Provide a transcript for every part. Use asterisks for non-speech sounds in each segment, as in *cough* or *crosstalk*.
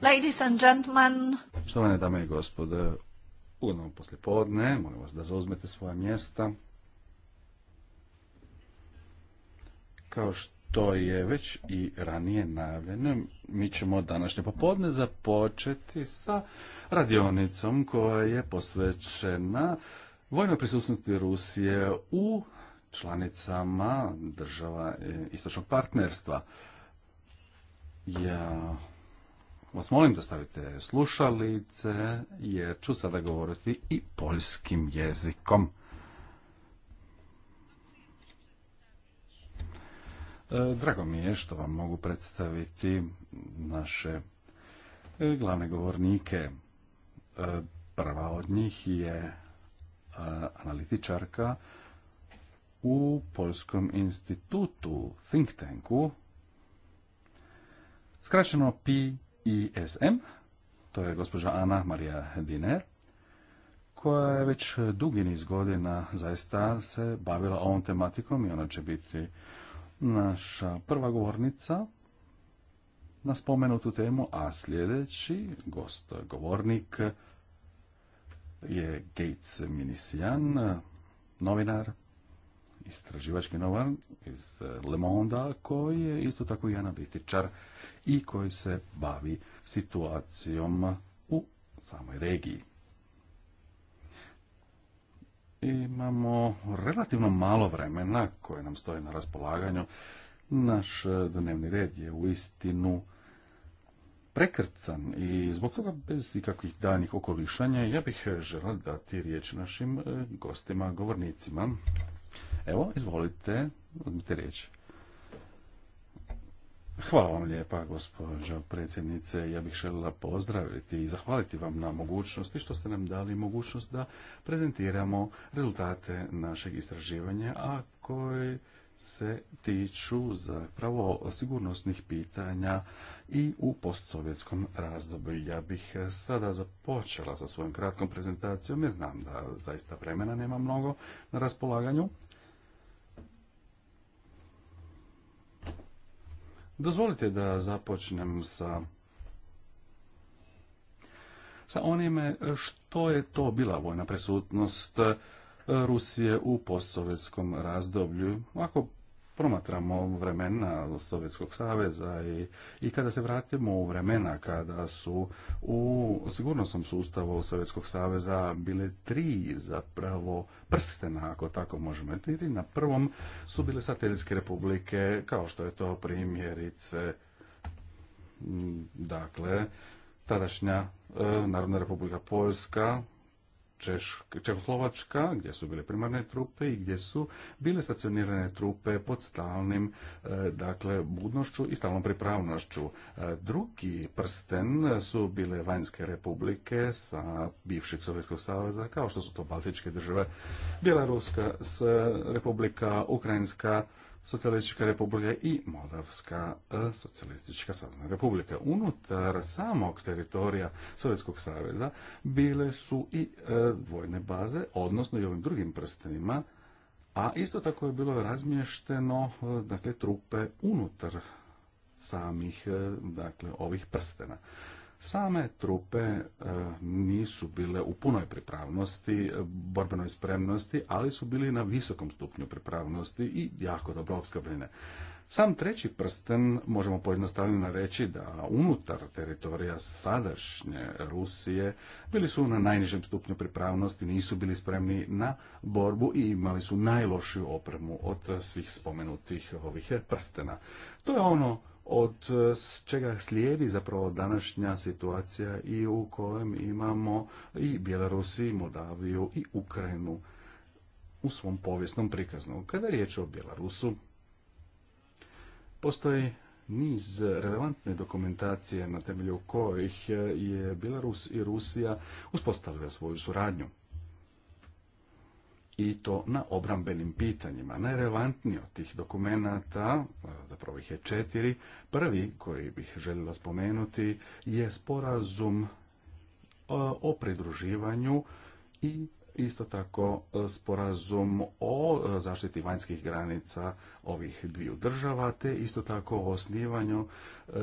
Ladies and gentlemen. Štovane dame i gospode, ugodno poslije podne, molim vas da zauzmete svoja mjesta. Kao što je već i ranije najavljeno, mi ćemo današnje popodne započeti sa radionicom koja je posvećena vojnoj prisutnosti Rusije u članicama država e, istočnog partnerstva. Ja vas molim da stavite slušalice, jer ću sada govoriti i poljskim jezikom. E, drago mi je što vam mogu predstaviti naše e, glavne govornike. E, prva od njih je analitičarka u Poljskom institutu Think Tanku, skraćeno p ISM, to je gospođa Ana Marija Diner, koja je već dugi niz godina zaista se bavila ovom tematikom i ona će biti naša prva govornica na spomenutu temu, a sljedeći gost, govornik je Gates Minisijan, novinar, istraživački novan iz eh, Le Monde, koji je isto tako i analitičar i koji se bavi situacijom u samoj regiji. Imamo relativno malo vremena koje nam stoje na raspolaganju. Naš eh, dnevni red je u istinu prekrcan i zbog toga bez ikakvih danih okolišanja ja bih eh, želio dati riječ našim gostima, govornicima. Evo, izvolite, uzmite riječ. Hvala vam lijepa, gospođo predsjednice. Ja bih želila pozdraviti i zahvaliti vam na mogućnosti što ste nam dali mogućnost da prezentiramo rezultate našeg istraživanja, a koje se tiču zapravo sigurnosnih pitanja i u postsovjetskom razdoblju. Ja bih sada započela sa svojom kratkom prezentacijom, znam da zaista vremena nema mnogo na raspolaganju, Dozvolite da započnem sa sa onime eh, što je to bila vojna prisutnost eh, Rusije u postsovjetskom razdoblju. Ako promatramo vremena Sovjetskog saveza i, i kada se vratimo u vremena kada su u sigurnosnom sustavu Sovjetskog saveza bile tri zapravo prstena, ako tako možemo reći. Na prvom su bile satelitske republike, kao što je to primjerice dakle, tadašnja e, Narodna republika Poljska, Češka, Čehoslovačka, gdje su bile primarne trupe i gdje su bile stacionirane trupe pod stalnim e, dakle, budnošću i stalnom pripravnošću. E, drugi prsten su bile vanjske republike sa bivših Sovjetskog saveza, kao što su to Baltičke države, Bjelaruska republika, Ukrajinska, Socijalistička republika i Moldavska e, socijalistička republika. Unutar samog teritorija Sovjetskog saveza bile su i e, dvojne baze, odnosno i ovim drugim prstenima, a isto tako je bilo razmješteno e, dakle, trupe unutar samih dakle, ovih prstena. Same trupe e, nisu bile u punoj pripravnosti, e, borbenoj spremnosti, ali su bili na visokom stupnju pripravnosti i jako dobro opskrbljene. Sam treći prsten možemo pojednostavljeno reći da unutar teritorija sadašnje Rusije bili su na najnižem stupnju pripravnosti, nisu bili spremni na borbu i imali su najlošiju opremu od svih spomenutih ovih prstena. To je ono od e, čega slijedi zapravo današnja situacija i u kojem imamo i Bjelorusiju, Moldaviju i Ukrajinu u svom povijesnom prikaznu. Kada je riječ o Bjelorusu, postoji niz relevantne dokumentacije na temelju kojih je Bjelarus i Rusija uspostavila svoju suradnju i to na obrambenim pitanjima. Najrelevantniji od tih dokumenata, zapravo ih je četiri, prvi koji bih željela spomenuti je sporazum o pridruživanju i isto tako sporazum o zaštiti vanjskih granica ovih dviju država, te isto tako o osnivanju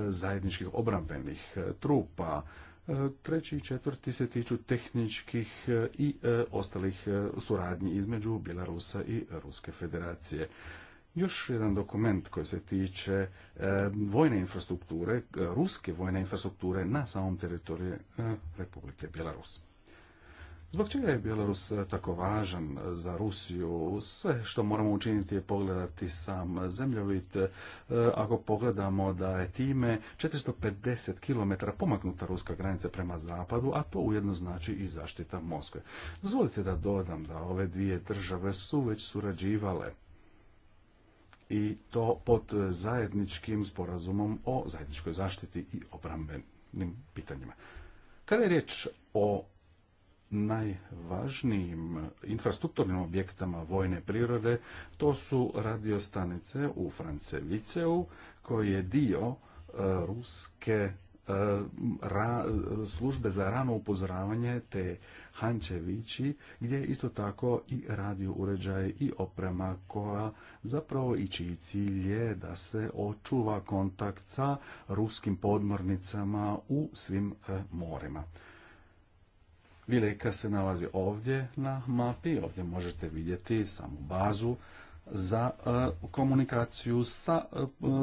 zajedničkih obrambenih trupa. E, treći i četvrti se tiču tehničkih e, i e, ostalih suradnji između Bjelarusa i Ruske federacije. Još jedan dokument koji se tiče vojne infrastrukture, ruske vojne infrastrukture na samom teritoriju Republike Bjelarus. Zbog čega je Bjelorus eh, tako važan eh, za Rusiju? Sve što moramo učiniti je pogledati sam zemljovit. Eh, ako pogledamo da je time 450 km pomaknuta ruska granica prema zapadu, a to ujedno znači i zaštita Moskve. Dozvolite da dodam da ove dvije države su već surađivale i to pod zajedničkim sporazumom o zajedničkoj zaštiti i obrambenim pitanjima. Kada je riječ o najvažnijim infrastrukturnim objektama vojne prirode, to su radiostanice u Franceviceu, koji je dio e, ruske e, službe za rano upozoravanje te Hančevići gdje isto tako i radio uređaj i oprema koja zapravo i čiji cilj je da se očuva kontakt sa ruskim podmornicama u svim e, morima. Vileka se nalazi ovdje na mapi, ovdje možete vidjeti samu bazu za e, komunikaciju sa e,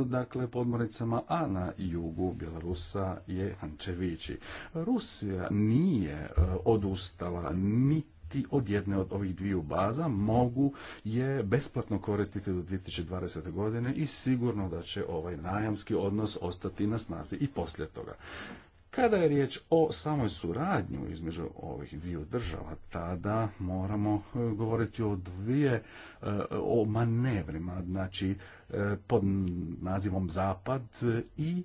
dakle podmornicama, a na jugu Bjelarusa je Hančevići. Rusija nije e, odustala niti od jedne od ovih dviju baza mogu je besplatno koristiti do 2020. godine i sigurno da će ovaj najamski odnos ostati na snazi i poslije toga. Kada je riječ o samoj suradnju između ovih dviju država, tada moramo e, govoriti o dvije, e, o manevrima, znači e, pod nazivom Zapad i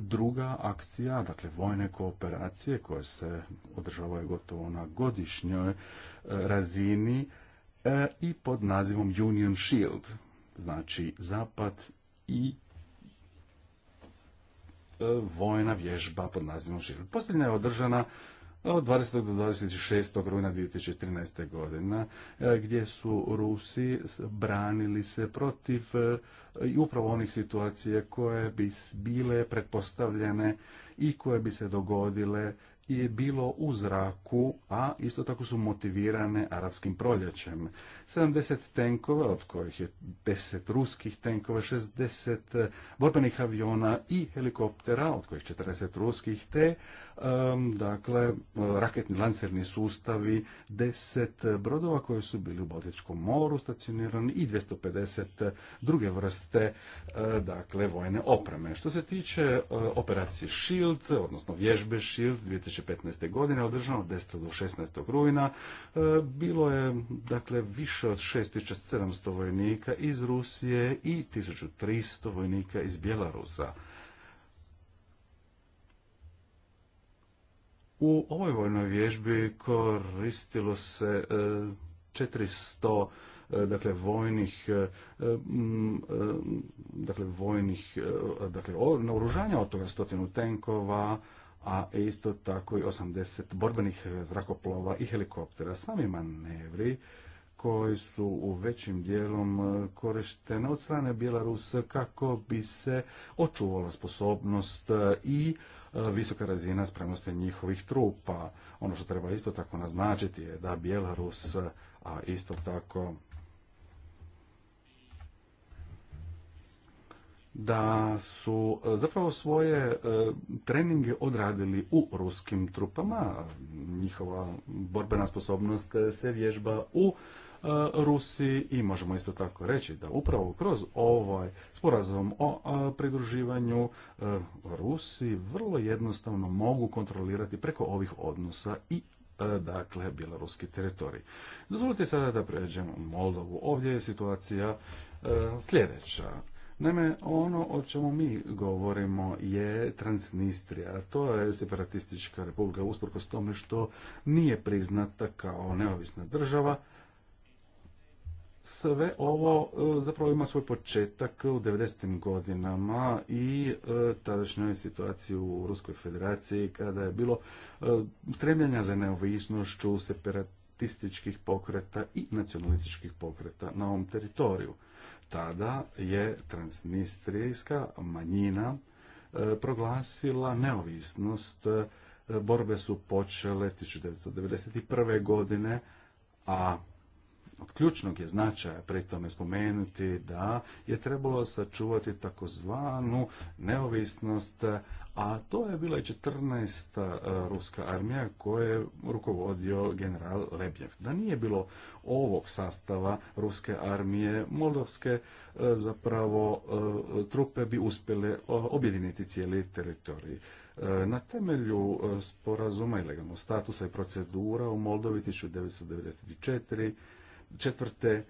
druga akcija, dakle vojne kooperacije koje se održavaju gotovo na godišnjoj razini i pod nazivom Union Shield, znači Zapad i E, vojna vježba pod nazivom život. Posljednja je održana od 20. do 26. rujna 2013. godina, e, gdje su Rusi branili se protiv e, i upravo onih situacija koje bi bile pretpostavljene i koje bi se dogodile je bilo u zraku, a isto tako su motivirane arapskim proljećem. 70 tenkova, od kojih je 10 ruskih tenkova, 60 borbenih aviona i helikoptera, od kojih 40 ruskih, te dakle, raketni lancerni sustavi, 10 brodova koji su bili u Baltičkom moru stacionirani i 250 druge vrste, e, dakle, vojne opreme. Što se tiče e, operacije Shield, odnosno vježbe Shield 2015. godine, održano od 10. do 16. rujna, e, bilo je, dakle, više od 6700 vojnika iz Rusije i 1300 vojnika iz Bjelarusa. U ovoj vojnoj vježbi koristilo se 400 e, e, dakle vojnih e, dakle vojnih dakle naoružanja od toga stotinu tenkova a isto tako i 80 borbenih zrakoplova i helikoptera. Sami manevri koji su u većim dijelom korištene od strane Bjelarusa kako bi se očuvala sposobnost i E, visoka razina spremnosti njihovih trupa. Ono što treba isto tako naznačiti je da Bjelarus, e, a isto tako da su e, zapravo svoje treninge odradili u ruskim trupama. Njihova borbena sposobnost se vježba u E, Rusiji i možemo isto tako reći da upravo kroz ovaj sporazum o e, pridruživanju e, Rusiji vrlo jednostavno mogu kontrolirati preko ovih odnosa i dakle bjeloruski teritorij. Dozvolite sada da pređemo u Moldovu. Ovdje je situacija sljedeća. Naime, ono o čemu mi govorimo je Transnistrija. To je separatistička republika usprkos tome što nije priznata kao neovisna država, sve ovo e, zapravo ima svoj početak u 90. godinama i e, tadašnjoj situaciji u Ruskoj federaciji kada je bilo e, stremljenja za neovisnošću separatističkih pokreta i nacionalističkih pokreta na ovom teritoriju. Tada je transnistrijska manjina proglasila neovisnost. Borbe su počele 1991. godine, a od ključnog je značaja pri tome spomenuti da je trebalo sačuvati takozvanu neovisnost, a to je bila i 14. E, ruska armija koje je rukovodio general Lebjev. Da nije bilo ovog sastava ruske armije, moldovske e, zapravo e, trupe bi uspjele objediniti cijeli teritorij. Na temelju sporazuma i legalnog statusa i procedura u Moldovi 1994 četvrte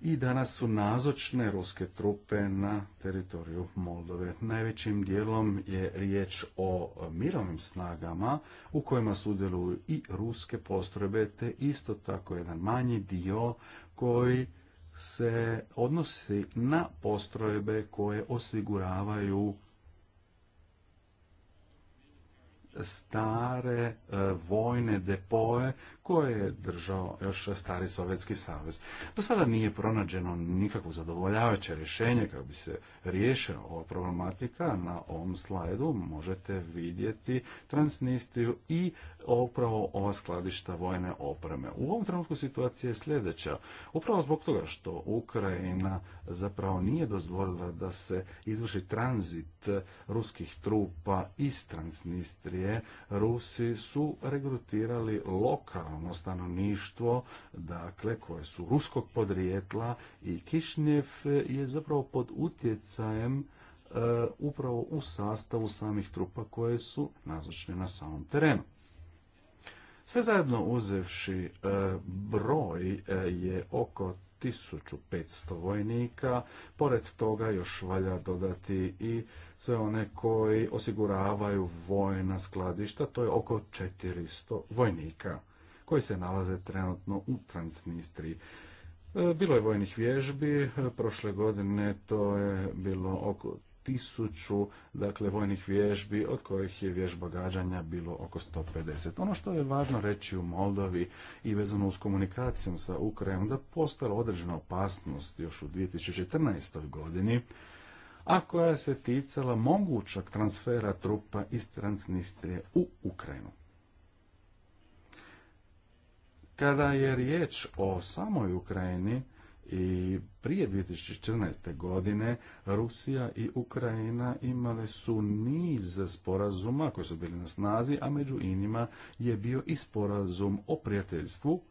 i danas su nazočne ruske trupe na teritoriju Moldove. Najvećim dijelom je riječ o mirovnim snagama u kojima sudjeluju i ruske postrojbe, te isto tako jedan manji dio koji se odnosi na postrojbe koje osiguravaju stare e, vojne depoje koje je držao još stari Sovjetski savez. Do sada nije pronađeno nikakvo zadovoljavajuće rješenje kako bi se riješila ova problematika. Na ovom slajdu možete vidjeti Transnistiju i upravo ova skladišta vojne opreme. U ovom trenutku situacija je sljedeća. Upravo zbog toga što Ukrajina zapravo nije dozvolila da se izvrši tranzit ruskih trupa iz Transnistrije, Rusi su regrutirali lokalno ono stanovništvo, dakle, koje su ruskog podrijetla i Kišnjev je zapravo pod utjecajem e, upravo u sastavu samih trupa koje su nazočne na samom terenu. Sve zajedno uzevši e, broj e, je oko 1500 vojnika, pored toga još valja dodati i sve one koji osiguravaju vojna skladišta, to je oko 400 vojnika koji se nalaze trenutno u Transnistriji. E, bilo je vojnih vježbi, e, prošle godine to je bilo oko tisuću dakle, vojnih vježbi, od kojih je vježba gađanja bilo oko 150. Ono što je važno reći u Moldovi i vezano uz komunikacijom sa Ukrajinom, da postala određena opasnost još u 2014. godini, a koja se ticala mogućak transfera trupa iz Transnistrije u Ukrajinu. Kada je riječ o samoj Ukrajini, i prije 2014. godine Rusija i Ukrajina imale su niz sporazuma koji su bili na snazi, a među inima je bio i sporazum o prijateljstvu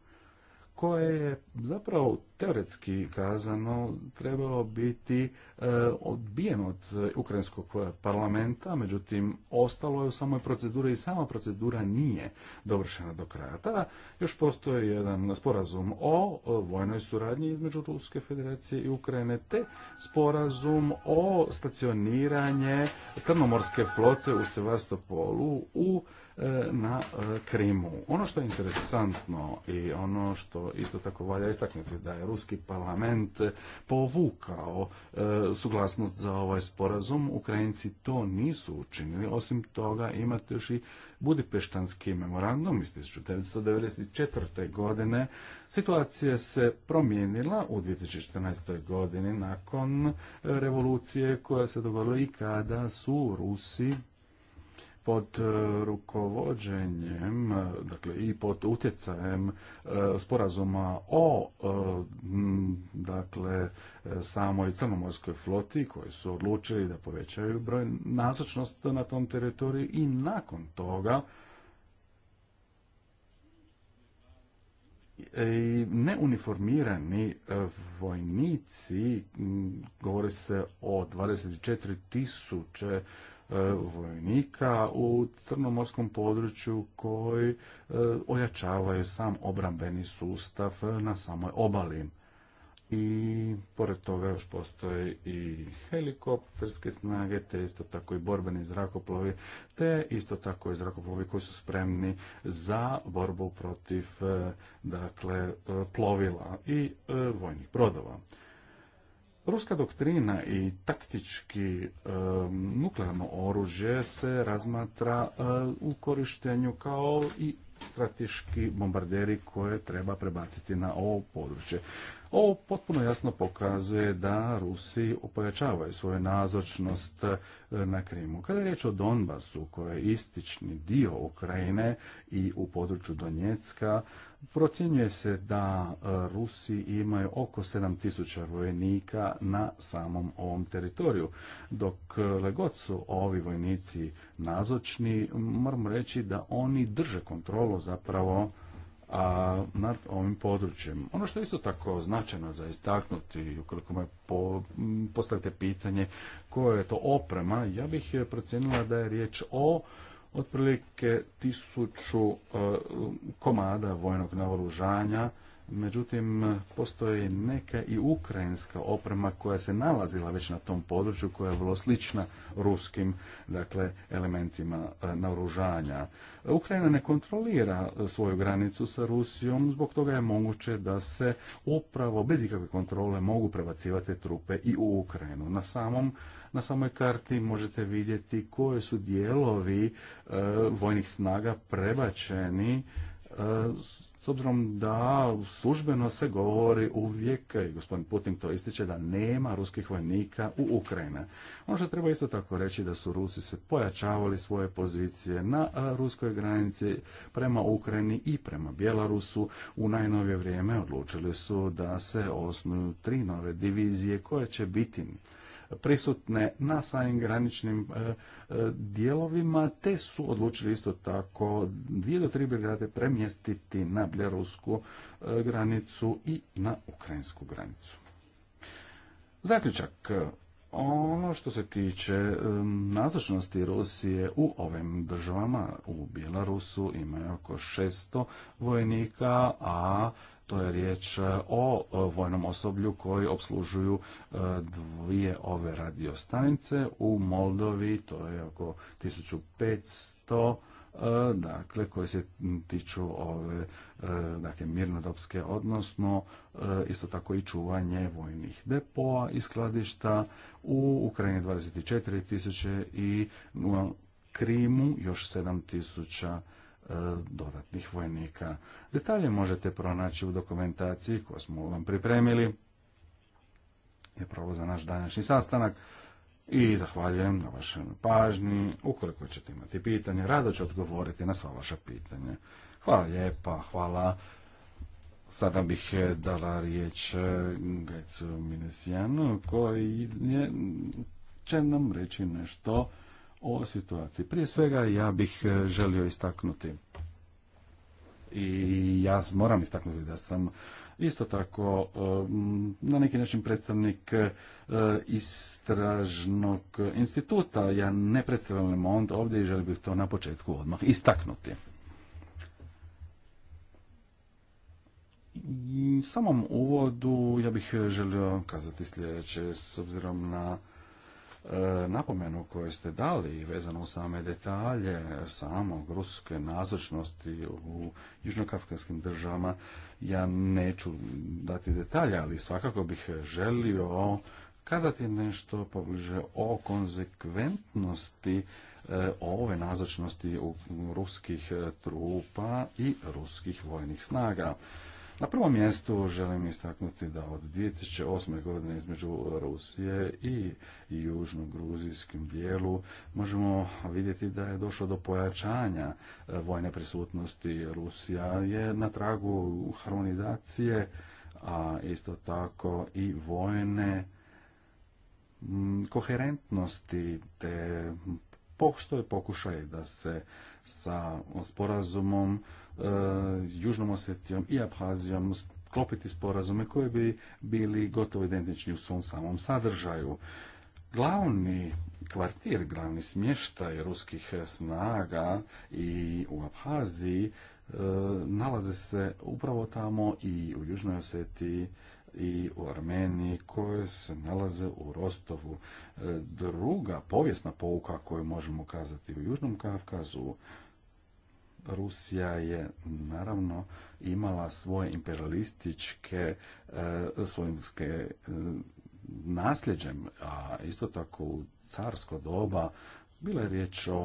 koje je zapravo teoretski kazano trebalo biti e, odbijeno od ukrajinskog parlamenta, međutim ostalo je u samoj proceduri i sama procedura nije dovršena do kraja. Tada još postoji jedan sporazum o vojnoj suradnji između Ruske federacije i Ukrajine, te sporazum o stacioniranje crnomorske flote u Sevastopolu u E, na e, Krimu. Ono što je interesantno i ono što isto tako valja istaknuti da je Ruski parlament povukao e, suglasnost za ovaj sporazum. Ukrajinci to nisu učinili. Osim toga imate još i Budipeštanski memorandum iz 1994. godine. Situacija se promijenila u 2014. godini nakon revolucije koja se dogodila i kada su Rusi pod e, rukovođenjem, e, dakle i pod utjecajem e, sporazuma o dakle samoj crnomorskoj floti koji su odlučili da povećaju broj nazočnost na tom teritoriju i nakon toga i neuniformirani vojnici, govori se o 24 tisuće E, vojnika u crnomorskom području koji e, ojačavaju sam obrambeni sustav na samoj obali. I pored toga još postoje i helikopterske snage, te isto tako i borbeni zrakoplovi, te isto tako i zrakoplovi koji su spremni za borbu protiv e, dakle, plovila i vojnih brodova. Ruska doktrina i taktički nuklearno oružje se razmatra u korištenju kao i strateški bombarderi koje treba prebaciti na ovo područje. Ovo potpuno jasno pokazuje da Rusi upojačavaju svoju nazočnost eh, na Krimu. Kada je riječ o Donbasu, koji je istični dio Ukrajine i u području Donjecka, procjenjuje se da eh, Rusi imaju oko 7000 vojnika na samom ovom teritoriju. Dok eh, legod su ovi vojnici nazočni, moramo reći da oni drže kontrolu zapravo a nad ovim područjem. Ono što je isto tako značajno za istaknuti, ukoliko me po, postavite pitanje koja je to oprema, ja bih procijenila da je riječ o otprilike tisuću e, komada vojnog naoružanja, Međutim, postoji neka i ukrajinska oprema koja se nalazila već na tom području, koja je vrlo slična ruskim dakle, elementima e, naoružanja. Ukrajina ne kontrolira svoju granicu sa Rusijom, zbog toga je moguće da se upravo bez ikakve kontrole mogu prebacivati trupe i u Ukrajinu. Na samom na samoj karti možete vidjeti koje su dijelovi e, vojnih snaga prebačeni e, s obzirom da službeno se govori uvijek, i gospodin Putin to ističe, da nema ruskih vojnika u Ukrajini. Ono što treba isto tako reći da su Rusi se pojačavali svoje pozicije na ruskoj granici prema Ukrajini i prema Bjelarusu. U najnovije vrijeme odlučili su da se osnuju tri nove divizije koje će biti prisutne na samim graničnim e, e, dijelovima, te su odlučili isto tako dvije do tri brigade premjestiti na bjerusku e, granicu i na ukrajinsku granicu. Zaključak. Ono što se tiče nazočnosti Rusije u ovim državama, u Bjelarusu imaju oko 600 vojnika, a to je riječ e, o e, vojnom osoblju koji obslužuju e, dvije ove radiostanice u Moldovi, to je oko 1500 dakle koji se tiču ove dakle mirnodopske odnosno isto tako i čuvanje vojnih depoa i skladišta u Ukrajini 24.000 i u Krimu još 7.000 dodatnih vojnika. Detalje možete pronaći u dokumentaciji koju smo vam pripremili. Je pravo za naš današnji sastanak. I zahvaljujem na vašoj pažnji. Ukoliko ćete imati pitanje, rado ću odgovoriti na sva vaša pitanja. Hvala lijepa, hvala. Sada bih eh, dala riječ eh, Gajcu Minesijanu koji će nam reći nešto o situaciji. Prije svega ja bih e, želio istaknuti i ja moram istaknuti da sam isto tako e, na neki način predstavnik e, istražnog instituta. Ja ne predstavljam Monde ovdje i želio bih to na početku odmah istaknuti. U samom uvodu ja bih želio kazati sljedeće s obzirom na E, napomenu koju ste dali vezano u same detalje samog ruske nazočnosti u južnokafkanskim državama, ja neću dati detalje, ali svakako bih želio kazati nešto pobliže o konzekventnosti e, ove nazočnosti ruskih trupa i ruskih vojnih snaga. Na prvom mjestu želim istaknuti da od 2008. godine između Rusije i južno-gruzijskim dijelu možemo vidjeti da je došlo do pojačanja e, vojne prisutnosti. Rusija je na tragu harmonizacije, a isto tako i vojne koherentnosti te postoje pokušaj da se sa sporazumom Eh, Južnom Osjetijom i Abhazijom sklopiti sporazume koji bi bili gotovo identični u svom samom sadržaju. Glavni kvartir, glavni smještaj ruskih snaga i u Abhaziji eh, nalaze se upravo tamo i u Južnoj Osetiji i u Armeniji koje se nalaze u Rostovu. Eh, druga povijesna pouka koju možemo kazati u Južnom Kavkazu Rusija je naravno imala svoje imperialističke e, svojimske e, nasljeđem, a isto tako u carsko doba bila je riječ o,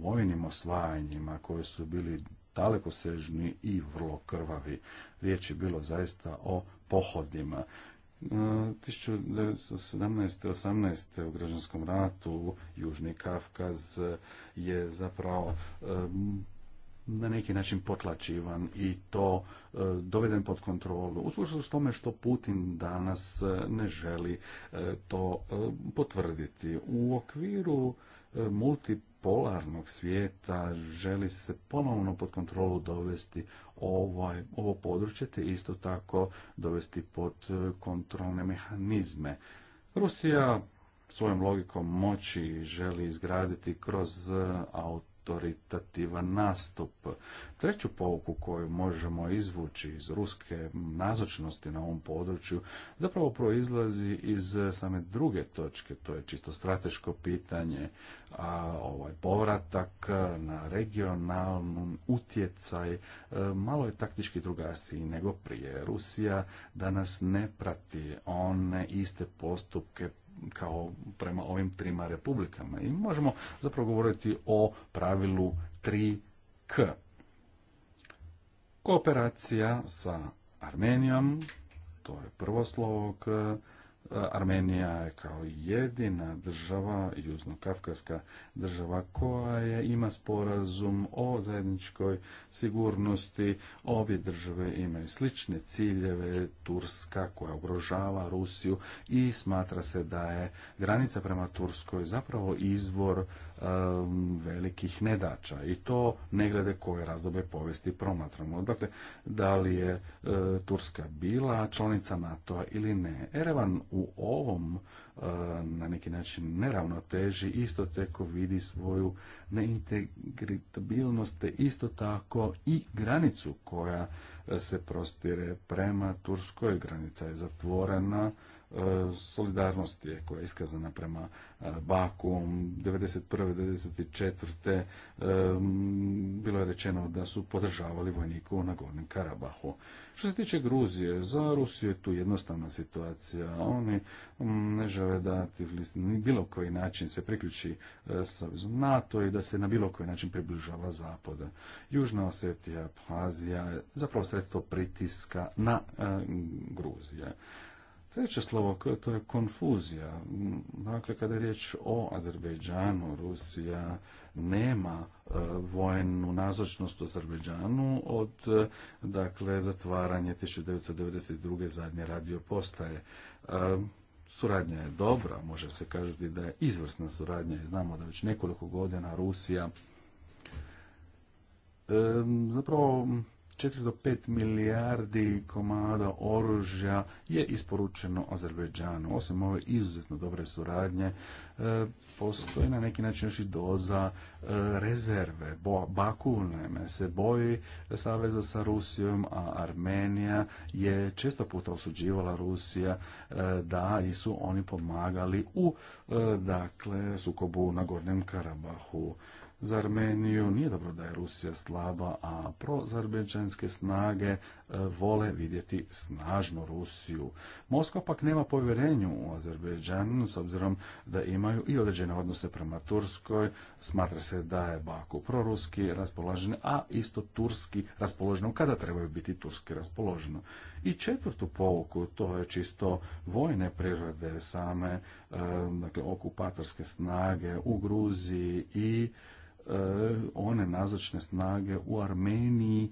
vojnim osvajanjima koji su bili dalekosežni i vrlo krvavi. Riječ je bilo zaista o pohodima. 1917. E, 18. u građanskom ratu Južni Kafkaz je zapravo na neki način potlačivan i to e, doveden pod kontrolu. s tome što Putin danas e, ne želi e, to potvrditi. U okviru multipolarnog svijeta želi se ponovno pod kontrolu dovesti ovaj, ovo područje te isto tako dovesti pod kontrolne mehanizme. Rusija svojom logikom moći želi izgraditi kroz auto autoritativan nastup. Treću pouku koju možemo izvući iz ruske nazočnosti na ovom području zapravo proizlazi iz same druge točke, to je čisto strateško pitanje, a ovaj povratak na regionalnu utjecaj e, malo je taktički drugačiji nego prije. Rusija danas ne prati one iste postupke kao prema ovim trima republikama. I možemo zapravo govoriti o pravilu 3K. Kooperacija sa Armenijom, to je prvo slovo K, Armenija je kao jedina država, južno-kafkarska država, koja je, ima sporazum o zajedničkoj sigurnosti. Obje države imaju slične ciljeve. Turska koja ugrožava Rusiju i smatra se da je granica prema Turskoj zapravo izvor Um, velikih nedača i to ne glede koje razdoblje povijesti promatramo. Dakle, da li je e, Turska bila članica nato ili ne. Erevan u ovom e, na neki način neravnoteži isto tako vidi svoju neintegritabilnost te isto tako i granicu koja e, se prostire prema Turskoj. Granica je zatvorena E, solidarnosti je koja je iskazana prema Baku 91. 1994. bilo je rečeno da su podržavali vojniku na gornjem Karabahu. Što se tiče Gruzije, za Rusiju je tu jednostavna situacija. Oni ne žele da ni bilo koji način se priključi e, savezu NATO i da se na bilo koji način približava zapada. Južna Osetija, Abhazija, zapravo sredstvo pritiska na e, Gruzije. Treće slovo, to je konfuzija. Dakle, kada je riječ o Azerbejdžanu, Rusija nema e, vojnu nazočnost u Azerbejdžanu od e, dakle, zatvaranje 1992. zadnje radio postaje. E, suradnja je dobra, može se kazati da je izvrsna suradnja i znamo da već nekoliko godina Rusija zapravo 4 do 5 milijardi komada oružja je isporučeno Azerbejdžanu. Osim ove izuzetno dobre suradnje, e, postoji na neki način još i doza e, rezerve. Baku naime se boji saveza sa Rusijom, a Armenija je često puta osuđivala Rusija e, da i su oni pomagali u dakle sukobu na Gornjem Karabahu za Armeniju. Nije dobro da je Rusija slaba, a prozarbeđanske snage e, vole vidjeti snažnu Rusiju. Moskva pak nema povjerenju u Azerbejdžan s obzirom da imaju i određene odnose prema Turskoj. Smatra se da je Baku proruski raspoložen, a isto turski raspoloženo kada trebaju biti turski raspoloženo. I četvrtu pouku, to je čisto vojne prirode same, e, dakle okupatorske snage u Gruziji i Eh, one nazočne snage u Armeniji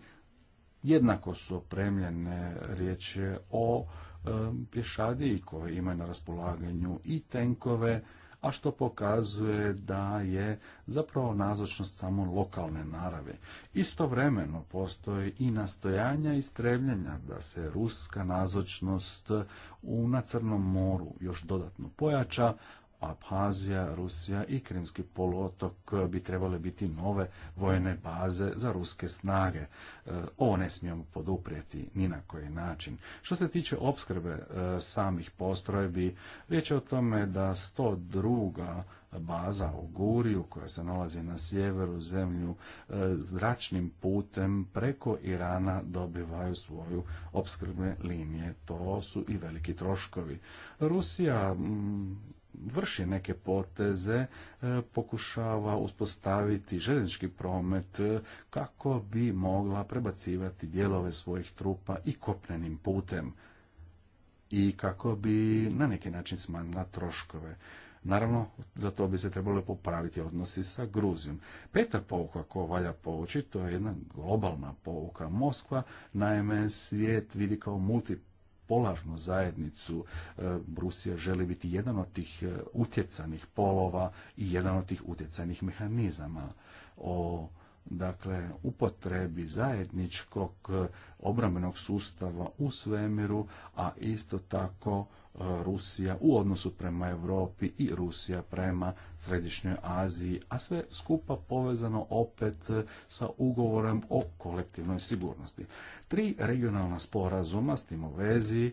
jednako su opremljene riječ je o eh, pješadiji koje imaju na raspolaganju i tenkove, a što pokazuje da je zapravo nazočnost samo lokalne narave. Istovremeno postoje i nastojanja i stremljenja da se ruska nazočnost u na Crnom moru još dodatno pojača, Abhazija, Rusija i Krimski poluotok eh, bi trebale biti nove vojne baze za ruske snage. Eh, ovo ne smijemo poduprijeti ni na koji način. Što se tiče opskrbe eh, samih postrojbi, riječ je o tome da 102 baza u Guriju koja se nalazi na sjeveru zemlju zračnim putem preko Irana dobivaju svoju opskrbne linije. To su i veliki troškovi. Rusija mm, vrši neke poteze, e, pokušava uspostaviti željeznički promet e, kako bi mogla prebacivati dijelove svojih trupa i kopnenim putem i kako bi na neki način smanjila troškove. Naravno, za to bi se trebalo popraviti odnosi sa Gruzijom. Peta pouka ko valja povući, to je jedna globalna pouka. Moskva, naime, svijet vidi kao multi polarnu zajednicu. E, Rusija želi biti jedan od tih e, utjecanih polova i jedan od tih utjecajnih mehanizama. O dakle upotrebi zajedničkog e, obrambenog sustava u svemiru, a isto tako E, Rusija u odnosu prema Europi i Rusija prema Središnjoj Aziji, a sve skupa povezano opet sa ugovorom o kolektivnoj sigurnosti. Tri regionalna sporazuma s tim u vezi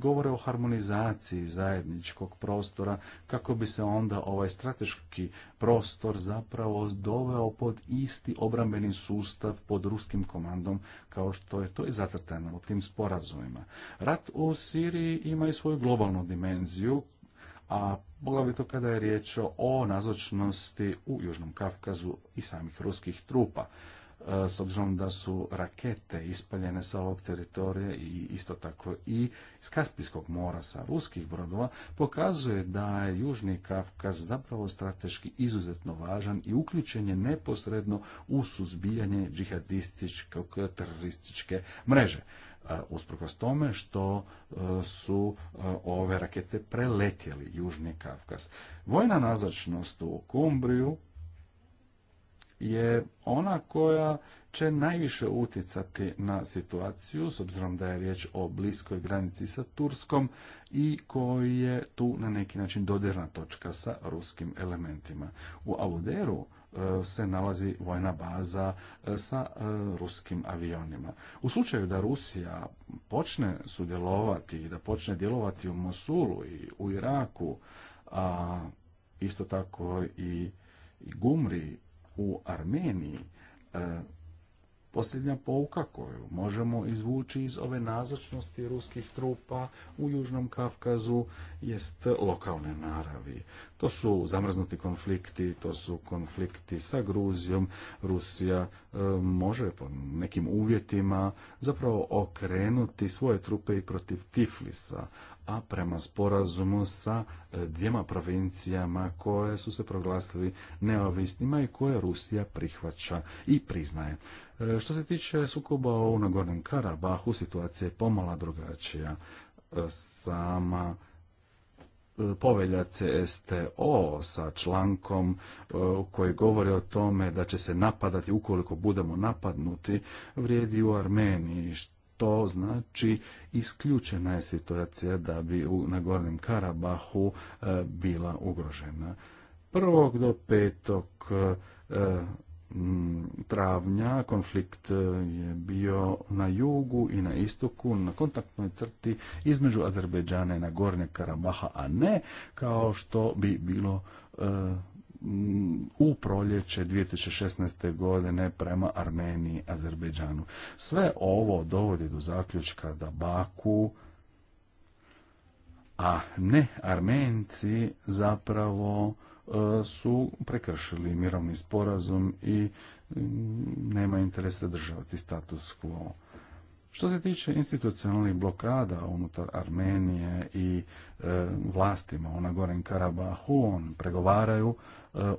govore o harmonizaciji zajedničkog prostora kako bi se onda ovaj strateški prostor zapravo doveo pod isti obrambeni sustav pod ruskim komandom kao što je to i zatrtano u tim sporazumima. Rat u Siriji ima i svoju globalnu dimenziju a poglavito kada je riječ o nazočnosti u Južnom Kafkazu i samih ruskih trupa. E, s obzirom da su rakete ispaljene sa ovog teritorija i isto tako i iz Kaspijskog mora sa ruskih brodova, pokazuje da je Južni Kafkaz zapravo strateški izuzetno važan i uključen je neposredno u suzbijanje džihadističkog terorističke mreže e, usprkos tome što e, su ove rakete preletjeli Južni Kafkas. Vojna nazočnost u Kumbriju je ona koja će najviše utjecati na situaciju, s obzirom da je riječ o bliskoj granici sa Turskom i koji je tu na neki način dodirna točka sa ruskim elementima. U Avuderu e, se nalazi vojna baza e, sa e, ruskim avionima. U slučaju da Rusija počne sudjelovati i da počne djelovati u Mosulu i u Iraku, a isto tako i Gumri u Armeniji e, Posljednja pouka koju možemo izvući iz ove nazočnosti ruskih trupa u Južnom Kavkazu jest lokalne naravi. To su zamrznuti konflikti, to su konflikti sa Gruzijom. Rusija e, može po nekim uvjetima zapravo okrenuti svoje trupe i protiv Tiflisa, a prema sporazumu sa e, dvijema provincijama koje su se proglasili neovisnima i koje Rusija prihvaća i priznaje. E, što se tiče sukoba u Nagornom Karabahu, situacija je pomala drugačija. E, sama e, povelja CSTO sa člankom koji govori o tome da će se napadati ukoliko budemo napadnuti vrijedi u Armeniji. To znači isključena je situacija da bi u Nagornim Karabahu bila ugrožena. Prvog do petog Mm, travnja konflikt e, je bio na jugu i na istoku, na kontaktnoj crti između Azerbejdžana i Gornje Karabaha, a ne kao što bi bilo e, mm, u proljeće 2016. godine prema Armeniji i Azerbejdžanu. Sve ovo dovodi do zaključka da Baku a ne Armenci zapravo su prekršili mirovni sporazum i mm, nema interesa državati status quo. Što se tiče institucionalnih blokada unutar Armenije i e, vlastima u Nagorem Karabahu, on pregovaraju e,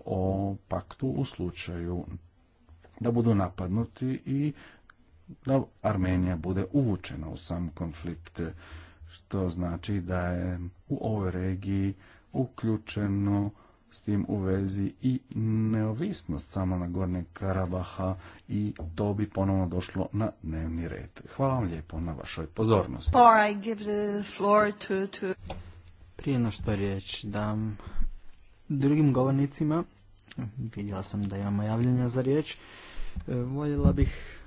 o paktu u slučaju da budu napadnuti i da Armenija bude uvučena u sam konflikt, što znači da je u ovoj regiji uključeno s tim u vezi i neovisnost samo na Gornje Karabaha i to bi ponovno došlo na dnevni red. Hvala vam lijepo na vašoj pozornosti. Prije no što riječ dam drugim govornicima, vidjela sam da imamo javljanja za riječ, e, voljela bih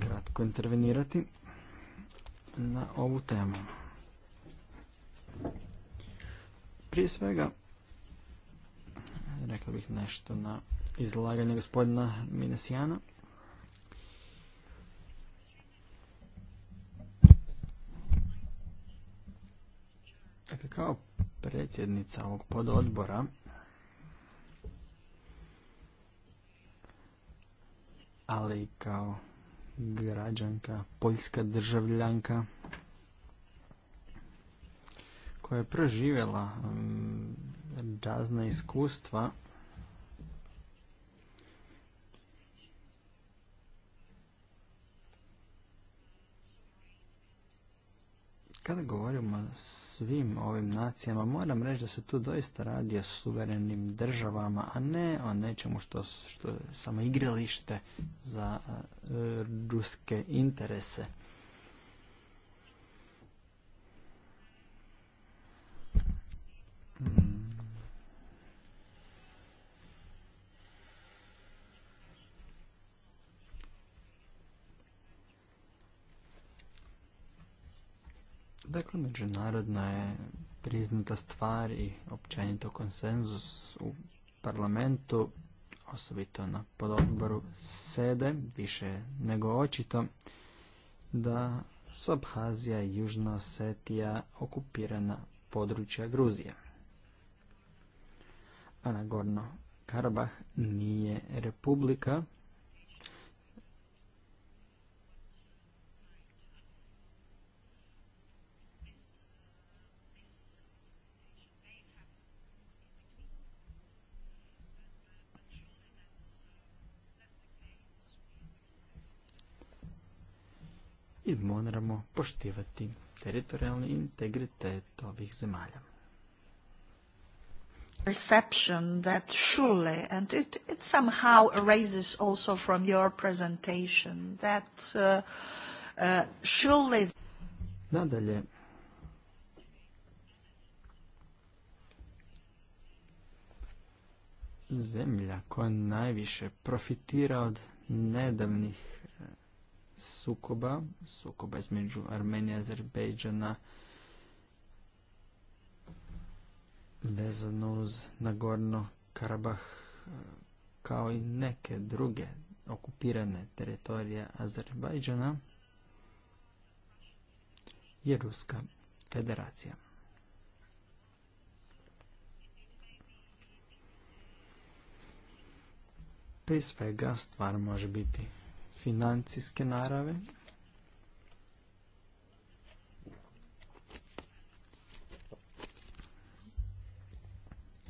kratko intervenirati na ovu temu. Prije svega, Rekao bih nešto na izlaganje gospodina Minesijana. Dakle, kao predsjednica ovog pododbora, ali kao građanka, poljska državljanka, koja je proživjela mm, razna iskustva kada govorimo o svim ovim nacijama, moram reći da se tu doista radi o suverenim državama, a ne o nečemu što, što je samo igralište za e, ruske interese. Dakle, međunarodno je priznata stvar i općenito konsenzus u parlamentu, osobito na pododboru sede, više nego očito, da su Abhazija i Južna Osetija okupirana područja Gruzije. A Nagorno Karabah nije republika, i moramo poštivati teritorijalni integritet ovih zemalja. Perception that surely, and it, it somehow arises also from your presentation, that uh, uh, surely... Nadalje, zemlja koja najviše profitira od nedavnih sukoba, sukoba između Armenije i Azerbejdžana vezano uz Nagorno Karabah kao i neke druge okupirane teritorije Azerbajdžana je Ruska federacija. Prije svega stvar može biti financijske narave.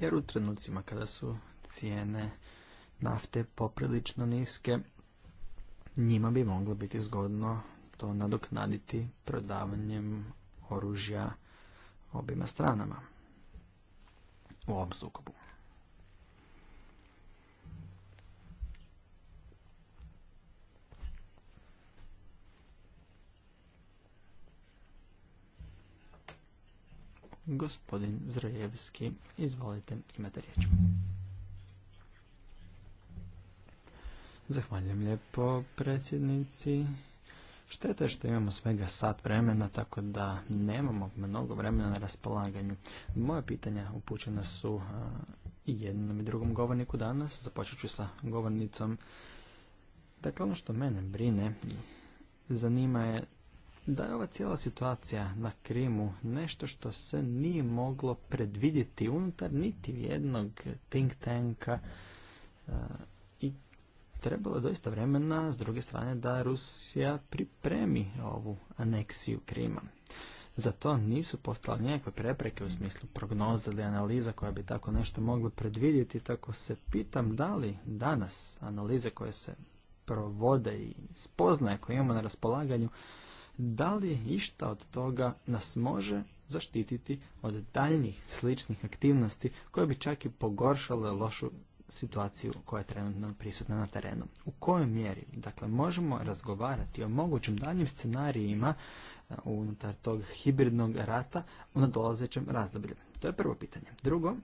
Jer u trenucima kada su cijene nafte poprilično niske, njima bi moglo biti zgodno to nadoknaditi prodavanjem oružja obima stranama u ovom sukobu. Gospodin Zrajevski, izvolite, imate riječ. Zahvaljujem lijepo predsjednici. Šteta je što imamo svega sat vremena, tako da nemamo mnogo vremena na raspolaganju. Moje pitanja upućena su i jednom i drugom govorniku danas. Započet ću sa govornicom. Dakle, ono što mene brine i zanima je da je ova cijela situacija na Krimu nešto što se nije moglo predvidjeti unutar niti jednog think tanka e, i trebalo je doista vremena s druge strane da Rusija pripremi ovu aneksiju Krima. Za to nisu postale nikakve prepreke u smislu prognoze ili analiza koja bi tako nešto mogla predvidjeti, tako se pitam da li danas analize koje se provode i spoznaje koje imamo na raspolaganju da li išta od toga nas može zaštititi od daljnjih sličnih aktivnosti koje bi čak i pogoršale lošu situaciju koja je trenutno prisutna na terenu. U kojoj mjeri? Dakle, možemo razgovarati o mogućim daljnjim scenarijima eh, unutar tog hibridnog rata u nadolazećem razdoblju. To je prvo pitanje. Drugo,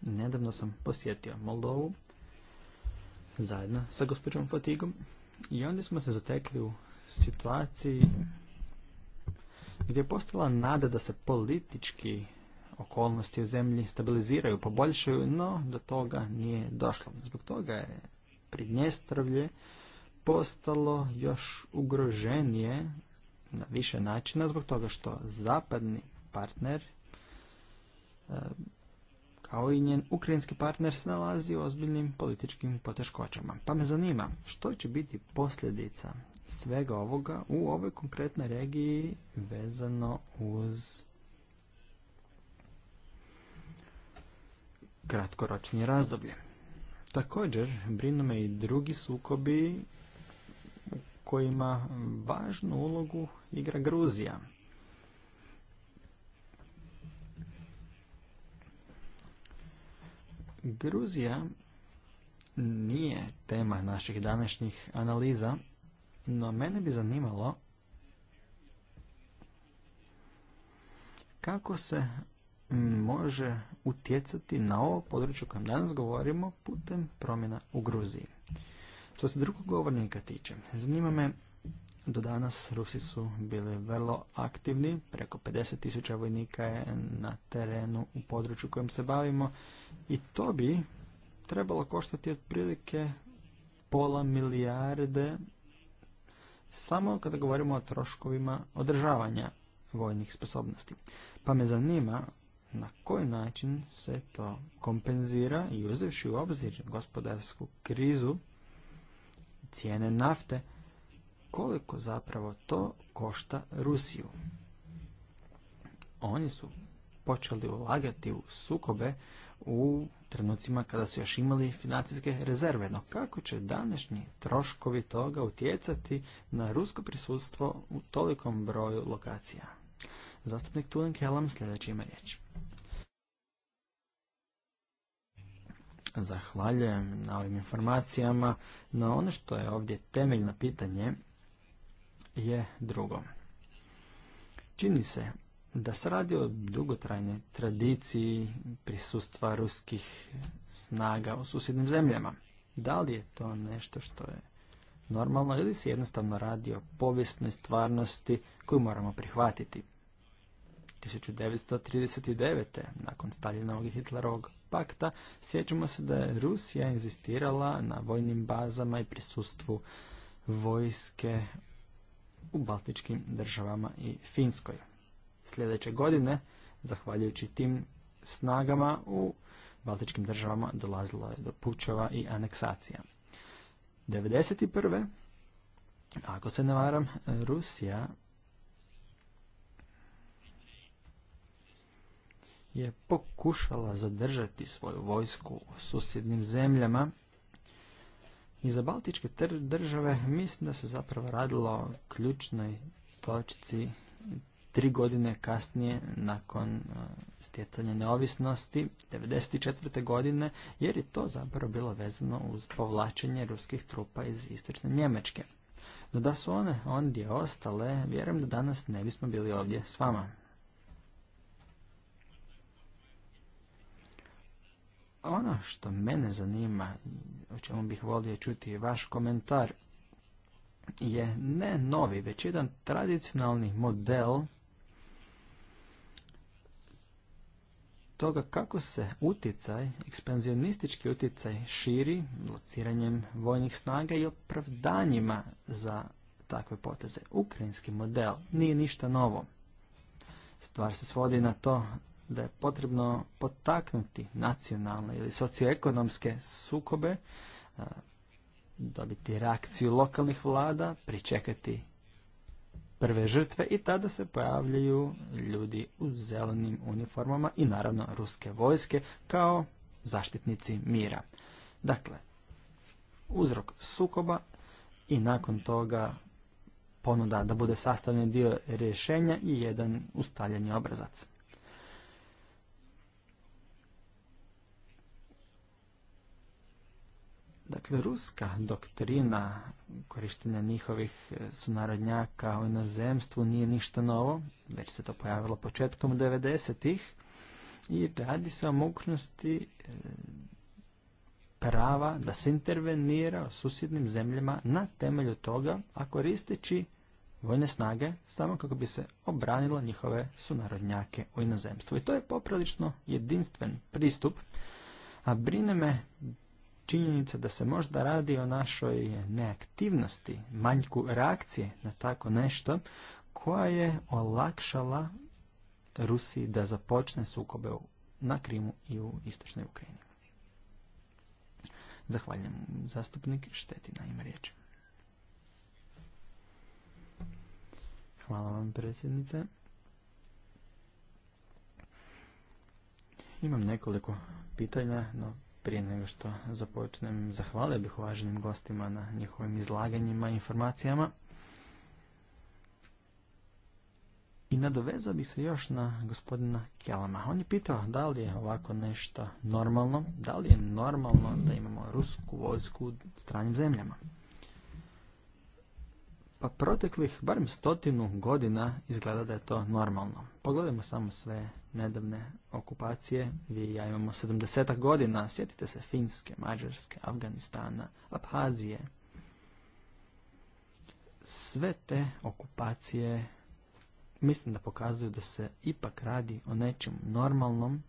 nedavno sam posjetio Moldovu zajedno sa gospođom Fatigom i onda smo se zatekli u situaciji gdje je postala nada da se politički okolnosti u zemlji stabiliziraju, poboljšaju, no do toga nije došlo. Zbog toga je Pridnjestrovlje postalo još ugroženije na više načina zbog toga što zapadni partner e, kao i njen ukrajinski partner se nalazi u ozbiljnim političkim poteškoćama. Pa me zanima što će biti posljedica svega ovoga u ovoj konkretnoj regiji vezano uz kratkoročnije razdoblje. Također, brinu me i drugi sukobi u kojima važnu ulogu igra Gruzija. Gruzija nije tema naših današnjih analiza, no mene bi zanimalo kako se može utjecati na ovo područje o kojem danas govorimo putem promjena u Gruziji. Što se drugog govornika tiče, zanima me do danas Rusi su bili vrlo aktivni, preko 50.000 vojnika je na terenu u području kojem se bavimo i to bi trebalo koštati otprilike pola milijarde samo kada govorimo o troškovima održavanja vojnih sposobnosti. Pa me zanima na koji način se to kompenzira i uzevši u obzir gospodarsku krizu, cijene nafte, koliko zapravo to košta Rusiju. Oni su počeli ulagati u sukobe u trenucima kada su još imali financijske rezerve. No kako će današnji troškovi toga utjecati na rusko prisustvo u tolikom broju lokacija? Zastupnik Tulin Kelam sljedeći ima riječ. Zahvaljujem na ovim informacijama, no ono što je ovdje temeljno pitanje je drugo. Čini se da se radi o dugotrajnoj tradiciji prisustva ruskih snaga u susjednim zemljama. Da li je to nešto što je normalno ili se jednostavno radi o povijesnoj stvarnosti koju moramo prihvatiti? 1939. nakon Stalinovog i Hitlerovog pakta sjećamo se da je Rusija inzistirala na vojnim bazama i prisustvu vojske u baltičkim državama i Finskoj sljedeće godine, zahvaljujući tim snagama u Baltičkim državama dolazilo je do pučeva i aneksacija. 1991. Ako se ne varam, Rusija je pokušala zadržati svoju vojsku u susjednim zemljama i za Baltičke države mislim da se zapravo radilo o ključnoj točci tri godine kasnije nakon e, stjecanja neovisnosti 1994. godine jer je to zapravo bilo vezano uz povlačenje ruskih trupa iz istočne Njemačke. No da su one ondje ostale, vjerujem da danas ne bismo bili ovdje s vama. Ono što mene zanima, o čemu bih volio čuti vaš komentar, je ne novi, već jedan tradicionalni model toga kako se utjecaj, ekspanzionistički utjecaj širi lociranjem vojnih snaga i opravdanjima za takve poteze. Ukrajinski model nije ništa novo. Stvar se svodi na to da je potrebno potaknuti nacionalne ili socioekonomske sukobe, dobiti reakciju lokalnih vlada, pričekati prve žrtve i tada se pojavljuju ljudi u zelenim uniformama i naravno ruske vojske kao zaštitnici mira. Dakle, uzrok sukoba i nakon toga ponuda da bude sastavni dio rješenja i jedan ustaljeni obrazac. Dakle, ruska doktrina korištenja njihovih e, sunarodnjaka u inozemstvu nije ništa novo, već se to pojavilo početkom 90-ih i radi se o mogućnosti e, prava da se intervenira u susjednim zemljama na temelju toga, a koristeći vojne snage samo kako bi se obranilo njihove sunarodnjake u inozemstvu. I to je poprilično jedinstven pristup, a brine me činjenica da se možda radi o našoj neaktivnosti, manjku reakcije na tako nešto, koja je olakšala Rusiji da započne sukobe na Krimu i u istočnoj Ukrajini. Zahvaljujem. Zastupnik Štetina ima riječ. Hvala vam, predsjednice. Imam nekoliko pitanja, no prije nego što započnem, zahvalio bih uvaženim gostima na njihovim izlaganjima i informacijama. I nadovezao bih se još na gospodina Kelama. On je pitao da li je ovako nešto normalno, da li je normalno da imamo rusku vojsku u stranim zemljama pa proteklih barem stotinu godina izgleda da je to normalno. Pogledajmo samo sve nedavne okupacije. Vi i ja imamo 70 godina. Sjetite se Finske, Mađarske, Afganistana, Abhazije. Sve te okupacije mislim da pokazuju da se ipak radi o nečem normalnom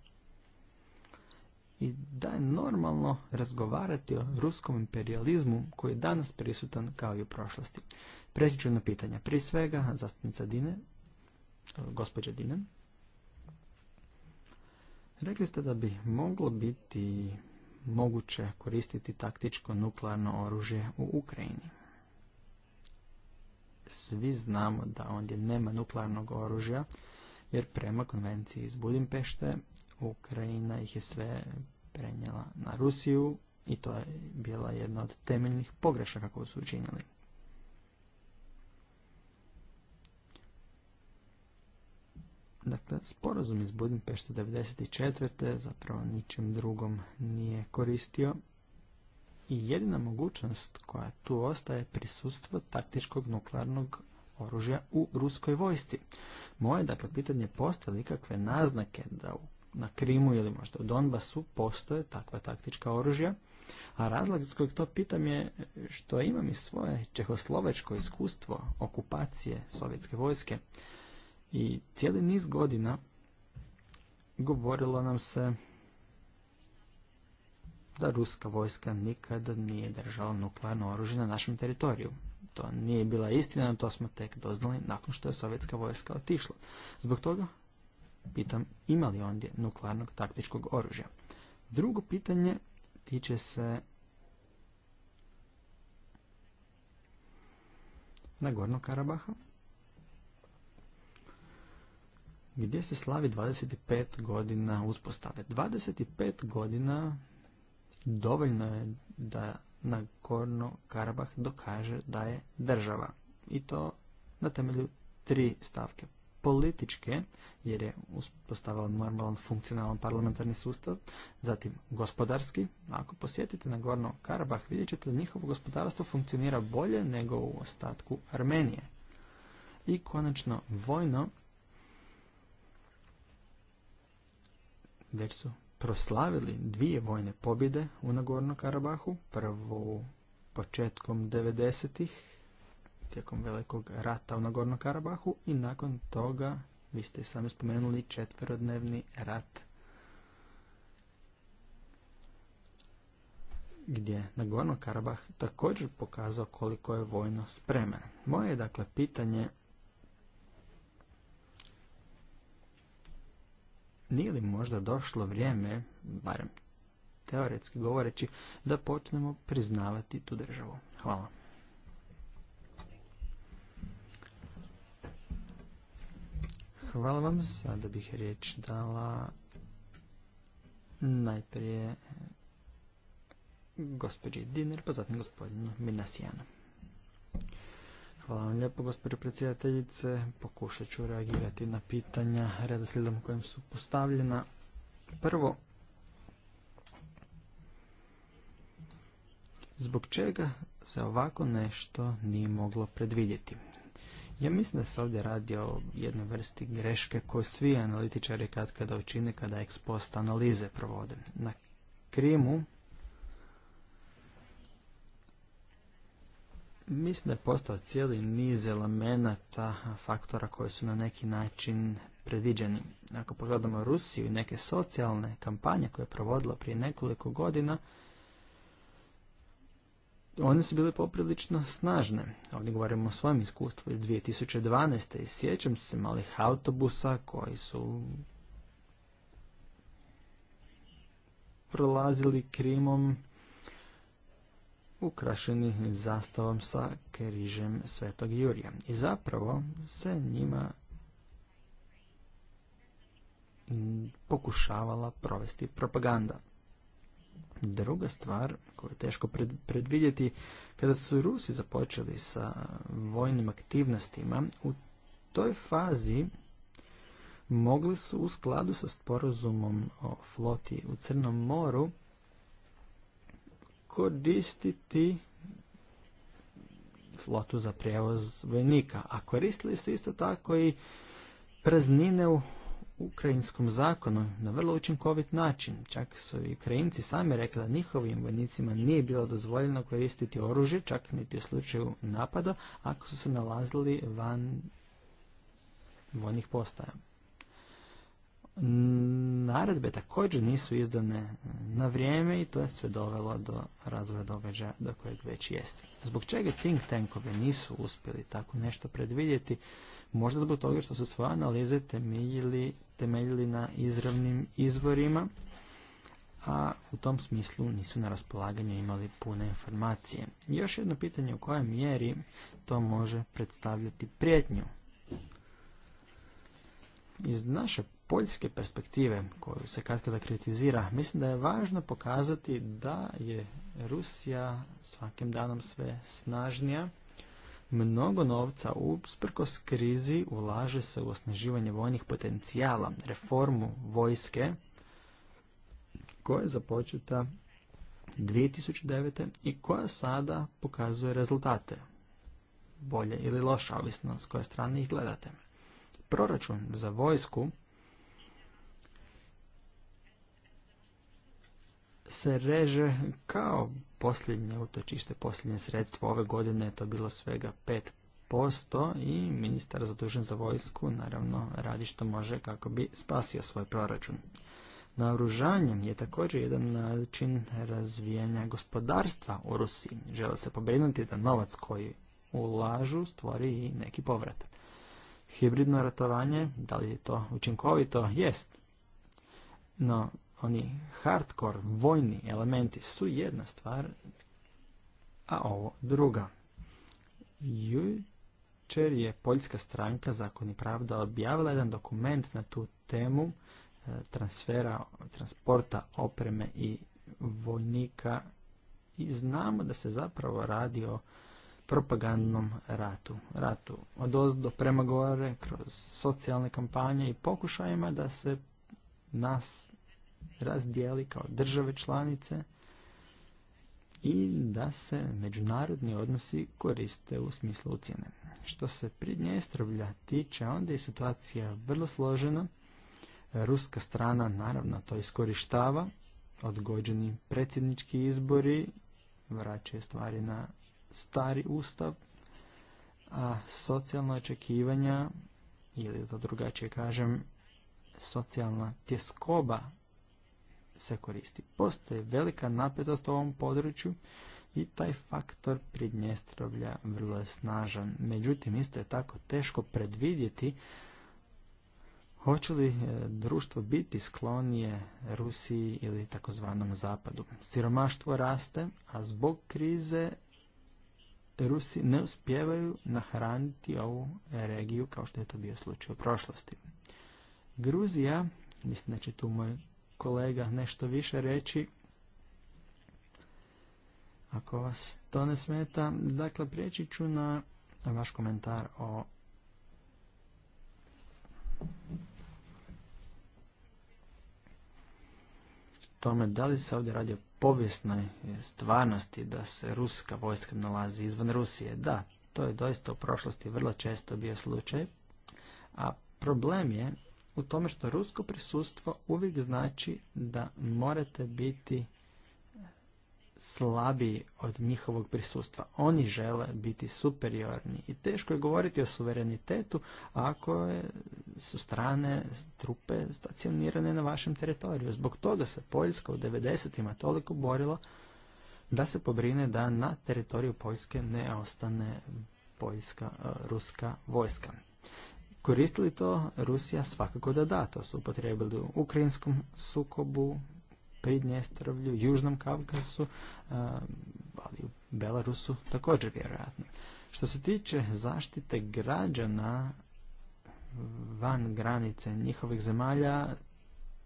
i da je normalno razgovarati o ruskom imperializmu koji je danas prisutan kao i u prošlosti. Preći ću na pitanja. Prije svega, zastupnica Dine, gospođa Dine, rekli ste da bi moglo biti moguće koristiti taktičko nuklearno oružje u Ukrajini. Svi znamo da ondje nema nuklearnog oružja, jer prema konvenciji iz Budimpešte Ukrajina ih je sve prenijela na Rusiju i to je bila jedna od temeljnih pogrešaka koju su učinili. Dakle, sporazum iz Budimpešta 1994. zapravo ničem drugom nije koristio i jedina mogućnost koja tu ostaje prisustvo taktičkog nuklearnog oružja u ruskoj vojsci. Moje, dakle, pitanje postoje li kakve naznake da na Krimu ili možda u Donbasu postoje takva taktička oružja, a razlog s kojeg to pitam je što imam i svoje čehoslovačko iskustvo okupacije sovjetske vojske, i cijeli niz godina govorilo nam se da ruska vojska nikada nije držala nuklearno oružje na našem teritoriju. To nije bila istina, to smo tek doznali nakon što je sovjetska vojska otišla. Zbog toga pitam ima li ondje nuklearnog taktičkog oružja. Drugo pitanje tiče se Nagornog Karabaha. gdje se slavi 25 godina uspostave. 25 godina dovoljno je da Nagorno Karabah dokaže da je država. I to na temelju tri stavke. Političke, jer je uspostavila normalan funkcionalan parlamentarni sustav, zatim gospodarski. Ako posjetite Nagorno Karabah, vidjet ćete da njihovo gospodarstvo funkcionira bolje nego u ostatku Armenije. I konačno vojno, već su proslavili dvije vojne pobjede u Nagorno-Karabahu, prvu početkom 90-ih, tijekom velikog rata u Nagorno-Karabahu i nakon toga, vi ste sami spomenuli, četverodnevni rat gdje Nagorno-Karabah također pokazao koliko je vojno spremen. Moje je dakle pitanje Nije li možda došlo vrijeme, barem teoretski govoreći, da počnemo priznavati tu državu? Hvala. Hvala vam. Sada bih riječ dala najprije gospođi Diner, pa zatim gospodinu Minasijanu. Hvala vam lijepo, gospođo predsjedateljice. Pokušat ću reagirati na pitanja redoslijedom kojim su postavljena. Prvo, zbog čega se ovako nešto nije moglo predvidjeti? Ja mislim da se ovdje radi o jednoj vrsti greške koju svi analitičari kad kada učine kada ekspost analize provode. Na Krimu Mislim da je postao cijeli niz elemenata, faktora koji su na neki način predviđeni. Ako pogledamo Rusiju i neke socijalne kampanje koje je provodila prije nekoliko godina, one su bile poprilično snažne. Ovdje govorimo o svojem iskustvu iz 2012. i sjećam se malih autobusa koji su prolazili Krimom ukrašeni zastavom sa križem Svetog Jurija. I zapravo se njima pokušavala provesti propaganda. Druga stvar koju je teško predvidjeti, kada su Rusi započeli sa vojnim aktivnostima, u toj fazi mogli su u skladu sa sporazumom o floti u Crnom moru koristiti flotu za prijevoz vojnika. A koristili su isto tako i praznine u ukrajinskom zakonu na vrlo učinkovit način. Čak su i Ukrajinci sami rekli da njihovim vojnicima nije bilo dozvoljeno koristiti oružje, čak niti u slučaju napada, ako su se nalazili van vojnih postaja naredbe također nisu izdane na vrijeme i to je sve dovelo do razvoja događaja do kojeg već jeste. Zbog čega think tankove nisu uspjeli tako nešto predvidjeti? Možda zbog toga što su svoje analize temeljili, temeljili na izravnim izvorima, a u tom smislu nisu na raspolaganju imali pune informacije. Još jedno pitanje u kojoj mjeri to može predstavljati prijetnju. Iz naše poljske perspektive koju se katkada kritizira, mislim da je važno pokazati da je Rusija svakim danom sve snažnija. Mnogo novca usprkos krizi ulaže se u osnaživanje vojnih potencijala, reformu vojske koja je započeta 2009. i koja sada pokazuje rezultate. Bolje ili loše, ovisno s koje strane ih gledate. Proračun za vojsku se reže kao posljednje utočište, posljednje sredstvo. Ove godine je to bilo svega 5% i ministar zadužen za vojsku naravno radi što može kako bi spasio svoj proračun. Naoružanje je također jedan način razvijanja gospodarstva u Rusiji. Žele se pobrinuti da novac koji ulažu stvori i neki povrat. Hibridno ratovanje, da li je to učinkovito? Jest. No, oni hardcore vojni elementi su jedna stvar, a ovo druga. Jučer je poljska stranka Zakon i pravda objavila jedan dokument na tu temu e, transfera, transporta opreme i vojnika i znamo da se zapravo radi o propagandnom ratu. Ratu od ozdo prema gore, kroz socijalne kampanje i pokušajima da se nas razdijeli kao države članice i da se međunarodni odnosi koriste u smislu ucjene. Što se Pridnjestrovlja tiče, onda je situacija vrlo složena. Ruska strana naravno to iskorištava, odgođeni predsjednički izbori vraćaju stvari na stari ustav, a socijalna očekivanja, ili da drugačije kažem, socijalna tjeskoba se koristi. Postoji velika napetost u ovom području i taj faktor Pridnjestrovlja vrlo je snažan. Međutim, isto je tako teško predvidjeti hoće li e, društvo biti sklonije Rusiji ili takozvanom zapadu. Siromaštvo raste, a zbog krize Rusi ne uspijevaju nahraniti ovu regiju kao što je to bio slučaj u prošlosti. Gruzija, mislim da će tu moj kolega nešto više reći. Ako vas to ne smeta, dakle prijeći ću na vaš komentar o tome da li se ovdje radi o povijesnoj stvarnosti da se ruska vojska nalazi izvan Rusije. Da, to je doista u prošlosti vrlo često bio slučaj, a problem je u tome što rusko prisustvo uvijek znači da morate biti slabiji od njihovog prisustva. Oni žele biti superiorni i teško je govoriti o suverenitetu ako su strane trupe stacionirane na vašem teritoriju. Zbog toga se Poljska u 90-ima toliko borila da se pobrine da na teritoriju Poljske ne ostane Poljska, e, ruska vojska. Koristili to Rusija svakako da da, to su upotrijebili u ukrajinskom sukobu, Dnjestrovlju, Južnom Kavkasu, eh, ali u Belarusu također vjerojatno. Što se tiče zaštite građana van granice njihovih zemalja,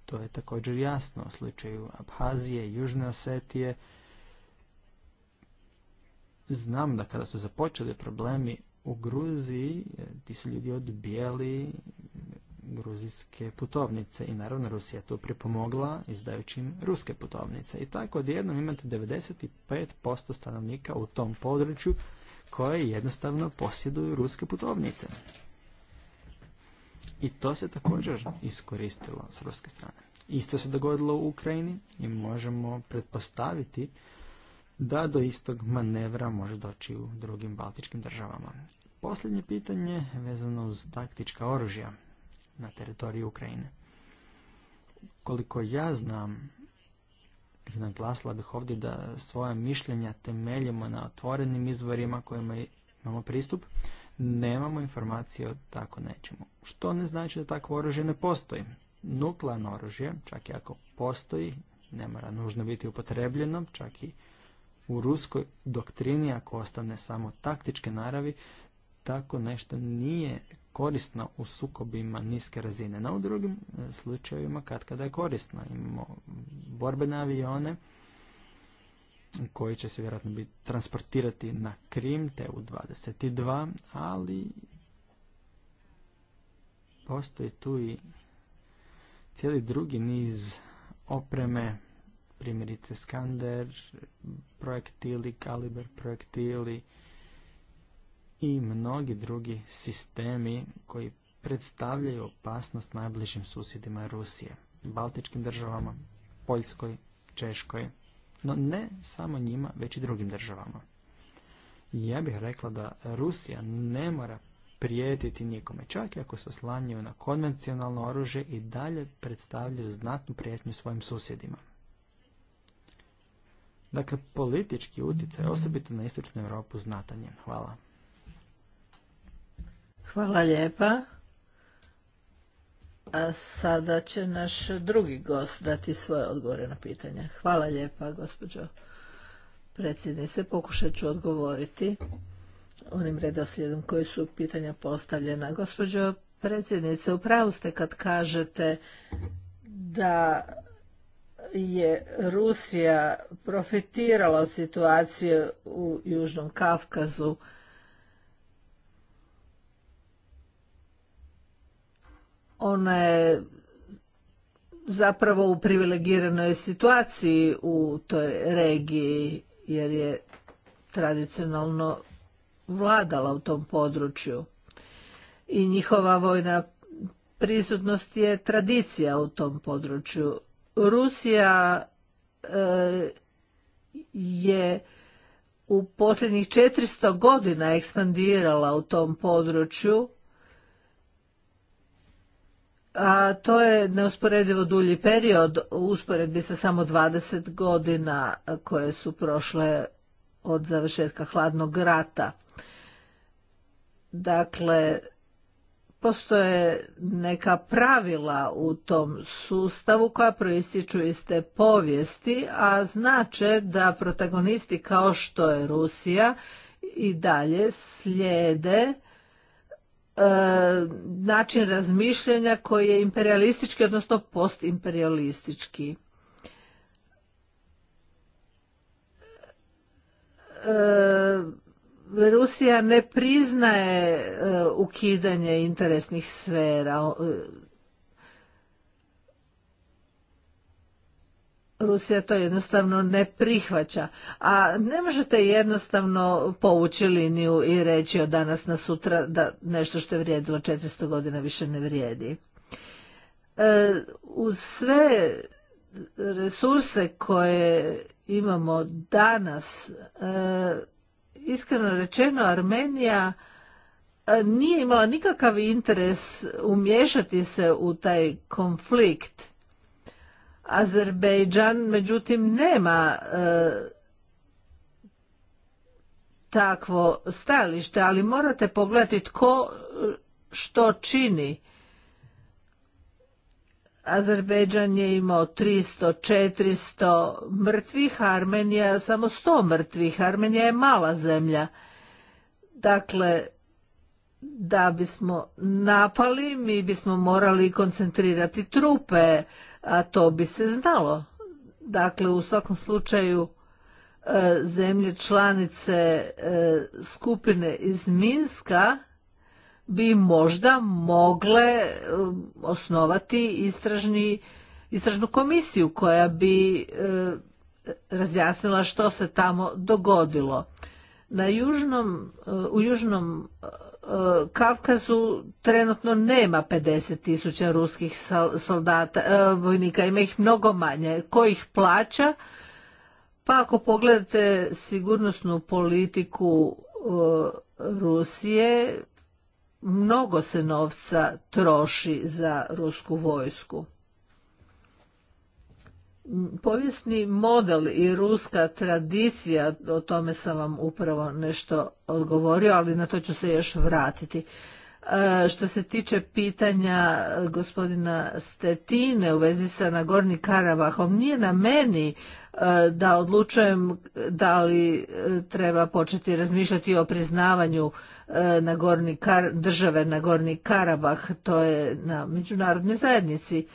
to je također jasno u slučaju Abhazije, Južne Osetije. Znam da kada su započeli problemi u Gruziji e, ti su ljudi odbijali gruzijske putovnice i naravno Rusija to pripomogla izdajući im ruske putovnice. I tako odjednom imate 95% stanovnika u tom području koje jednostavno posjeduju ruske putovnice. I to se također iskoristilo s ruske strane. Isto se dogodilo u Ukrajini i možemo pretpostaviti da do istog manevra može doći u drugim baltičkim državama. Posljednje pitanje vezano uz taktička oružja na teritoriju Ukrajine. Koliko ja znam, naglasila bih ovdje da svoja mišljenja temeljimo na otvorenim izvorima kojima imamo pristup, nemamo informacije o tako nečemu. Što ne znači da takvo oružje ne postoji. Nuklearno oružje, čak i ako postoji, ne mora nužno biti upotrebljeno, čak i u ruskoj doktrini, ako ostane samo taktičke naravi, tako nešto nije korisno u sukobima niske razine. Na u drugim e, slučajevima kad kada je korisno. Imamo borbene avione koji će se vjerojatno biti transportirati na Krim, te u 22, ali postoji tu i cijeli drugi niz opreme primjerice Skander projektili, Kaliber projektili i mnogi drugi sistemi koji predstavljaju opasnost najbližim susjedima Rusije, Baltičkim državama, Poljskoj, Češkoj, no ne samo njima, već i drugim državama. Ja bih rekla da Rusija ne mora prijetiti nikome, čak i ako se oslanjaju na konvencionalno oružje i dalje predstavljaju znatnu prijetnju svojim susjedima. Dakle, politički utjecaj, osobito na istočnu Europu, znatan je. Hvala. Hvala lijepa. A sada će naš drugi gost dati svoje odgovore na pitanja. Hvala lijepa, gospođo predsjednice. Pokušat ću odgovoriti onim redoslijedom koji su pitanja postavljena. Gospođo predsjednice, upravo ste kad kažete da je Rusija profitirala od situacije u Južnom Kafkazu ona je zapravo u privilegiranoj situaciji u toj regiji jer je tradicionalno vladala u tom području i njihova vojna prisutnost je tradicija u tom području Rusija e, je u posljednjih 400 godina ekspandirala u tom području, a to je neusporedivo dulji period u usporedbi sa samo 20 godina koje su prošle od završetka hladnog rata. Dakle, Postoje neka pravila u tom sustavu koja proističu iz te povijesti, a znače da protagonisti kao što je Rusija i dalje slijede e, način razmišljanja koji je imperialistički, odnosno postimperialistički. E, Rusija ne priznaje e, ukidanje interesnih sfera. E, Rusija to jednostavno ne prihvaća. A ne možete jednostavno povući liniju i reći od danas na sutra da nešto što je vrijedilo 400 godina više ne vrijedi. E, uz sve resurse koje imamo danas iskreno rečeno Armenija e, nije imala nikakav interes umješati se u taj konflikt. Azerbejdžan međutim nema e, takvo stajalište, ali morate pogledati tko e, što čini. Azerbejdžan je imao 300-400 mrtvih, Armenija samo 100 mrtvih. Armenija je mala zemlja. Dakle, da bismo napali, mi bismo morali koncentrirati trupe, a to bi se znalo. Dakle, u svakom slučaju e, zemlje članice e, skupine iz Minska bi možda mogle um, osnovati istražni, istražnu komisiju koja bi uh, razjasnila što se tamo dogodilo. Na južnom, uh, u južnom uh, Kavkazu trenutno nema 50 tisuća ruskih soldata, vojnika, ima ih mnogo manje. Ko ih plaća? Pa ako pogledate sigurnosnu politiku Rusije, mnogo se novca troši za rusku vojsku. Povijesni model i ruska tradicija, o tome sam vam upravo nešto odgovorio, ali na to ću se još vratiti. E, što se tiče pitanja e, gospodina Stetine u vezi sa Nagorni Karabahom, nije na meni e, da odlučujem da li treba početi razmišljati o priznavanju Nagorni Kar države Nagorni Karabah, to je na međunarodnoj zajednici.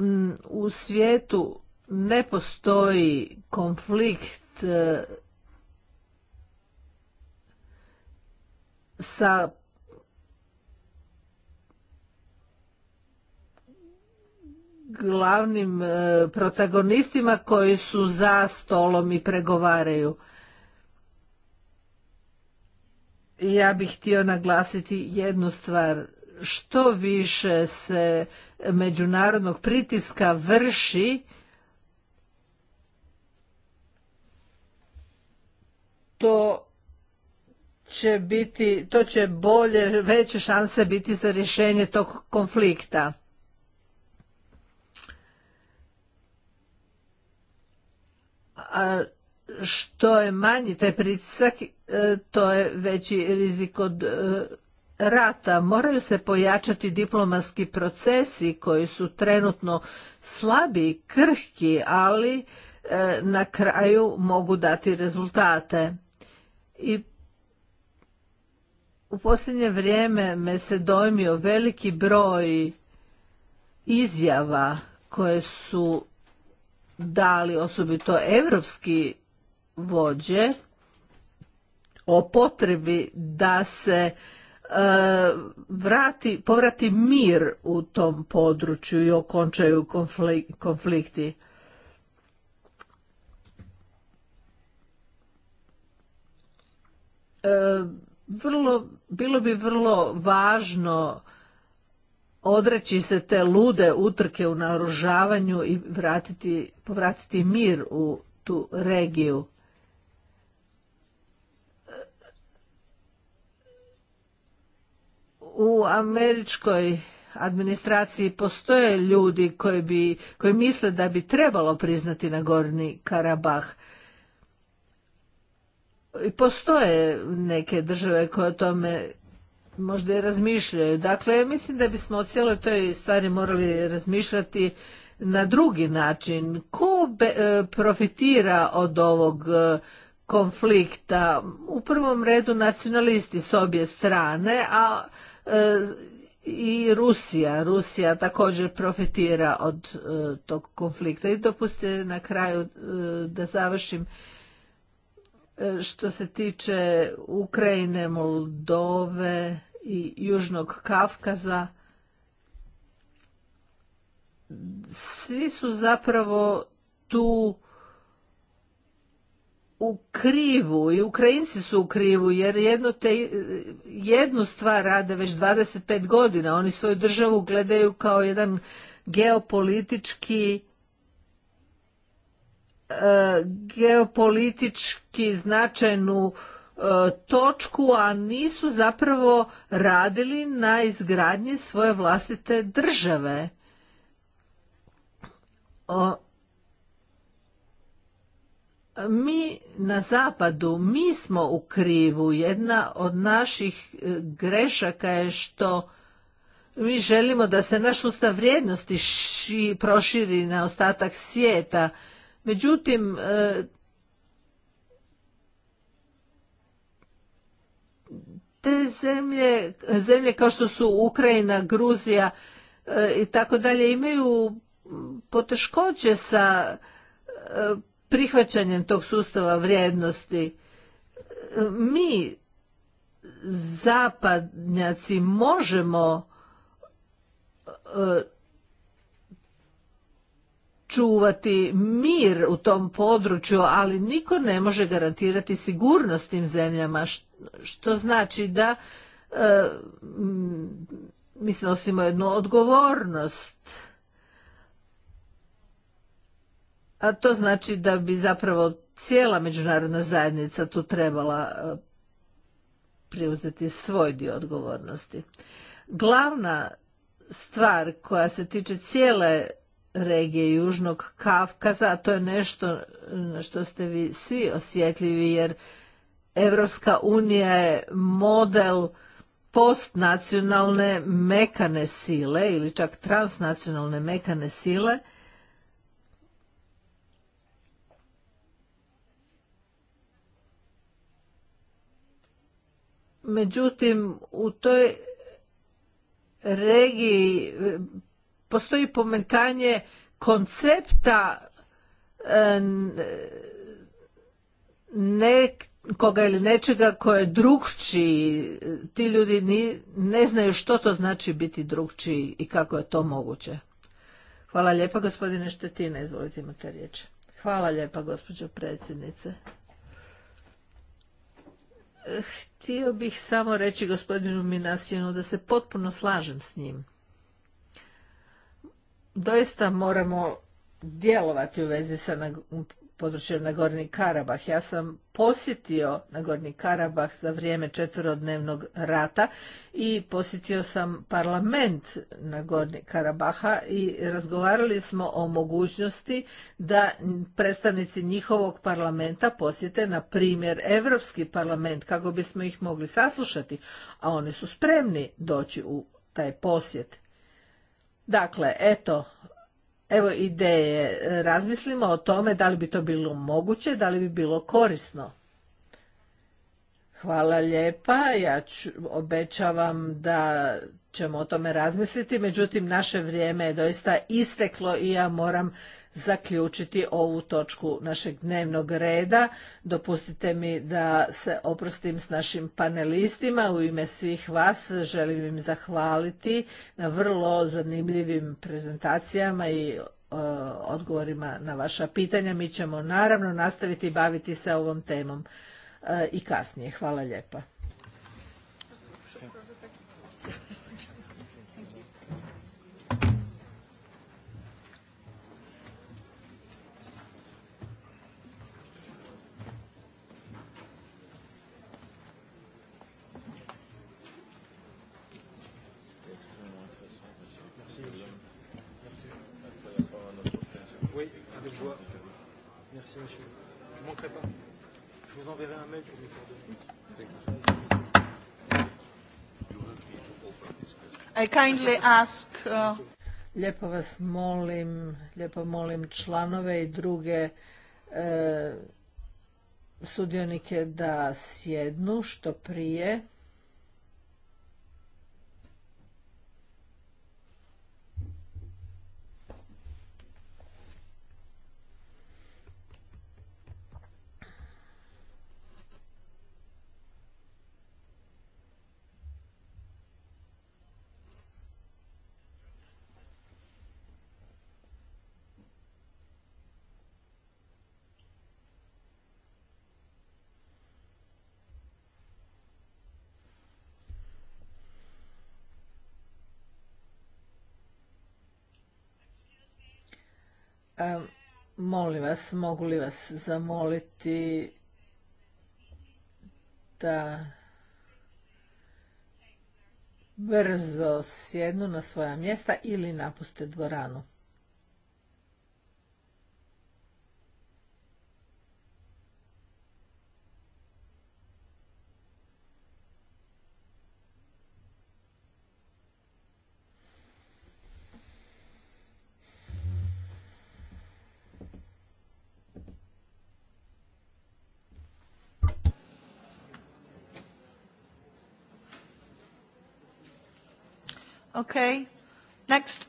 Mm, u svijetu ne postoji konflikt sa glavnim e, protagonistima koji su za stolom i pregovaraju. Ja bih htio naglasiti jednu stvar. Što više se međunarodnog pritiska vrši, to će biti, to će bolje, veće šanse biti za rješenje tog konflikta. A što je manji taj pritisak, e, to je veći rizik od e, rata. Moraju se pojačati diplomatski procesi koji su trenutno slabi, krhki, ali e, na kraju mogu dati rezultate. I u posljednje vrijeme me se dojmio veliki broj izjava koje su dali osobito evropski vođe o potrebi da se e, vrati, povrati mir u tom području i okončaju konflikti. E, vrlo, bilo bi vrlo važno odreći se te lude utrke u naoružavanju i vratiti, povratiti mir u tu regiju. U američkoj administraciji postoje ljudi koji, bi, koji misle da bi trebalo priznati Nagorni Karabah – i postoje neke države koje o tome možda i razmišljaju. Dakle, mislim da bismo o cijeloj toj stvari morali razmišljati na drugi način. Ko e, profitira od ovog e, konflikta? U prvom redu nacionalisti s obje strane, a e, i Rusija. Rusija također profitira od tog konflikta. I dopustite na kraju da završim što se tiče Ukrajine, Moldove i Južnog Kafkaza, svi su zapravo tu u krivu i Ukrajinci su u krivu jer jedno te, jednu stvar rade već 25 godina. Oni svoju državu gledaju kao jedan geopolitički geopolitički značajnu e, točku, a nisu zapravo radili na izgradnji svoje vlastite države. mi na zapadu, mi smo u krivu. Jedna od naših e, grešaka je što mi želimo da se naš sustav vrijednosti proširi na ostatak svijeta Međutim, e, te zemlje, zemlje kao što su Ukrajina, Gruzija e, i tako dalje imaju poteškoće sa e, prihvaćanjem tog sustava vrijednosti. Mi zapadnjaci možemo čuvati mir u tom području, ali niko ne može garantirati sigurnost tim zemljama, što znači da e, mi snosimo jednu odgovornost. A to znači da bi zapravo cijela međunarodna zajednica tu trebala e, preuzeti svoj dio odgovornosti. Glavna stvar koja se tiče cijele regije Južnog Kavkaza, a to je nešto na što ste vi svi osjetljivi jer Evropska unija je model postnacionalne mekane sile ili čak transnacionalne mekane sile Međutim, u toj regiji postoji pomenkanje koncepta e, nekoga ili nečega koje je drugčiji. Ti ljudi ne znaju što to znači biti drugčiji i kako je to moguće. Hvala lijepa gospodine Štetina, izvolite imate riječ. Hvala lijepa gospođo predsjednice. Htio bih samo reći gospodinu Minasijenu da se potpuno slažem s njim doista moramo djelovati u vezi sa područjem Nagorni Karabah. Ja sam posjetio Nagorni Karabah za vrijeme četvrodnevnog rata i posjetio sam parlament Nagorni Karabaha i razgovarali smo o mogućnosti da predstavnici njihovog parlamenta posjete na primjer Europski parlament kako bismo ih mogli saslušati, a oni su spremni doći u taj posjet. Dakle, eto, evo ideje. Razmislimo o tome da li bi to bilo moguće, da li bi bilo korisno. Hvala lijepa, ja obećavam da ćemo o tome razmisliti, međutim naše vrijeme je doista isteklo i ja moram zaključiti ovu točku našeg dnevnog reda. Dopustite mi da se oprostim s našim panelistima. U ime svih vas želim im zahvaliti na vrlo zanimljivim prezentacijama i e, odgovorima na vaša pitanja. Mi ćemo naravno nastaviti baviti se ovom temom e, i kasnije. Hvala lijepa. Merci, monsieur. Je ne manquerai pas. Je vous enverrai un mail pour vous coordonnées. I kindly ask... Uh... Lijepo vas molim, lijepo molim članove i druge e, sudionike da sjednu što prije. molim vas, mogu li vas zamoliti da brzo sjednu na svoja mjesta ili napuste dvoranu. Okay. Next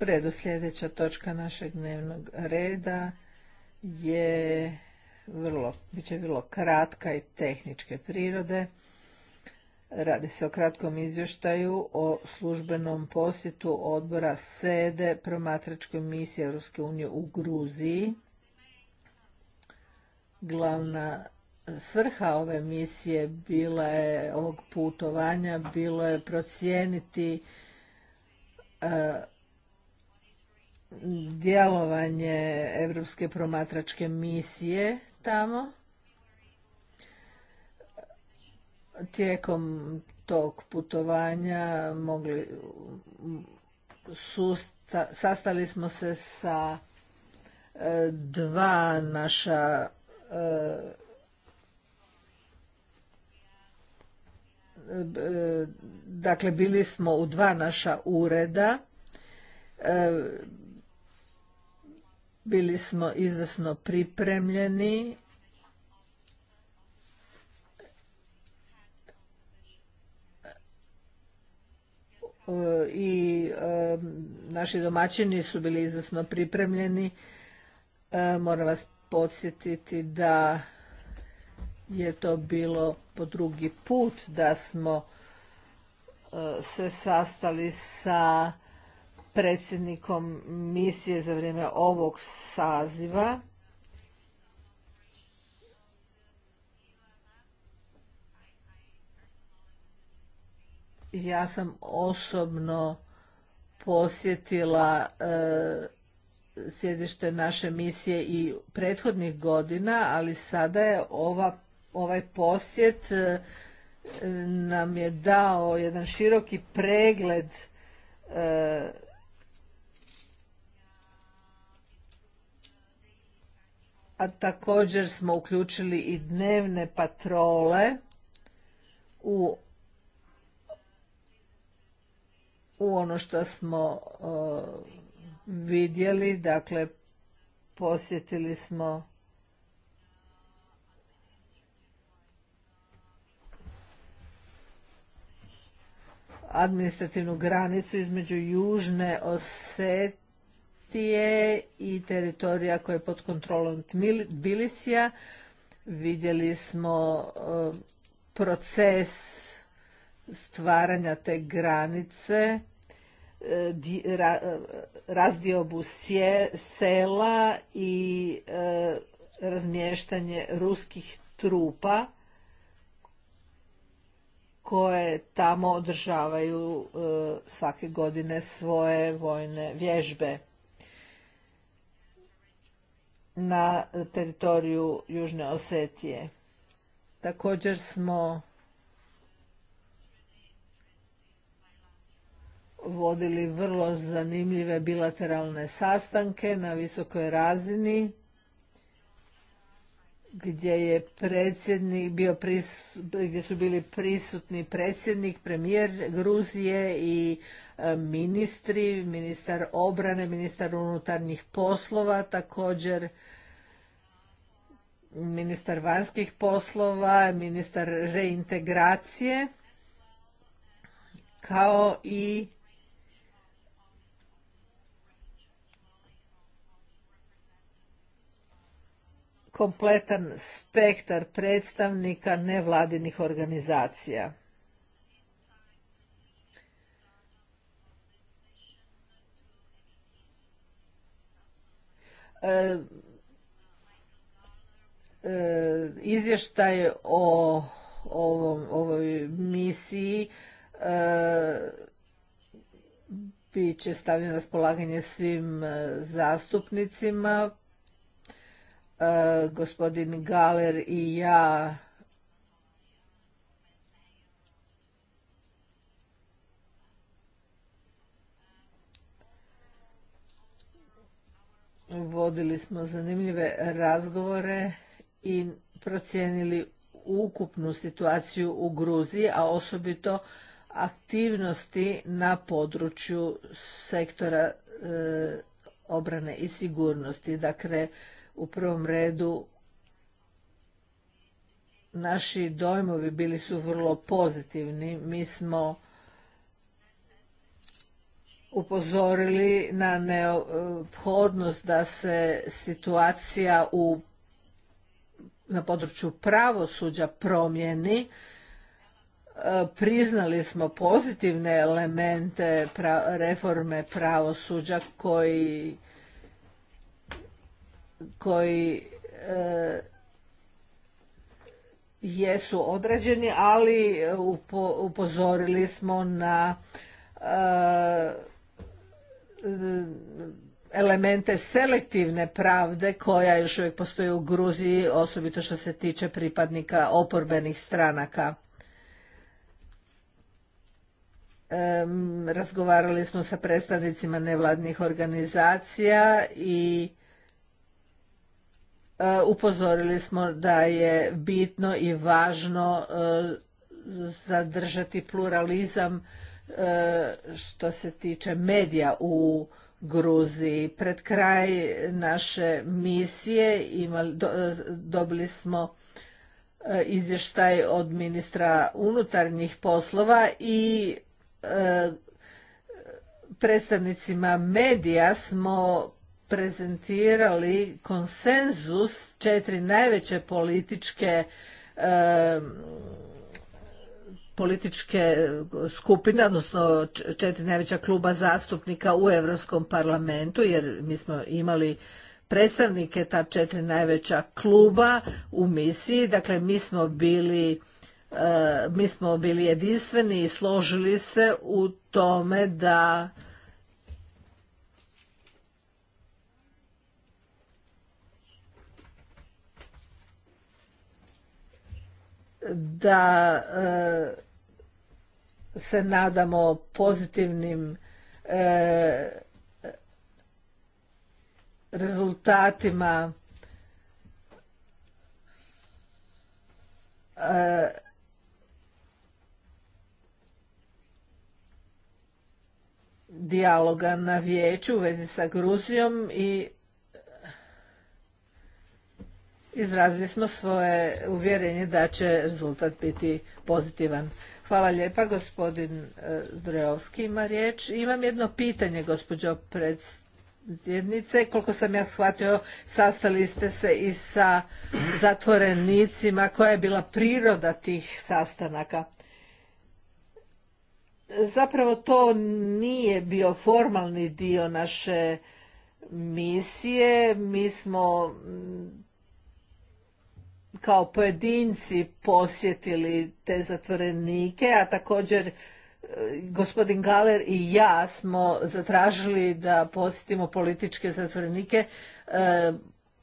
U redu sljedeća točka našeg dnevnog reda je vrlo, bit će vrlo kratka i tehničke prirode. Radi se o kratkom izvještaju o službenom posjetu odbora sede promatračkoj misiji Europske unije u Gruziji. Glavna svrha ove misije bila je ovog putovanja bilo je procijeniti djelovanje Europske promatračke misije tamo. Tijekom tog putovanja mogli, sastali smo se sa e, dva naša e, dakle bili smo u dva naša ureda, e, bili smo izvrsno pripremljeni, e, i e, naši domaćini su bili izvrsno pripremljeni. moram vas podsjetiti da je to bilo po drugi put da smo e, se sastali sa predsjednikom misije za vrijeme ovog saziva. Ja sam osobno posjetila e, sjedište naše misije i prethodnih godina, ali sada je ova ovaj posjet e, nam je dao jedan široki pregled e, a također smo uključili i dnevne patrole u u ono što smo e, vidjeli, dakle posjetili smo administrativnu granicu između južne Osetije i teritorija koje je pod kontrolom Tbilisija. Vidjeli smo e, proces stvaranja te granice, e, e, razdiobu sela i razmještanje ruskih trupa koje tamo održavaju e, svake godine svoje vojne vježbe na teritoriju Južne Osetije. Također smo vodili vrlo zanimljive bilateralne sastanke na visokoj razini gdje je predsjednik bio gdje su bili prisutni predsjednik, premijer Gruzije i e, ministri, ministar obrane, ministar unutarnjih poslova, također ministar vanjskih poslova, ministar reintegracije, kao i kompletan spektar predstavnika nevladinih organizacija. E, e, izvještaj o ovoj misiji e, bit će stavljen na raspolaganje svim zastupnicima E, gospodin Galer i ja vodili smo zanimljive razgovore i procijenili ukupnu situaciju u Gruziji, a osobito aktivnosti na području sektora e, obrane i sigurnosti. Dakle, u prvom redu naši dojmovi bili su vrlo pozitivni. Mi smo upozorili na neophodnost da se situacija u, na području pravosuđa promijeni. E, priznali smo pozitivne elemente reforme pravosuđa koji koji e, jesu određeni, ali upozorili smo na e, elemente selektivne pravde koja još uvijek postoji u Gruziji, osobito što se tiče pripadnika oporbenih stranaka. razgovarali smo sa predstavnicima nevladnih organizacija i Eh, upozorili smo da je bitno i važno eh, zadržati pluralizam eh, što se tiče medija u Gruziji. Pred kraj naše misije imali, dobili smo izvještaj od ministra unutarnjih poslova i predstavnicima medija smo prezentirali konsenzus četiri najveće političke političke skupine, odnosno četiri najveća kluba zastupnika u Europskom parlamentu, jer mi smo imali predstavnike ta četiri najveća kluba u misiji, dakle mi smo bili mi smo bili jedinstveni i složili se u tome da da e, se nadamo pozitivnim e, rezultatima e, dijaloga na vijeću u vezi sa Gruzijom i izrazili smo svoje uvjerenje da će rezultat biti pozitivan. Hvala lijepa, gospodin e, Zdrojovski ima riječ. Imam jedno pitanje, gospođo predsjednice. Koliko sam ja shvatio, sastali ste se i sa zatvorenicima. Koja je bila priroda tih sastanaka? Zapravo to nije bio formalni dio naše misije. Mi smo kao pojedinci posjetili te zatvorenike, a također e, gospodin Galer i ja smo zatražili da posjetimo političke zatvorenike. E,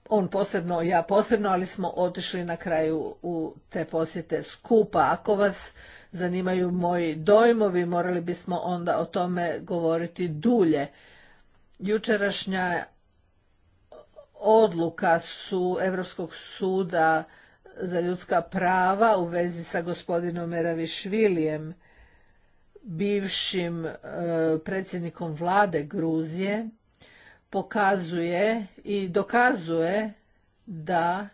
on posebno, ja posebno, ali smo otišli na kraju u te posjete skupa. Ako vas zanimaju moji dojmovi, morali bismo onda o tome govoriti dulje. Jučerašnja odluka su Europskog suda za ljudska prava u vezi sa gospodinom Meravišvilijem, bivšim e, predsjednikom vlade Gruzije, pokazuje i dokazuje da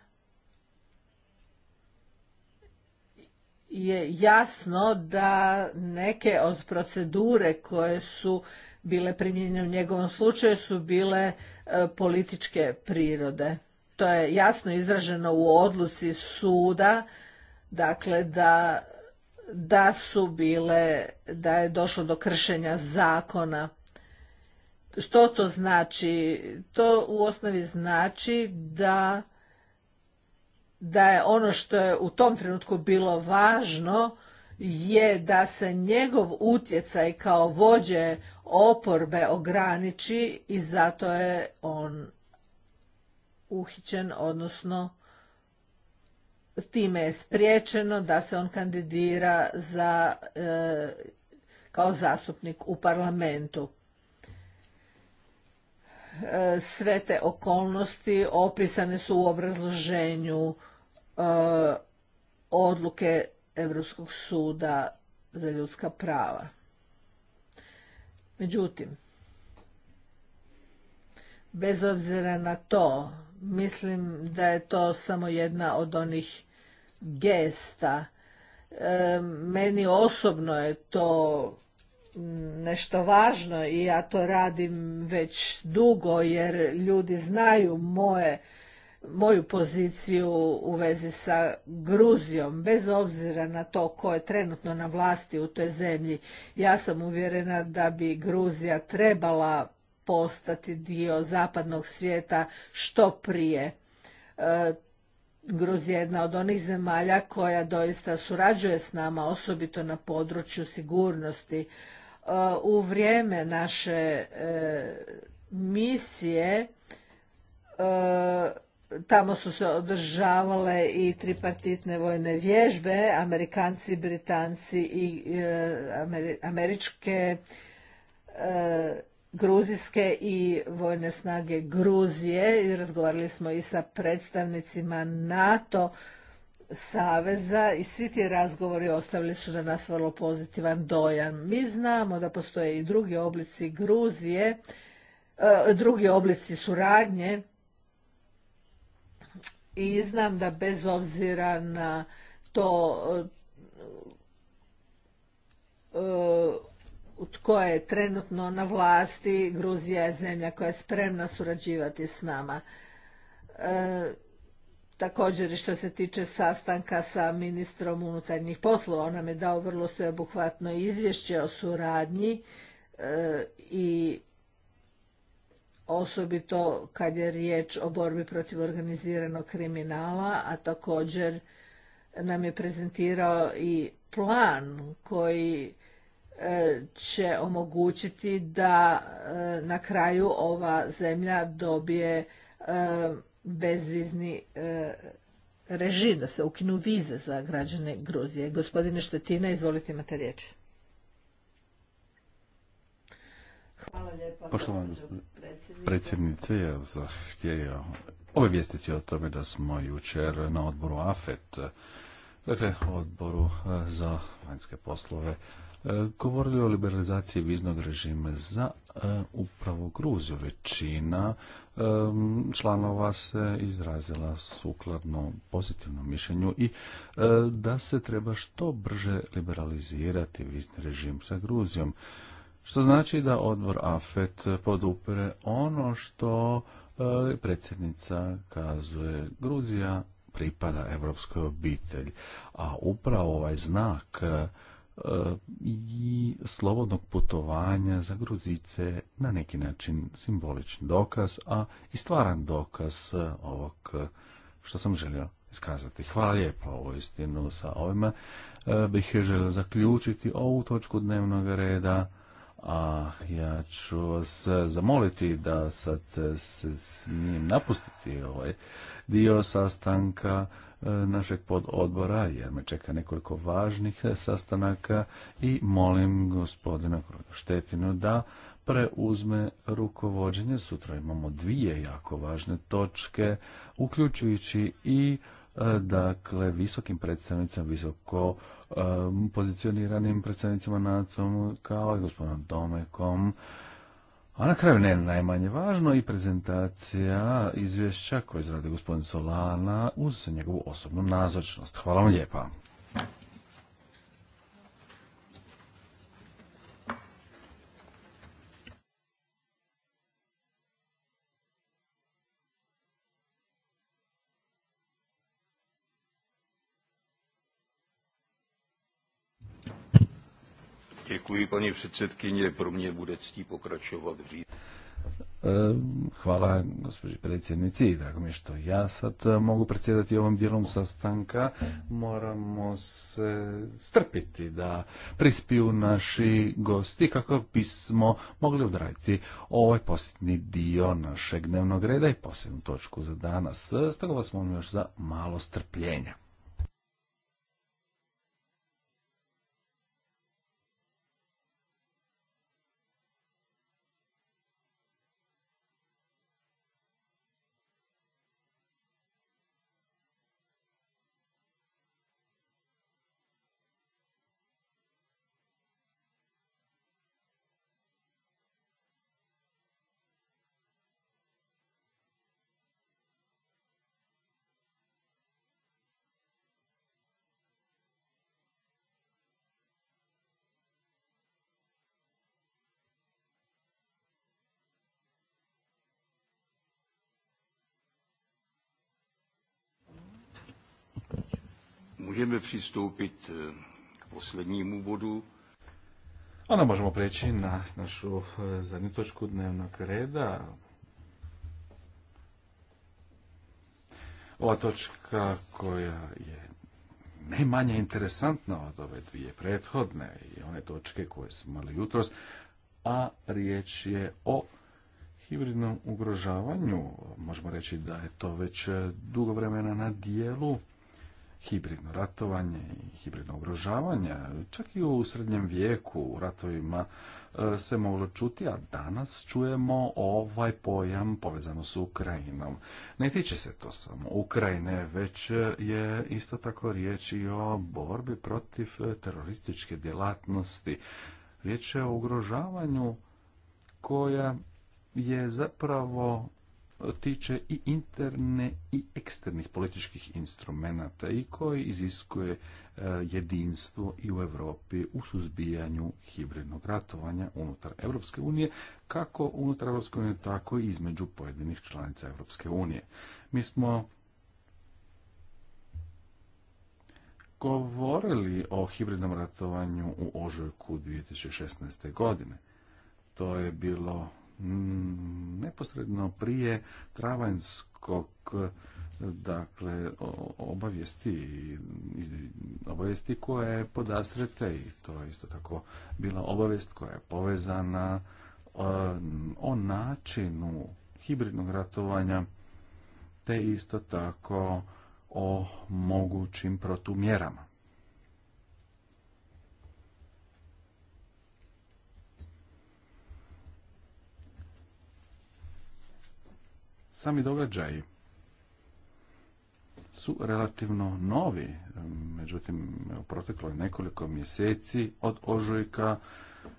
je jasno da neke od procedure koje su bile primijenjene u njegovom slučaju su bile e, političke prirode je jasno izraženo u odluci suda, dakle da, da su bile, da je došlo do kršenja zakona. Što to znači? To u osnovi znači da da je ono što je u tom trenutku bilo važno je da se njegov utjecaj kao vođe oporbe ograniči i zato je on uhićen, odnosno time je spriječeno da se on kandidira za, e, kao zastupnik u parlamentu. E, sve te okolnosti opisane su u obrazloženju e, odluke Europskog suda za ljudska prava. Međutim, bez obzira na to mislim da je to samo jedna od onih gesta. E, meni osobno je to nešto važno i ja to radim već dugo jer ljudi znaju moje moju poziciju u vezi sa Gruzijom, bez obzira na to ko je trenutno na vlasti u toj zemlji. Ja sam uvjerena da bi Gruzija trebala postati dio zapadnog svijeta što prije. E, Gruzija je jedna od onih zemalja koja doista surađuje s nama, osobito na području sigurnosti. E, u vrijeme naše e, misije tamo su se održavale i tripartitne vojne vježbe, Amerikanci, Britanci i američke gruzijske i vojne snage Gruzije i razgovarali smo i sa predstavnicima NATO saveza i svi ti razgovori ostavili su za nas vrlo pozitivan dojam. Mi znamo da postoje i drugi oblici Gruzije, e, drugi oblici suradnje i znam da bez obzira na to e, tko je trenutno na vlasti, Gruzija je zemlja koja je spremna surađivati s nama. E, također što se tiče sastanka sa ministrom unutarnjih poslova, on nam je dao vrlo sveobuhvatno izvješće o suradnji e, i osobito kad je riječ o borbi protiv organiziranog kriminala, a također nam je prezentirao i plan koji će omogućiti da e, na kraju ova zemlja dobije e, bezvizni e, režim, da se ukinu vize za građane Gruzije. Gospodine Štetina, izvolite imate riječ. Hvala lijepa, predsjednice, ja htio obavijestiti o tome da smo jučer na odboru AFET, dakle odboru za vanjske poslove, E, govorili o liberalizaciji viznog režima za e, upravo Gruziju. Većina e, članova se izrazila sukladno pozitivnom mišljenju i da se treba što brže liberalizirati vizni režim sa Gruzijom. Što znači da odbor AFET podupere ono što predsjednica kazuje Gruzija pripada evropskoj obitelji. A upravo ovaj znak i slobodnog putovanja za Gruzice na neki način simbolični dokaz, a i stvaran dokaz e, ovog e, što sam želio iskazati. Hvala lijepo ovo istinu sa ovima. E, bih želio zaključiti ovu točku dnevnog reda a ja ću vas e, zamoliti da sad e, se njim napustiti ovaj dio sastanka e, našeg pododbora, jer me čeka nekoliko važnih sastanaka i molim gospodina Štetinu da preuzme rukovođenje. Sutra imamo dvije jako važne točke, uključujući i E, dakle visokim predstavnicama, visoko e, pozicioniranim predstavnicima nacom kao i gospodinom Domekom. A na kraju ne najmanje važno i prezentacija izvješća koje izradi gospodin Solana uz njegovu osobnu nazočnost. Hvala vam lijepa. Děkuji, paní předsedkyně. Pro mě bude ctí pokračovat v eh, Hvala gospođi predsjednici. Drago mi što ja sad eh, mogu predsjedati ovom dijelom sastanka. Moramo se strpiti da prispiju naši gosti kako bismo mogli odraditi ovaj posljednji dio našeg dnevnog reda i posljednju točku za danas. Stoga vas molim još za malo strpljenja. Možemo pristupiti eh, k poslednjemu bodu. Onda možemo preći na našu eh, zadnju točku dnevnog reda. Ova točka koja je najmanje interesantna od ove dvije prethodne i one točke koje smo imali jutros, a riječ je o hibridnom ugrožavanju. Možemo reći da je to već eh, dugo vremena na dijelu hibridno ratovanje i hibridno ugrožavanje. Čak i u srednjem vijeku u ratovima e, se moglo čuti, a danas čujemo ovaj pojam povezano s Ukrajinom. Ne tiče se to samo Ukrajine, već je isto tako riječ i o borbi protiv terorističke djelatnosti. Riječ je o ugrožavanju koja je zapravo tiče i interne i eksternih političkih instrumenata i koji iziskuje e, jedinstvo i u Europi u suzbijanju hibridnog ratovanja unutar Europske unije, kako unutar Europske unije, tako i između pojedinih članica Europske unije. Mi smo govorili o hibridnom ratovanju u ožujku 2016. godine. To je bilo Mm, neposredno prije travanjskog dakle obavijesti obavijesti koje podastrete i to je isto tako bila obavijest koja je povezana o načinu hibridnog ratovanja te isto tako o mogućim protumjerama. sami događaji su relativno novi, međutim u je nekoliko mjeseci od ožujka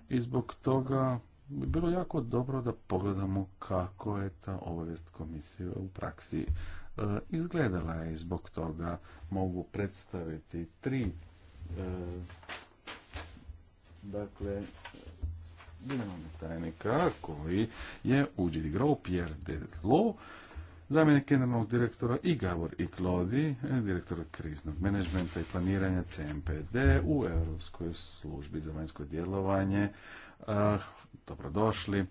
i zbog toga bi bilo jako dobro da pogledamo kako je ta obavijest komisije u praksi e, izgledala i zbog toga mogu predstaviti tri e, dakle tajnika koji je uđe igrao Pierre zlo, zamjenik generalnog direktora i Gabor klodi eh, direktor kriznog menadžmenta i planiranja CMPD u Europskoj službi za vanjsko djelovanje. Eh, dobrodošli.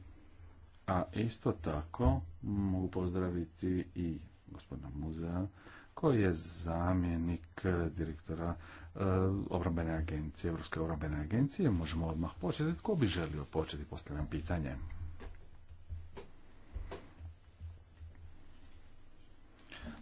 A isto tako mogu pozdraviti i gospodina Muzea, koji je zamjenik direktora Eh, obrambene agencije, Europske obrambene agencije. Možemo odmah početi. Tko bi želio početi? Postavljam pitanje.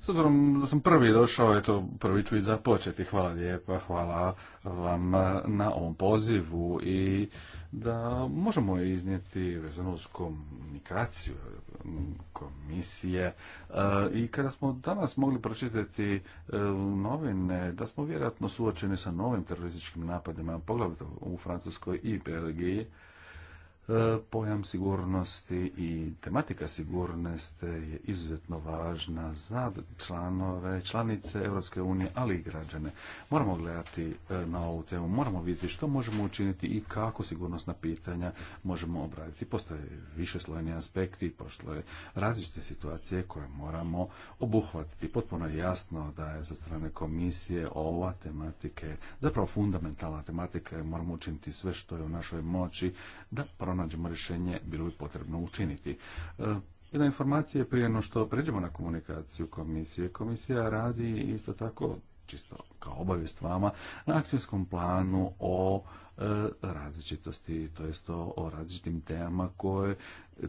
S obzirom da sam prvi došao, eto, prvi ću i započeti. Hvala lijepa, hvala vam na ovom pozivu i da možemo iznijeti vezano uz komunikaciju komisije. E, I kada smo danas mogli pročitati e, novine, da smo vjerojatno suočeni sa novim terorističkim napadima, poglavito u Francuskoj i Belgiji, E, pojam sigurnosti i tematika sigurnosti je izuzetno važna za članove, članice Europske unije, ali i građane. Moramo gledati e, na ovu temu, moramo vidjeti što možemo učiniti i kako sigurnosna pitanja možemo obraditi. Postoje višeslojni aspekti, postoje različite situacije koje moramo obuhvatiti. Potpuno je jasno da je sa strane komisije ova tematika, zapravo fundamentalna tematika, moramo učiniti sve što je u našoj moći da pronađemo rješenje, bilo bi potrebno učiniti. E, jedna informacija prije prijedno što pređemo na komunikaciju komisije. Komisija radi isto tako, čisto kao obavijest vama, na akcijskom planu o e, različitosti, to jest o različitim temama koje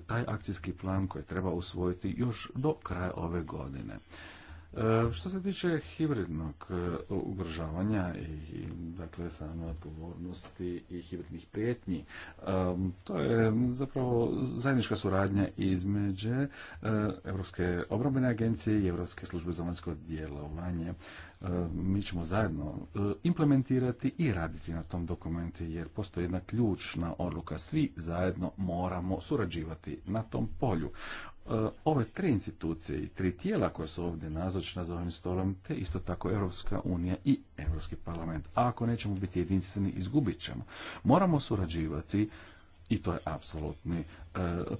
taj akcijski plan koji treba usvojiti još do kraja ove godine. E, što se tiče hibridnog e, ugrožavanja i dakle same odgovornosti i hibridnih prijetnji, e, to je zapravo zajednička suradnja između Europske obrambene agencije i Europske službe za vanjsko djelovanje. Mi ćemo zajedno implementirati i raditi na tom dokumentu jer postoji jedna ključna odluka. Svi zajedno moramo surađivati na tom polju. E, ove tri institucije i tri tijela koja su ovdje nazočna za ovim stolom, te isto tako Europska unija i Europski parlament. A ako nećemo biti jedinstveni, izgubit ćemo. Moramo surađivati i to je apsolutni e,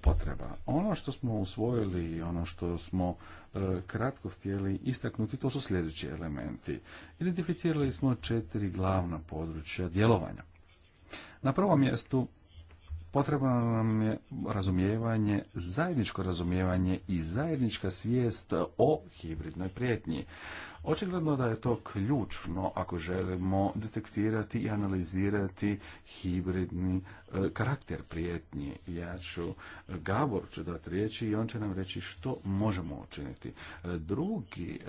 potreba. Ono što smo usvojili i ono što smo e, kratko htjeli istaknuti, to su sljedeći elementi. Identificirali smo četiri glavna područja djelovanja. Na prvom mjestu Potrebno nam je razumijevanje, zajedničko razumijevanje i zajednička svijest o hibridnoj prijetnji. Očigledno da je to ključno ako želimo detektirati i analizirati hibridni e, karakter prijetnji. Ja ću, e, Gabor ću dati riječi i on će nam reći što možemo učiniti. E, drugi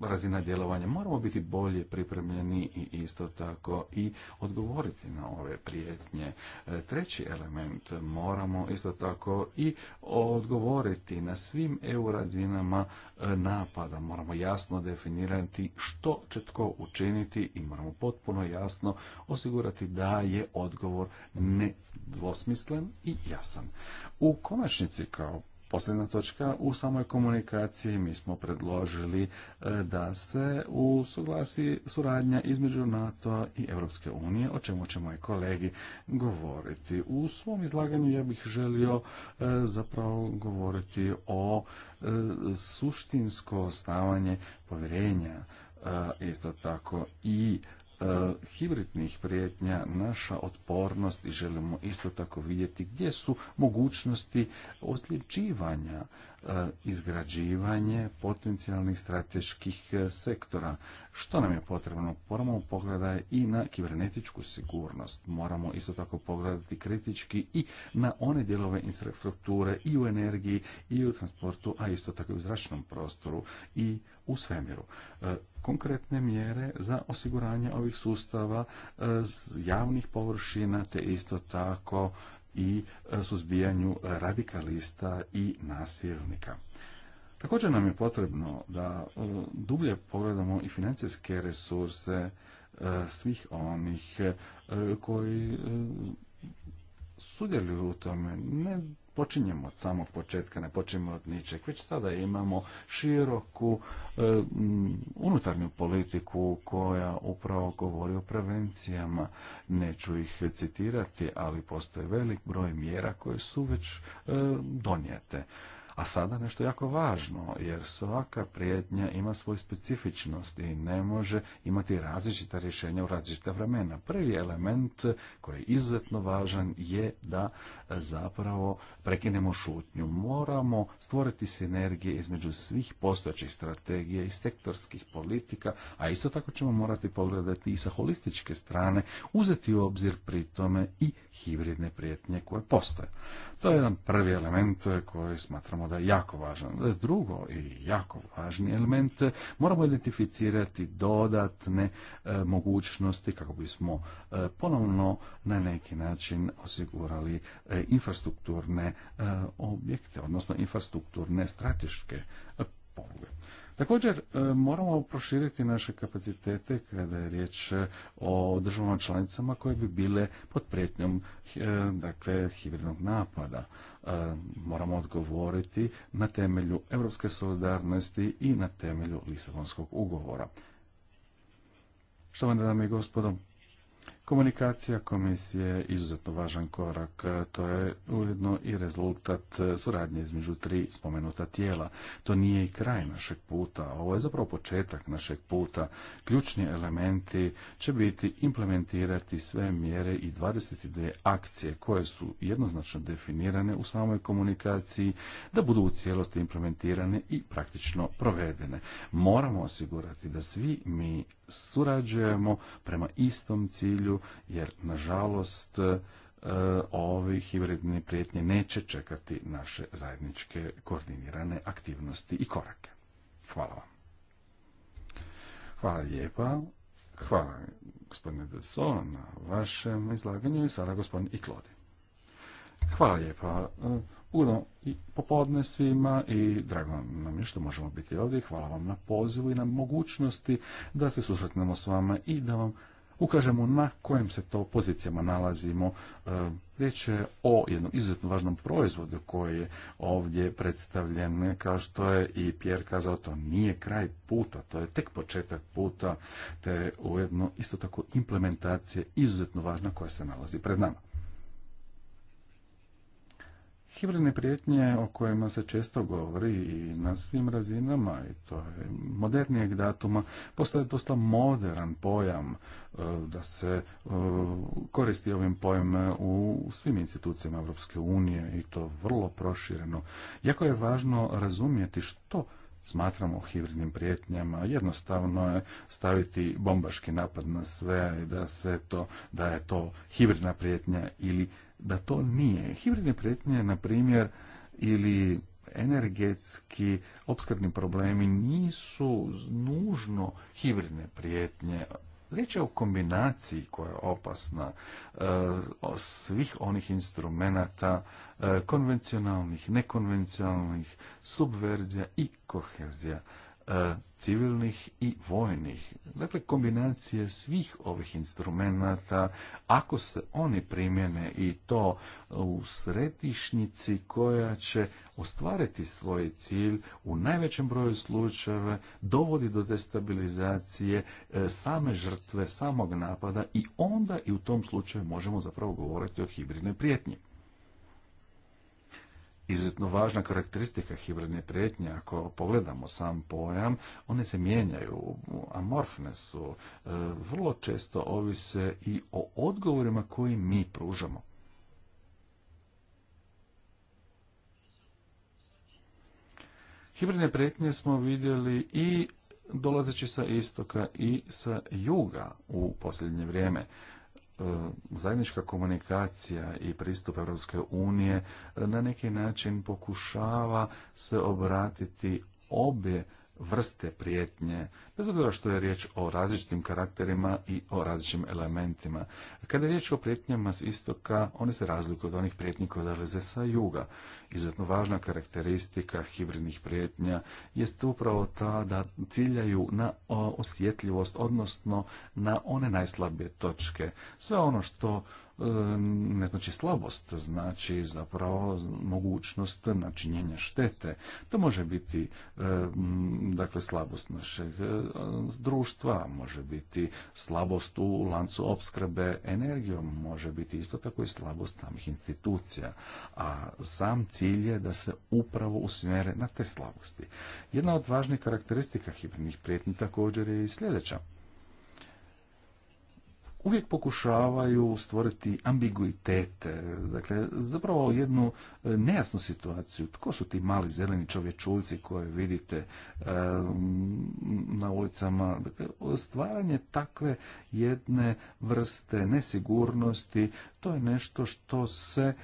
razina djelovanja. Moramo biti bolje pripremljeni i isto tako i odgovoriti na ove prijetnje. E, treći element, moramo isto tako i odgovoriti na svim EU razinama e, napada. Moramo jasno definirati što će tko učiniti i moramo potpuno jasno osigurati da je odgovor nedvosmislen i jasan. U konačnici kao Posljedna točka, u samoj komunikaciji mi smo predložili e, da se u suglasi suradnja između NATO i Europske unije, o čemu će moji kolegi govoriti. U svom izlaganju ja bih želio e, zapravo govoriti o e, suštinsko stavanje povjerenja isto tako i E, hibridnih prijetnja naša otpornost i želimo isto tako vidjeti gdje su mogućnosti osljeđivanja e, izgrađivanje potencijalnih strateških e, sektora. Što nam je potrebno? Moramo pogledati i na kibernetičku sigurnost. Moramo isto tako pogledati kritički i na one dijelove infrastrukture i u energiji i u transportu, a isto tako i u zračnom prostoru i u svemiru. E, konkretne mjere za osiguranje ovih sustava e, javnih površina te isto tako i e, suzbijanju radikalista i nasilnika. Također nam je potrebno da dublje pogledamo i financijske resurse svih onih koji sudjeluju u tome. Ne počinjemo od samog početka, ne počinjemo od ničeg, već sada imamo široku e, unutarnju politiku koja upravo govori o prevencijama. Neću ih citirati, ali postoji velik broj mjera koje su već e, donijete. A sada nešto jako važno, jer svaka prijetnja ima svoju specifičnost i ne može imati različita rješenja u različita vremena. Prvi element koji je izuzetno važan je da zapravo prekinemo šutnju. Moramo stvoriti sinergije između svih postojećih strategija i sektorskih politika, a isto tako ćemo morati pogledati i sa holističke strane, uzeti u obzir pri tome i hibridne prijetnje koje postoje. To je jedan prvi element koji smatramo da je jako važan. Drugo i jako važni element, moramo identificirati dodatne e, mogućnosti kako bismo e, ponovno na neki način osigurali e, infrastrukturne objekte, odnosno infrastrukturne strateške poluge. Također e, moramo proširiti naše kapacitete kada je riječ e, o državama članicama koje bi bile pod prijetnjom e, dakle, hibridnog napada. Moramo odgovoriti na temelju europske solidarnosti i na temelju Lisabonskog ugovora. Štovane dame i gospodo, Komunikacija komisije je izuzetno važan korak, to je ujedno i rezultat suradnje između tri spomenuta tijela. To nije i kraj našeg puta, ovo je zapravo početak našeg puta. Ključni elementi će biti implementirati sve mjere i 22 akcije koje su jednoznačno definirane u samoj komunikaciji da budu u cijelosti implementirane i praktično provedene. Moramo osigurati da svi mi surađujemo prema istom cilju, jer nažalost e, ovi hibridni prijetnje neće čekati naše zajedničke koordinirane aktivnosti i korake. Hvala vam. Hvala lijepa. Hvala gospodine Deso na vašem izlaganju i sada gospodin Iklodi. Hvala lijepa. Ugodno i popodne svima i drago nam je što možemo biti ovdje. Hvala vam na pozivu i na mogućnosti da se susretnemo s vama i da vam ukažemo na kojim se to pozicijama nalazimo. E, riječ je o jednom izuzetno važnom proizvodu koji je ovdje predstavljen. Kao što je i Pierre kazao, to nije kraj puta, to je tek početak puta, te ujedno isto tako implementacija izuzetno važna koja se nalazi pred nama. Hibridne prijetnje o kojima se često govori i na svim razinama, i to je modernijeg datuma, postaje dosta modern pojam e, da se e, koristi ovim pojem u svim institucijama Europske unije i to vrlo prošireno. Jako je važno razumjeti što smatramo hibridnim prijetnjama, jednostavno je staviti bombaški napad na sve i da se to, da je to hibridna prijetnja ili da to nije. Hibridne prijetnje, na primjer, ili energetski opskrbni problemi nisu nužno hibridne prijetnje. Riječ je o kombinaciji koja je opasna e, svih onih instrumenata e, konvencionalnih, nekonvencionalnih, subverzija i koherzija. E, civilnih i vojnih. Dakle, kombinacije svih ovih instrumenata, ako se oni primjene i to u središnjici koja će ostvariti svoj cilj u najvećem broju slučajeva dovodi do destabilizacije e, same žrtve, samog napada i onda i u tom slučaju možemo zapravo govoriti o hibridnoj prijetnji izuzetno važna karakteristika hibridne prijetnje. Ako pogledamo sam pojam, one se mijenjaju, amorfne su, e, vrlo često ovise i o odgovorima koje mi pružamo. Hibridne prijetnje smo vidjeli i dolazeći sa istoka i sa juga u posljednje vrijeme. E, zajednička komunikacija i pristup Europske unije e, na neki način pokušava se obratiti obje vrste prijetnje, bez obzira što je riječ o različitim karakterima i o različitim elementima. Kada je riječ o prijetnjama s istoka, one se razlikuju od onih prijetnji koje dolaze sa juga. Izuzetno važna karakteristika hibridnih prijetnja jest upravo ta da ciljaju na osjetljivost, odnosno na one najslabije točke. Sve ono što ne znači slabost, znači zapravo mogućnost načinjenja štete. To može biti dakle slabost našeg e, društva, može biti slabost u lancu opskrbe energijom, može biti isto tako i slabost samih institucija. A sam cilj je da se upravo usmjere na te slabosti. Jedna od važnih karakteristika hibridnih prijetnji također je i sljedeća uvijek pokušavaju stvoriti ambiguitete, dakle zapravo jednu e, nejasnu situaciju. Tko su ti mali zeleni čovječuljci koje vidite e, na ulicama? Dakle, stvaranje takve jedne vrste nesigurnosti, to je nešto što se e,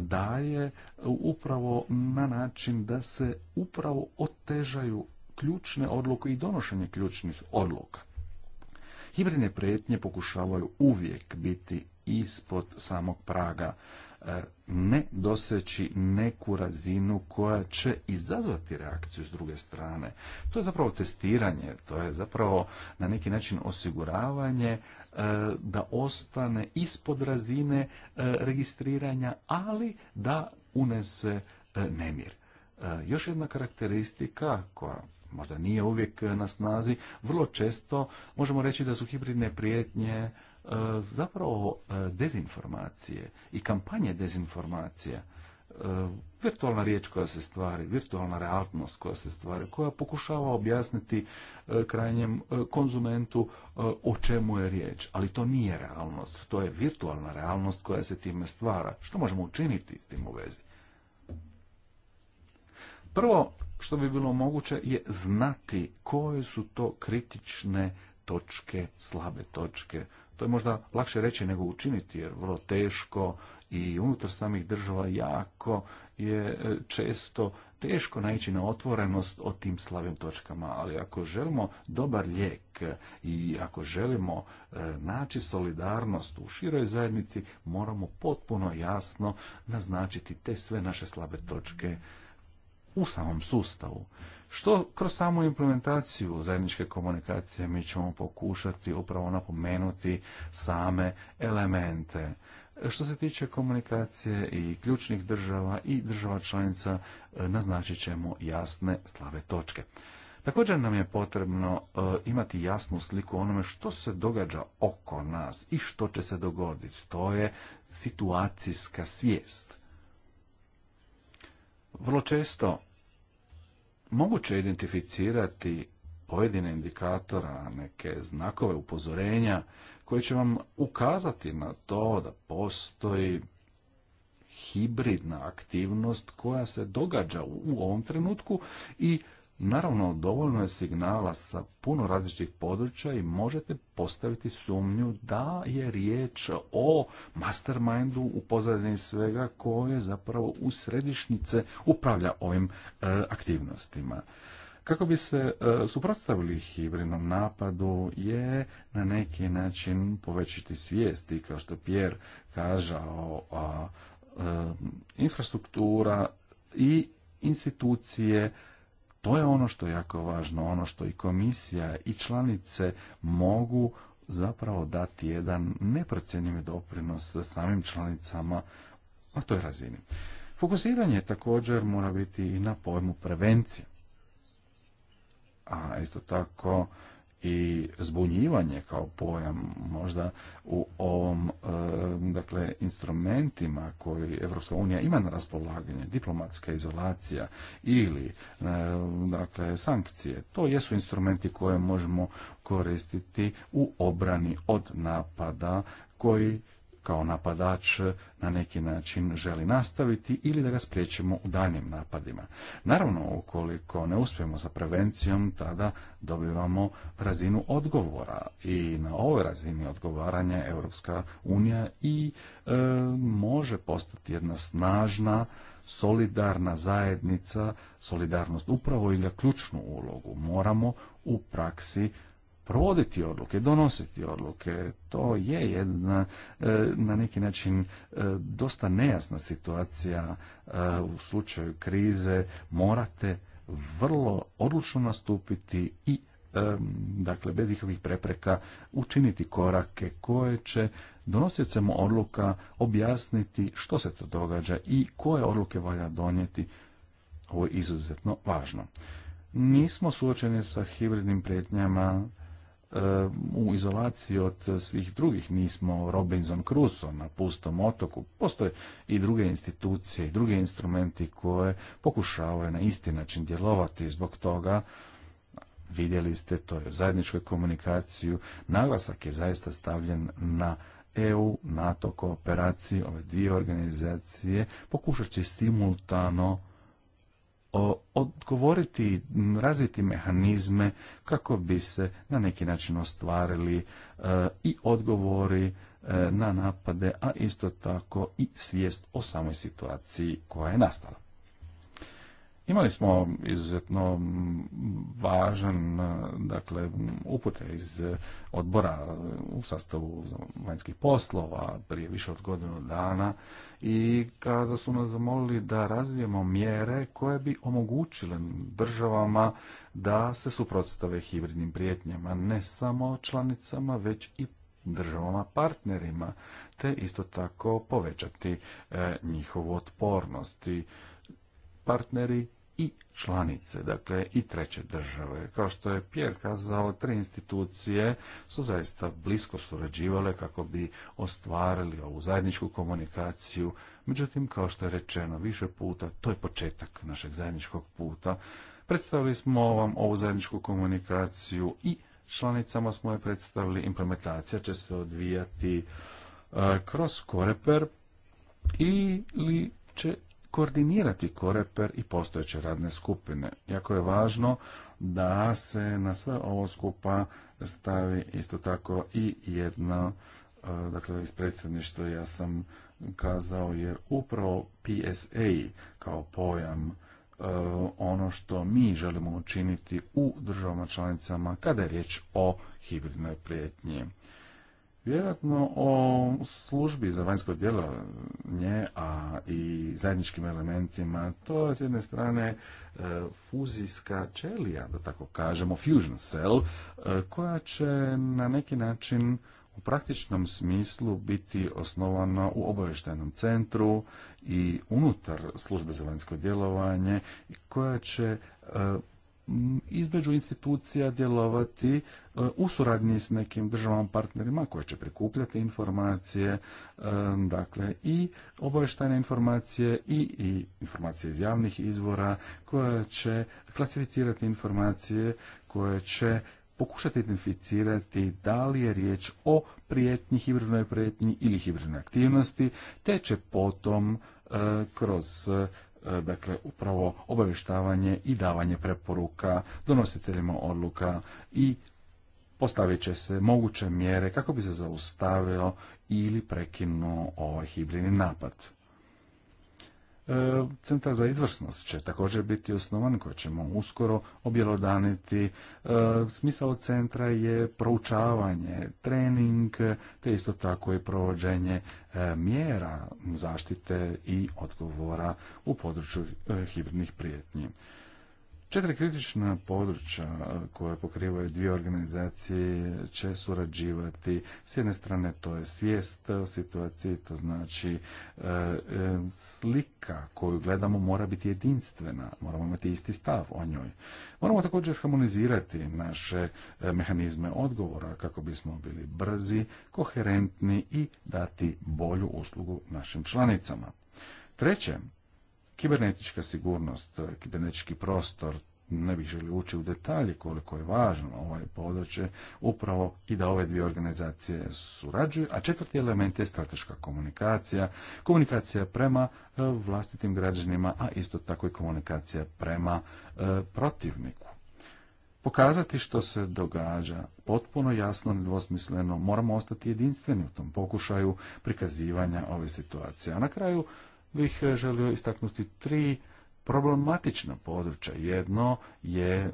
daje upravo na način da se upravo otežaju ključne odluke i donošenje ključnih odluka hibridne prijetnje pokušavaju uvijek biti ispod samog praga e, ne doseći neku razinu koja će izazvati reakciju s druge strane. To je zapravo testiranje, to je zapravo na neki način osiguravanje e, da ostane ispod razine e, registriranja, ali da unese nemir. Još jedna karakteristika koja možda nije uvijek e, na snazi, vrlo često možemo reći da su hibridne prijetnje e, zapravo e, dezinformacije i kampanje dezinformacija virtualna riječ koja se stvari, virtualna realnost koja se stvari, koja pokušava objasniti krajnjem konzumentu o čemu je riječ. Ali to nije realnost, to je virtualna realnost koja se time stvara. Što možemo učiniti s tim u vezi? Prvo, što bi bilo moguće je znati koje su to kritične točke, slabe točke. To je možda lakše reći nego učiniti, jer vrlo teško i unutar samih država jako je e, često teško naići na otvorenost o tim slabim točkama, ali ako želimo dobar lijek i ako želimo e, naći solidarnost u široj zajednici, moramo potpuno jasno naznačiti te sve naše slabe točke u samom sustavu. Što kroz samu implementaciju zajedničke komunikacije mi ćemo pokušati upravo napomenuti same elemente. Što se tiče komunikacije i ključnih država i država članica, e, naznačit ćemo jasne slabe točke. Također nam je potrebno e, imati jasnu sliku onome što se događa oko nas i što će se dogoditi. To je situacijska svijest. Vrlo često moguće identificirati pojedine indikatora, neke znakove upozorenja koje će vam ukazati na to da postoji hibridna aktivnost koja se događa u ovom trenutku i Naravno, dovoljno je signala sa puno različitih područja i možete postaviti sumnju da je riječ o mastermindu u pozadini svega koje zapravo u središnjice upravlja ovim e, aktivnostima. Kako bi se e, suprotstavili hibridnom napadu je na neki način povećati svijest i kao što Pierre kažao, a, e, infrastruktura i institucije to je ono što je jako važno, ono što i komisija i članice mogu zapravo dati jedan neprocjenjivi doprinos samim članicama na toj razini. Fokusiranje također mora biti i na pojmu prevencije. A isto tako i zbunjivanje kao pojam možda u ovom e, dakle instrumentima koji Europska unija ima na raspolaganje diplomatska izolacija ili e, dakle sankcije to jesu instrumenti koje možemo koristiti u obrani od napada koji kao napadač na neki način želi nastaviti ili da ga spriječimo u daljnjim napadima. Naravno, ukoliko ne uspijemo sa prevencijom, tada dobivamo razinu odgovora i na ovoj razini odgovaranja Europska unija i e, može postati jedna snažna solidarna zajednica, solidarnost upravo ili ključnu ulogu. Moramo u praksi provoditi odluke, donositi odluke. To je jedna e, na neki način e, dosta nejasna situacija e, u slučaju krize. Morate vrlo odlučno nastupiti i dakle bez ikakvih prepreka učiniti korake koje će ćemo odluka objasniti što se to događa i koje odluke valja donijeti. Ovo je izuzetno važno. Nismo suočeni sa hibridnim prijetnjama u izolaciji od svih drugih. Mi smo Robinson Crusoe na pustom otoku. Postoje i druge institucije i druge instrumenti koje pokušavaju na isti način djelovati. Zbog toga vidjeli ste to je u zajedničkoj komunikaciju. Naglasak je zaista stavljen na EU, NATO kooperaciji, ove dvije organizacije pokušat će simultano odgovoriti, razviti mehanizme kako bi se na neki način ostvarili e, i odgovori e, na napade, a isto tako i svijest o samoj situaciji koja je nastala. Imali smo izuzetno važan e, dakle, upute iz odbora u sastavu vanjskih poslova prije više od godinu dana i kada su nas zamolili da razvijemo mjere koje bi omogućile državama da se suprotstave hibridnim prijetnjama, ne samo članicama, već i državama partnerima, te isto tako povećati e, njihovu otpornost. I partneri i članice, dakle i treće države. Kao što je pjer kazao, tri institucije su zaista blisko surađivale kako bi ostvarili ovu zajedničku komunikaciju. Međutim, kao što je rečeno više puta, to je početak našeg zajedničkog puta. Predstavili smo vam ovu zajedničku komunikaciju i članicama smo je predstavili. Implementacija će se odvijati e, kroz koreper ili će koordinirati koreper i postojeće radne skupine. Jako je važno da se na sve ovo skupa stavi isto tako i jedna e, dakle iz predsjedništva ja sam kazao jer upravo PSA kao pojam e, ono što mi želimo učiniti u državama članicama kada je riječ o hibridnoj prijetnji vjerojatno o službi za vanjsko djelovanje, a i zajedničkim elementima. To je s jedne strane e, fuzijska čelija, da tako kažemo, fusion cell, e, koja će na neki način u praktičnom smislu biti osnovana u obavještajnom centru i unutar službe za vanjsko djelovanje koja će e, između institucija djelovati e, u suradnji s nekim državama partnerima koje će prikupljati informacije e, dakle i obavještajne informacije i, i informacije iz javnih izvora koje će klasificirati informacije koje će pokušati identificirati da li je riječ o prijetnji, hibridnoj prijetnji ili hibridnoj aktivnosti, te će potom e, kroz E, dakle upravo obavještavanje i davanje preporuka donositeljima odluka i postavit će se moguće mjere kako bi se zaustavio ili prekinuo ovaj hibridni napad. E, centar za izvrsnost će također biti osnovan koji ćemo uskoro objelodaniti. E, smisao centra je proučavanje, trening, te isto tako i provođenje e, mjera zaštite i odgovora u području hibridnih prijetnji. Četiri kritična područja eh, koje pokrivaju dvije organizacije će surađivati. S jedne strane to je svijest o situaciji, to znači eh, eh, slika koju gledamo mora biti jedinstvena, moramo imati isti stav o njoj. Moramo također harmonizirati naše mehanizme odgovora kako bismo bili brzi, koherentni i dati bolju uslugu našim članicama. Treće, Kibernetička sigurnost, kibernetički prostor, ne bih želi ući u detalje koliko je važno ovaj područje, upravo i da ove dvije organizacije surađuju, a četvrti element je strateška komunikacija, komunikacija prema e, vlastitim građanima, a isto tako i komunikacija prema e, protivniku. Pokazati što se događa potpuno jasno, nedvosmisleno, moramo ostati jedinstveni u tom pokušaju prikazivanja ove situacije. A na kraju bih e, želio istaknuti tri problematična područja. Jedno je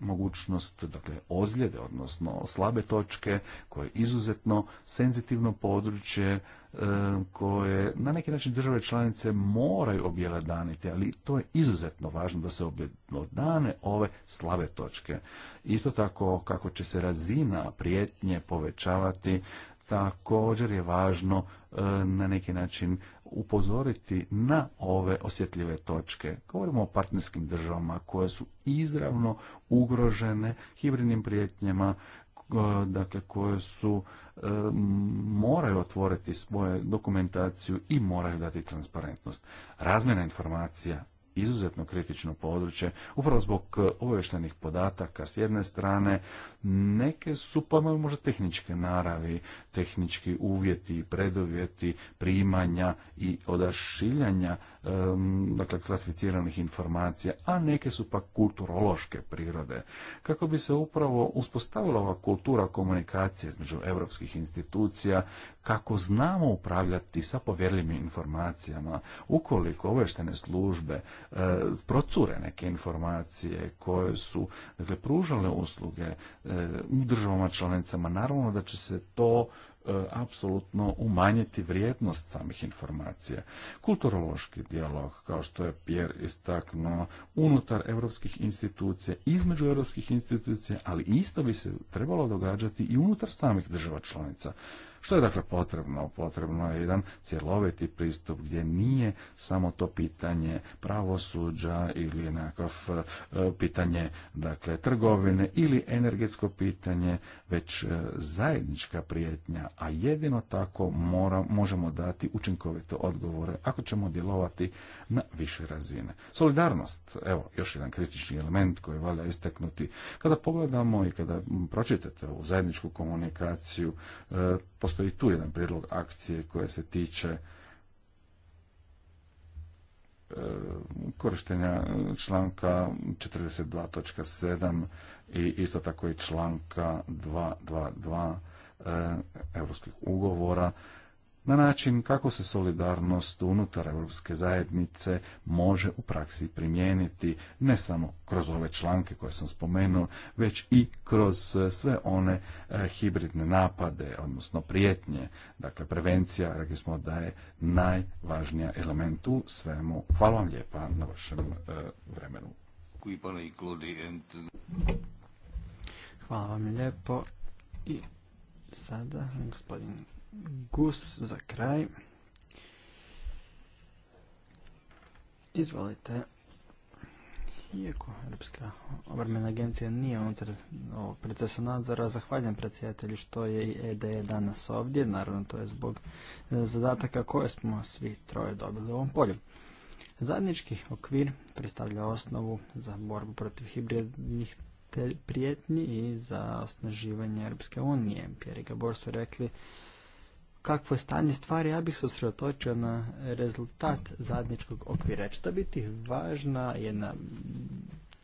mogućnost dakle, ozljede, odnosno slabe točke, koje je izuzetno senzitivno područje e, koje na neki način države članice moraju objeladaniti, ali to je izuzetno važno da se objelodane ove slabe točke. Isto tako kako će se razina prijetnje povećavati, Također je važno e, na neki način upozoriti na ove osjetljive točke. Govorimo o partnerskim državama koje su izravno ugrožene hibridnim prijetnjama, e, dakle koje su e, moraju otvoriti svoje dokumentaciju i moraju dati transparentnost. Razmjena informacija izuzetno kritično područje, upravo zbog e, obještenih podataka s jedne strane, neke su pa možda tehničke naravi, tehnički uvjeti, preduvjeti, primanja i odašiljanja dakle, klasificiranih informacija, a neke su pak kulturološke prirode. Kako bi se upravo uspostavila ova kultura komunikacije između europskih institucija, kako znamo upravljati sa povjerljivim informacijama, ukoliko oveštene službe e, procure neke informacije koje su dakle, pružale usluge e, u državama članicama, naravno da će se to E, apsolutno umanjiti vrijednost samih informacija. Kulturološki dijalog, kao što je Pierre istaknuo, unutar europskih institucija, između europskih institucija, ali isto bi se trebalo događati i unutar samih država članica. Što je dakle potrebno? Potrebno je jedan cjeloviti pristup gdje nije samo to pitanje pravosuđa ili nekakav e, pitanje dakle, trgovine ili energetsko pitanje, već e, zajednička prijetnja, a jedino tako mora, možemo dati učinkovite odgovore ako ćemo djelovati na više razine. Solidarnost, evo, još jedan kritični element koji valja istaknuti. Kada pogledamo i kada pročitate ovu zajedničku komunikaciju, e, postoji tu jedan prijedlog akcije koje se tiče e, korištenja članka 42.7 i isto tako i članka 222 e, europskih ugovora na način kako se solidarnost unutar europske zajednice može u praksi primijeniti ne samo kroz ove članke koje sam spomenuo, već i kroz sve one e, hibridne napade, odnosno prijetnje. Dakle, prevencija, rekli smo da je najvažnija element u svemu. Hvala vam lijepa na vašem e, vremenu. Hvala vam lijepo. I sada gospodin Gus za kraj. Izvolite. Iako Europska obrambena agencija nije unutar ovog procesa nadzora, zahvaljujem predsjedatelju što je i EDE e danas ovdje. Naravno, to je zbog zadataka koje smo svi troje dobili u ovom polju. Zadnički okvir predstavlja osnovu za borbu protiv hibridnih prijetnji i za osnaživanje Europske unije. Pierre Gabor su rekli kakvo je stanje stvari, ja bih se osredotočio na rezultat zajedničkog okvira. Če to biti važna jedna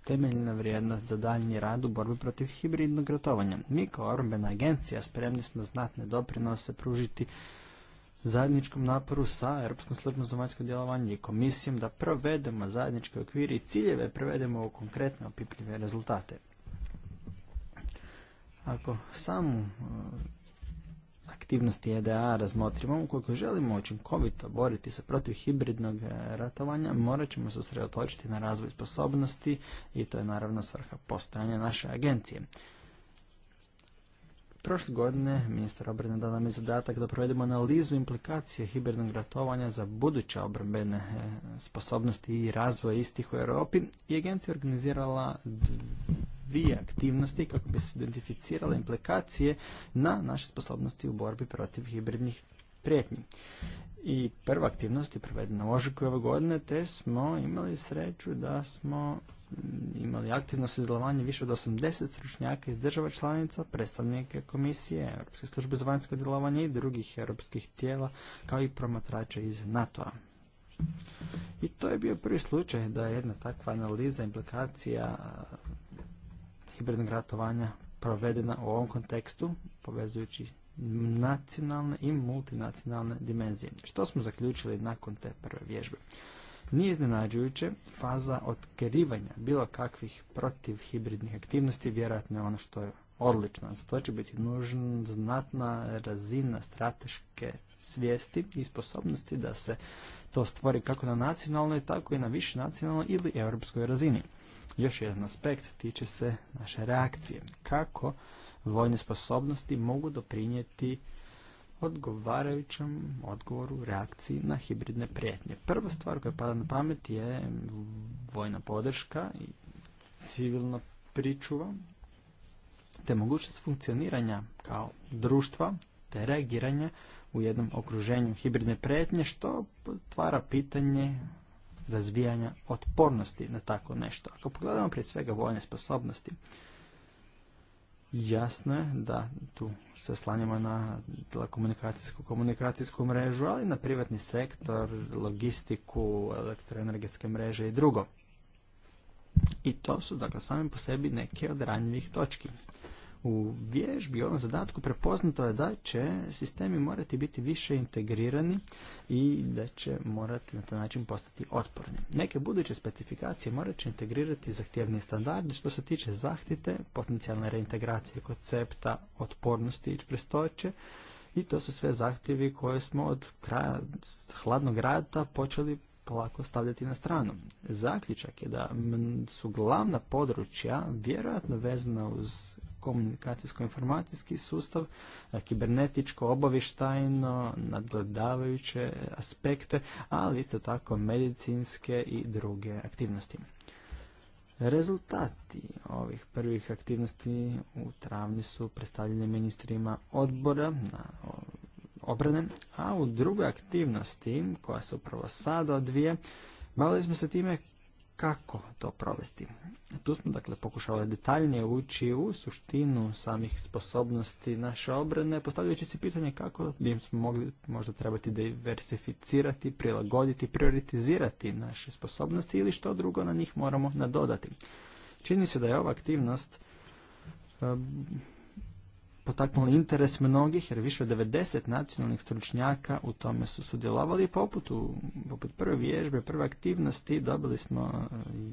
temeljna vrijednost za daljnji rad u borbi protiv hibridnog ratovanja. Mi kao Orbena agencija spremni smo znatne doprinose pružiti zajedničkom naporu sa Europskom službom za vanjsko djelovanje i komisijom da provedemo zajedničke okvire i ciljeve prevedemo u konkretne opipljive rezultate. Ako samu e, aktivnosti EDA razmotrimo, ukoliko želimo učinkovito boriti se protiv hibridnog e, ratovanja, morat ćemo se usredotočiti na razvoj sposobnosti i to je naravno svrha postojanja naše agencije. Prošle godine ministar obrane dao nam je zadatak da provedemo analizu implikacije hibridnog ratovanja za buduće obrambene e, sposobnosti i razvoja istih u Europi i agencija organizirala dvije aktivnosti kako bi se identificirale implikacije na naše sposobnosti u borbi protiv hibridnih prijetnji i prva aktivnost je provedena u ožujku ove godine, te smo imali sreću da smo imali aktivno sudjelovanje više od 80 stručnjaka iz država članica, predstavnike komisije, Europske službe za vanjsko djelovanje i drugih europskih tijela, kao i promatrača iz NATO-a. I to je bio prvi slučaj da je jedna takva analiza, implikacija eh, hibridnog ratovanja provedena u ovom kontekstu, povezujući nacionalne i multinacionalne dimenzije. Što smo zaključili nakon te prve vježbe? Nije iznenađujuće, faza otkrivanja bilo kakvih protiv hibridnih aktivnosti vjerojatno je ono što je odlično. To će biti nužna znatna razina strateške svijesti i sposobnosti da se to stvori kako na nacionalnoj, tako i na više nacionalnoj ili europskoj razini. Još jedan aspekt tiče se naše reakcije. Kako vojne sposobnosti mogu doprinijeti odgovarajućem odgovoru reakciji na hibridne prijetnje. Prva stvar koja pada na pamet je vojna podrška i civilna pričuva, te mogućnost funkcioniranja kao društva, te reagiranja u jednom okruženju hibridne prijetnje, što otvara pitanje razvijanja otpornosti na tako nešto. Ako pogledamo prije svega vojne sposobnosti, Jasno je da tu se slanjamo na telekomunikacijsku komunikacijsku mrežu, ali na privatni sektor, logistiku, elektroenergetske mreže i drugo. I to su dakle sami po sebi neke od ranjivih točki u vježbi, ovom zadatku prepoznato je da će sistemi morati biti više integrirani i da će morati na taj način postati otporni. Neke buduće specifikacije morat će integrirati zahtjevni standard što se tiče zahtite, potencijalne reintegracije koncepta, otpornosti i čvrstoće i to su sve zahtjevi koje smo od kraja hladnog rata počeli polako stavljati na stranu. Zaključak je da su glavna područja vjerojatno vezana uz komunikacijsko-informacijski sustav, e, kibernetičko, obavištajno, nadgledavajuće aspekte, ali isto tako medicinske i druge aktivnosti. Rezultati ovih prvih aktivnosti u travnju su predstavljeni ministrima odbora na obrane, a u drugoj aktivnosti koja se upravo sada odvije, bavili smo se time kako to provesti. Tu smo dakle pokušali detaljnije ući u suštinu samih sposobnosti naše obrane, postavljajući se pitanje kako bi smo mogli možda trebati diversificirati, prilagoditi, prioritizirati naše sposobnosti ili što drugo na njih moramo nadodati. Čini se da je ova aktivnost potaknuli interes mnogih, jer više od 90 nacionalnih stručnjaka u tome su sudjelovali. Poput, u, poput prve vježbe, prve aktivnosti dobili smo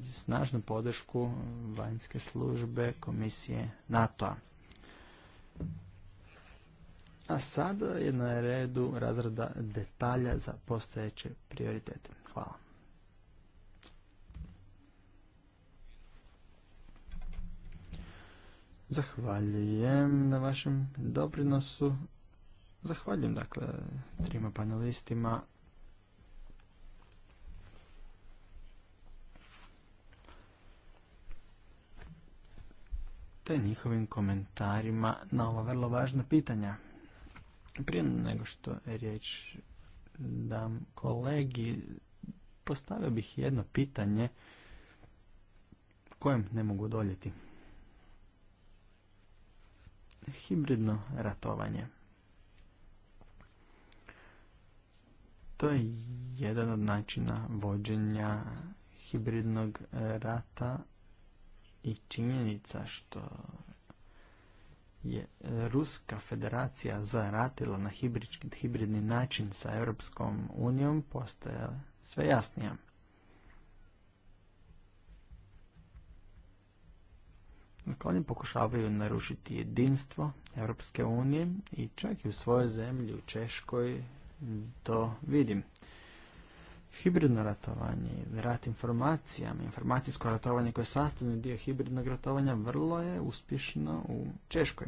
e, snažnu podršku vanjske službe komisije NATO-a. A sada je na redu razrada detalja za postojeće prioritete. Hvala. Zahvaljujem na vašem doprinosu. Zahvaljujem, dakle, trima panelistima. te njihovim komentarima na ova vrlo važna pitanja. Prije nego što riječ dam kolegi, postavio bih jedno pitanje kojem ne mogu doljeti hibridno ratovanje. To je jedan od načina vođenja hibridnog rata i činjenica što je Ruska federacija zaratila na hibridni način sa Europskom unijom postaje sve jasnija. Dakle, oni pokušavaju narušiti jedinstvo Europske unije i čak i u svojoj zemlji, u Češkoj, to vidim. Hibridno ratovanje, rat informacijama, informacijsko ratovanje koje je sastavni dio hibridnog ratovanja vrlo je uspješno u Češkoj.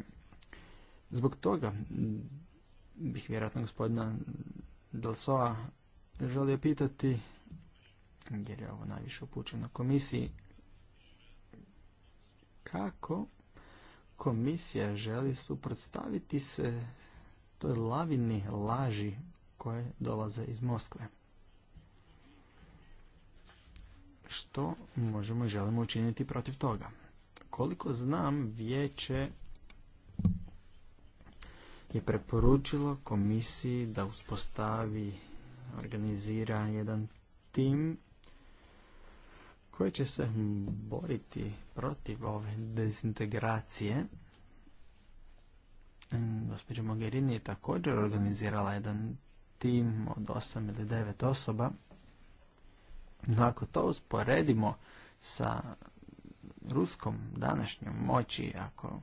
Zbog toga bih vjerojatno gospodina Delsoa želio pitati, jer je ovo najviše upućeno komisiji, kako komisija želi suprotstaviti se toj lavini laži koje dolaze iz Moskve. Što možemo i želimo učiniti protiv toga? Koliko znam, vijeće je preporučilo komisiji da uspostavi, organizira jedan tim koji će se boriti protiv ove dezintegracije. Mm, gospođa Mogherini je također organizirala jedan tim od 8 ili 9 osoba. No ako to usporedimo sa ruskom današnjom moći, ako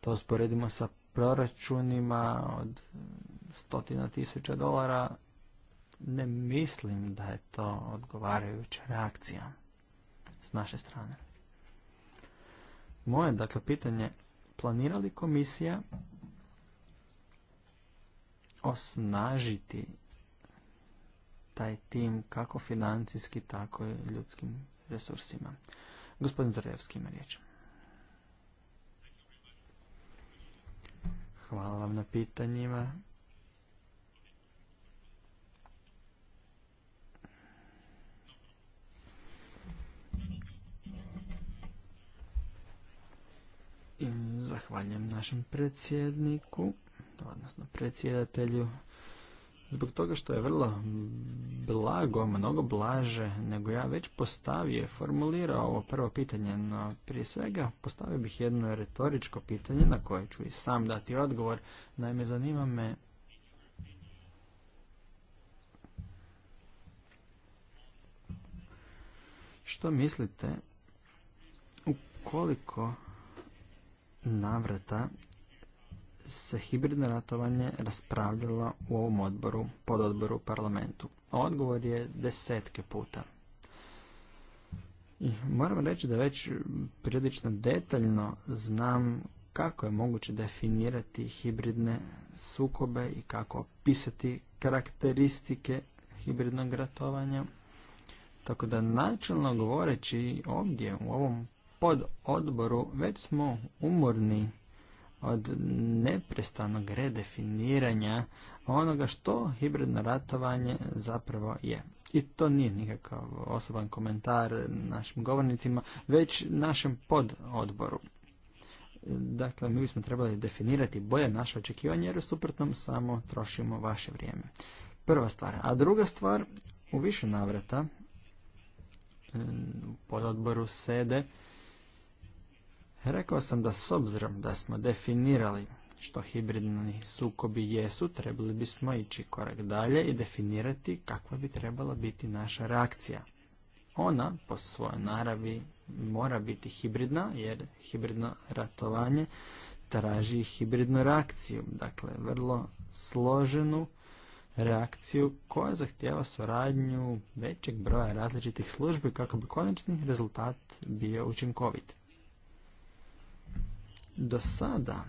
to usporedimo sa proračunima od stotina tisuća dolara, ne mislim da je to odgovarajuća reakcija s naše strane. Moje, dakle, pitanje, planira li komisija osnažiti taj tim kako financijski, tako i ljudskim resursima? Gospodin Zarevski ima riječ. Hvala vam na pitanjima. I zahvaljujem našem predsjedniku, odnosno predsjedatelju, zbog toga što je vrlo blago, mnogo blaže nego ja već postavio, formulirao ovo prvo pitanje, no prije svega postavio bih jedno retoričko pitanje na koje ću i sam dati odgovor. Naime, zanima me što mislite ukoliko navrata se hibridno ratovanje raspravljalo u ovom odboru, pod odboru parlamentu. Odgovor je desetke puta. I moram reći da već prilično detaljno znam kako je moguće definirati hibridne sukobe i kako opisati karakteristike hibridnog ratovanja. Tako da načelno govoreći ovdje u ovom pod odboru već smo umorni od neprestanog redefiniranja onoga što hibridno ratovanje zapravo je. I to nije nikakav osoban komentar našim govornicima, već našem pododboru. Dakle, mi bismo trebali definirati bolje naše očekivanje, jer u suprotnom samo trošimo vaše vrijeme. Prva stvar. A druga stvar, u više navrata, mm, pod odboru sede, Rekao sam da s obzirom da smo definirali što hibridni sukobi jesu, trebali bismo ići korak dalje i definirati kakva bi trebala biti naša reakcija. Ona, po svojoj naravi, mora biti hibridna, jer hibridno ratovanje traži hibridnu reakciju, dakle vrlo složenu reakciju koja zahtjeva suradnju većeg broja različitih službi kako bi konačni rezultat bio učinkovit do sada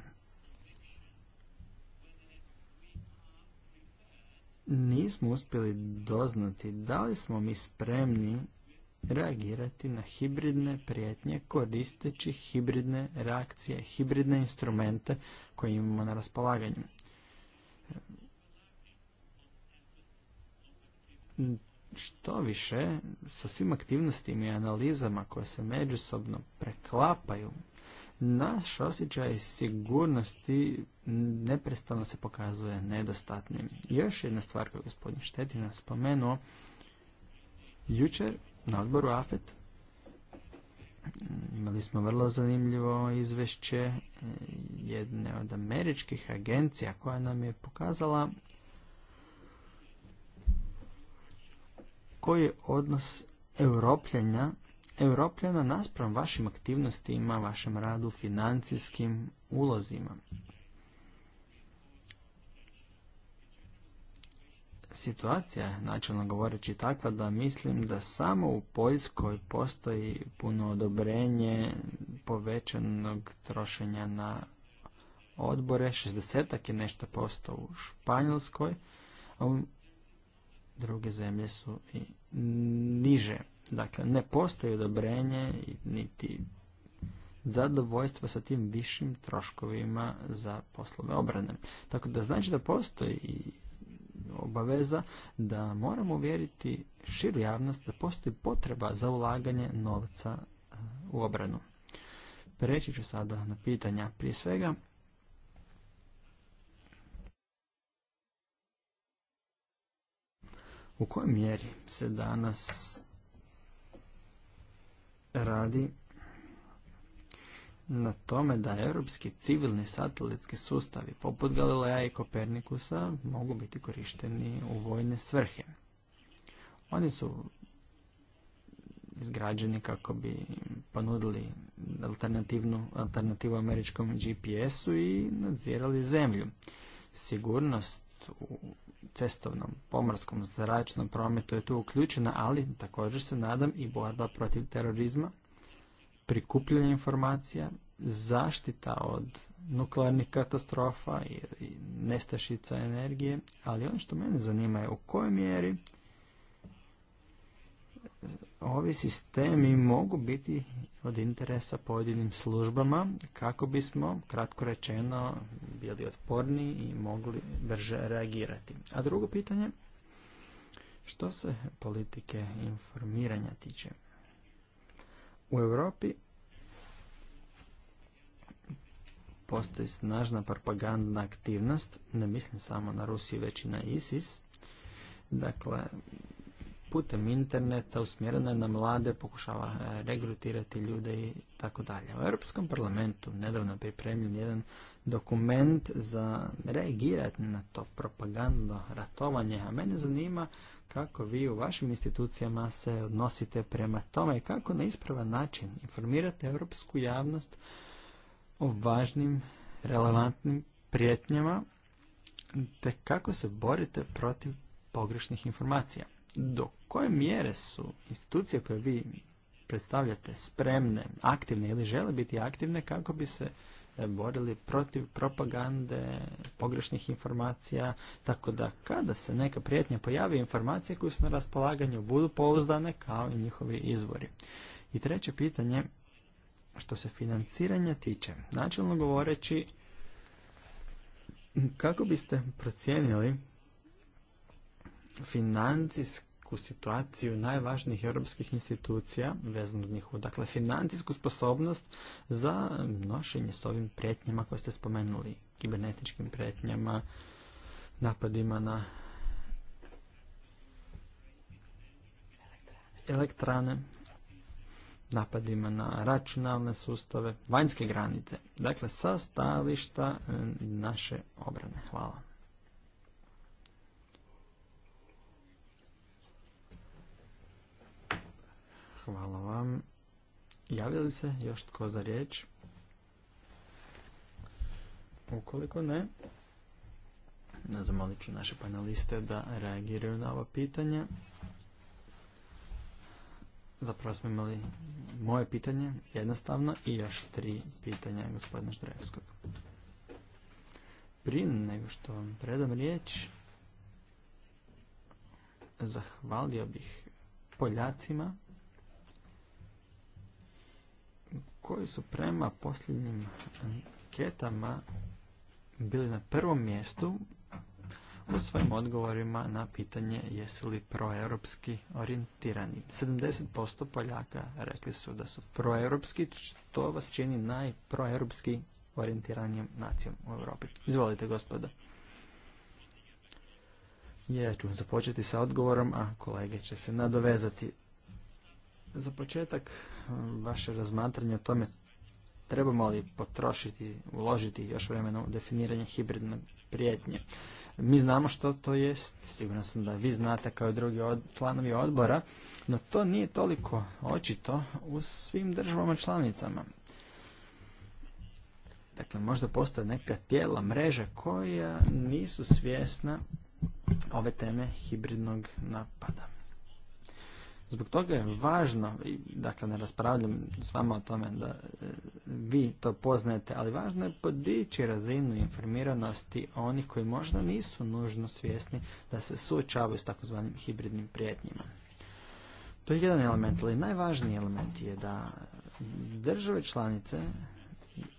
nismo uspjeli doznati da li smo mi spremni reagirati na hibridne prijetnje koristeći hibridne reakcije, hibridne instrumente koje imamo na raspolaganju. Što više, sa svim aktivnostima i analizama koje se međusobno preklapaju, naš osjećaj sigurnosti neprestano se pokazuje nedostatnim. Još jedna stvar koju je gospodin Štetina spomenuo, jučer na odboru AFET mm, imali smo vrlo zanimljivo izvešće e, jedne od američkih agencija koja nam je pokazala koji je odnos europljanja Europljana naspram vašim aktivnostima, vašem radu, financijskim ulozima. Situacija je načelno govoreći takva da mislim da samo u Poljskoj postoji puno odobrenje povećanog trošenja na odbore, 60 je nešto posto u Španjolskoj, a u druge zemlje su i niže. Dakle, ne postoji odobrenje niti zadovoljstvo sa tim višim troškovima za poslove obrane. Tako da znači da postoji obaveza da moramo uvjeriti širu javnost da postoji potreba za ulaganje novca e, u obranu. Preći ću sada na pitanja. Prije svega, u kojoj mjeri se danas radi na tome da europski civilni satelitski sustavi poput Galileja i Kopernikusa mogu biti korišteni u vojne svrhe. Oni su izgrađeni kako bi ponudili alternativnu, alternativu američkom GPS-u i nadzirali zemlju. Sigurnost u cestovnom, pomorskom, zračnom prometu je tu uključena, ali također se nadam i borba protiv terorizma, prikupljanje informacija, zaštita od nuklearnih katastrofa i nestašica energije, ali ono što mene zanima je u kojoj mjeri ovi sistemi mogu biti od interesa pojedinim službama kako bismo, kratko rečeno, bili otporni i mogli brže reagirati. A drugo pitanje, što se politike informiranja tiče? U Europi postoji snažna propagandna aktivnost, ne mislim samo na Rusiju, već i na ISIS. Dakle, putem interneta usmjerena na mlade, pokušava e, regrutirati ljude i tako dalje. U Europskom parlamentu nedavno pripremljen jedan dokument za reagirati na to propagandno ratovanje, a mene zanima kako vi u vašim institucijama se odnosite prema tome i kako na ispravan način informirate europsku javnost o važnim, relevantnim prijetnjama te kako se borite protiv pogrešnih informacija do koje mjere su institucije koje vi predstavljate spremne, aktivne ili žele biti aktivne kako bi se e, borili protiv propagande, pogrešnih informacija, tako da kada se neka prijetnja pojavi, informacije koje su na raspolaganju budu pouzdane kao i njihovi izvori. I treće pitanje, što se financiranja tiče, načelno govoreći, kako biste procijenili financijsku situaciju najvažnijih europskih institucija, vezano od njihovu, dakle, financijsku sposobnost za nošenje s ovim prijetnjama koje ste spomenuli, kibernetičkim prijetnjama, napadima na elektrane, napadima na računalne sustave, vanjske granice. Dakle, sa stajališta e, naše obrane. Hvala. Hvala vam. Javlja li se još tko za riječ? Ukoliko ne, zamolit ću naše paneliste da reagiraju na ova pitanja. Zapravo smo imali moje pitanje, jednostavno, i još tri pitanja gospodina Štrevskog. Prije nego što vam predam riječ, zahvalio bih Poljacima koji su prema posljednjim anketama bili na prvom mjestu u svojim odgovorima na pitanje jesu li proeuropski orijentirani. 70% Poljaka rekli su da su proeuropski, što vas čini najproeuropski orijentiranijom nacijom u Europi. Izvolite, gospoda. Ja ću započeti sa odgovorom, a kolege će se nadovezati. Za početak, e, vaše razmatranje o tome trebamo li potrošiti, uložiti još vremena u definiranje hibridne prijetnje. Mi znamo što to jest, siguran sam da vi znate kao i drugi od, članovi odbora, no to nije toliko očito u svim državama članicama. Dakle, možda postoje neka tijela, mreže koja nisu svjesna ove teme hibridnog napada. Zbog toga je važno, dakle ne raspravljam s vama o tome da e, vi to poznajete, ali važno je podići razinu informiranosti onih koji možda nisu nužno svjesni da se suočavaju s takozvanim hibridnim prijetnjima. To je jedan element, ali najvažniji element je da države članice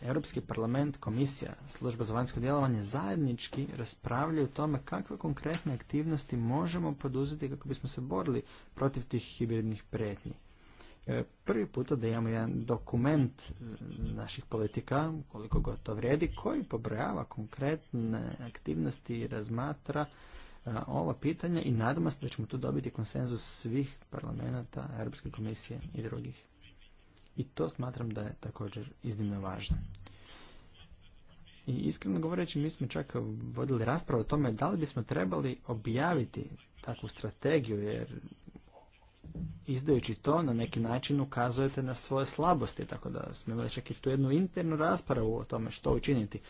Europski parlament, komisija, služba za vanjsko djelovanje zajednički raspravljaju o tome kakve konkretne aktivnosti možemo poduzeti kako bismo se borili protiv tih hibridnih prijetnji. E, prvi puta da imamo jedan dokument e, naših politika, koliko god to vrijedi, koji pobrojava konkretne aktivnosti i razmatra e, ova pitanja i nadamo se da ćemo tu dobiti konsenzus svih parlamenta, Europske komisije i drugih. I to smatram da je također iznimno važno. I iskreno govoreći, mi smo čak vodili raspravu o tome da li bismo trebali objaviti takvu strategiju, jer izdajući to na neki način ukazujete na svoje slabosti, tako da smo imali čak i tu jednu internu raspravu o tome što učiniti.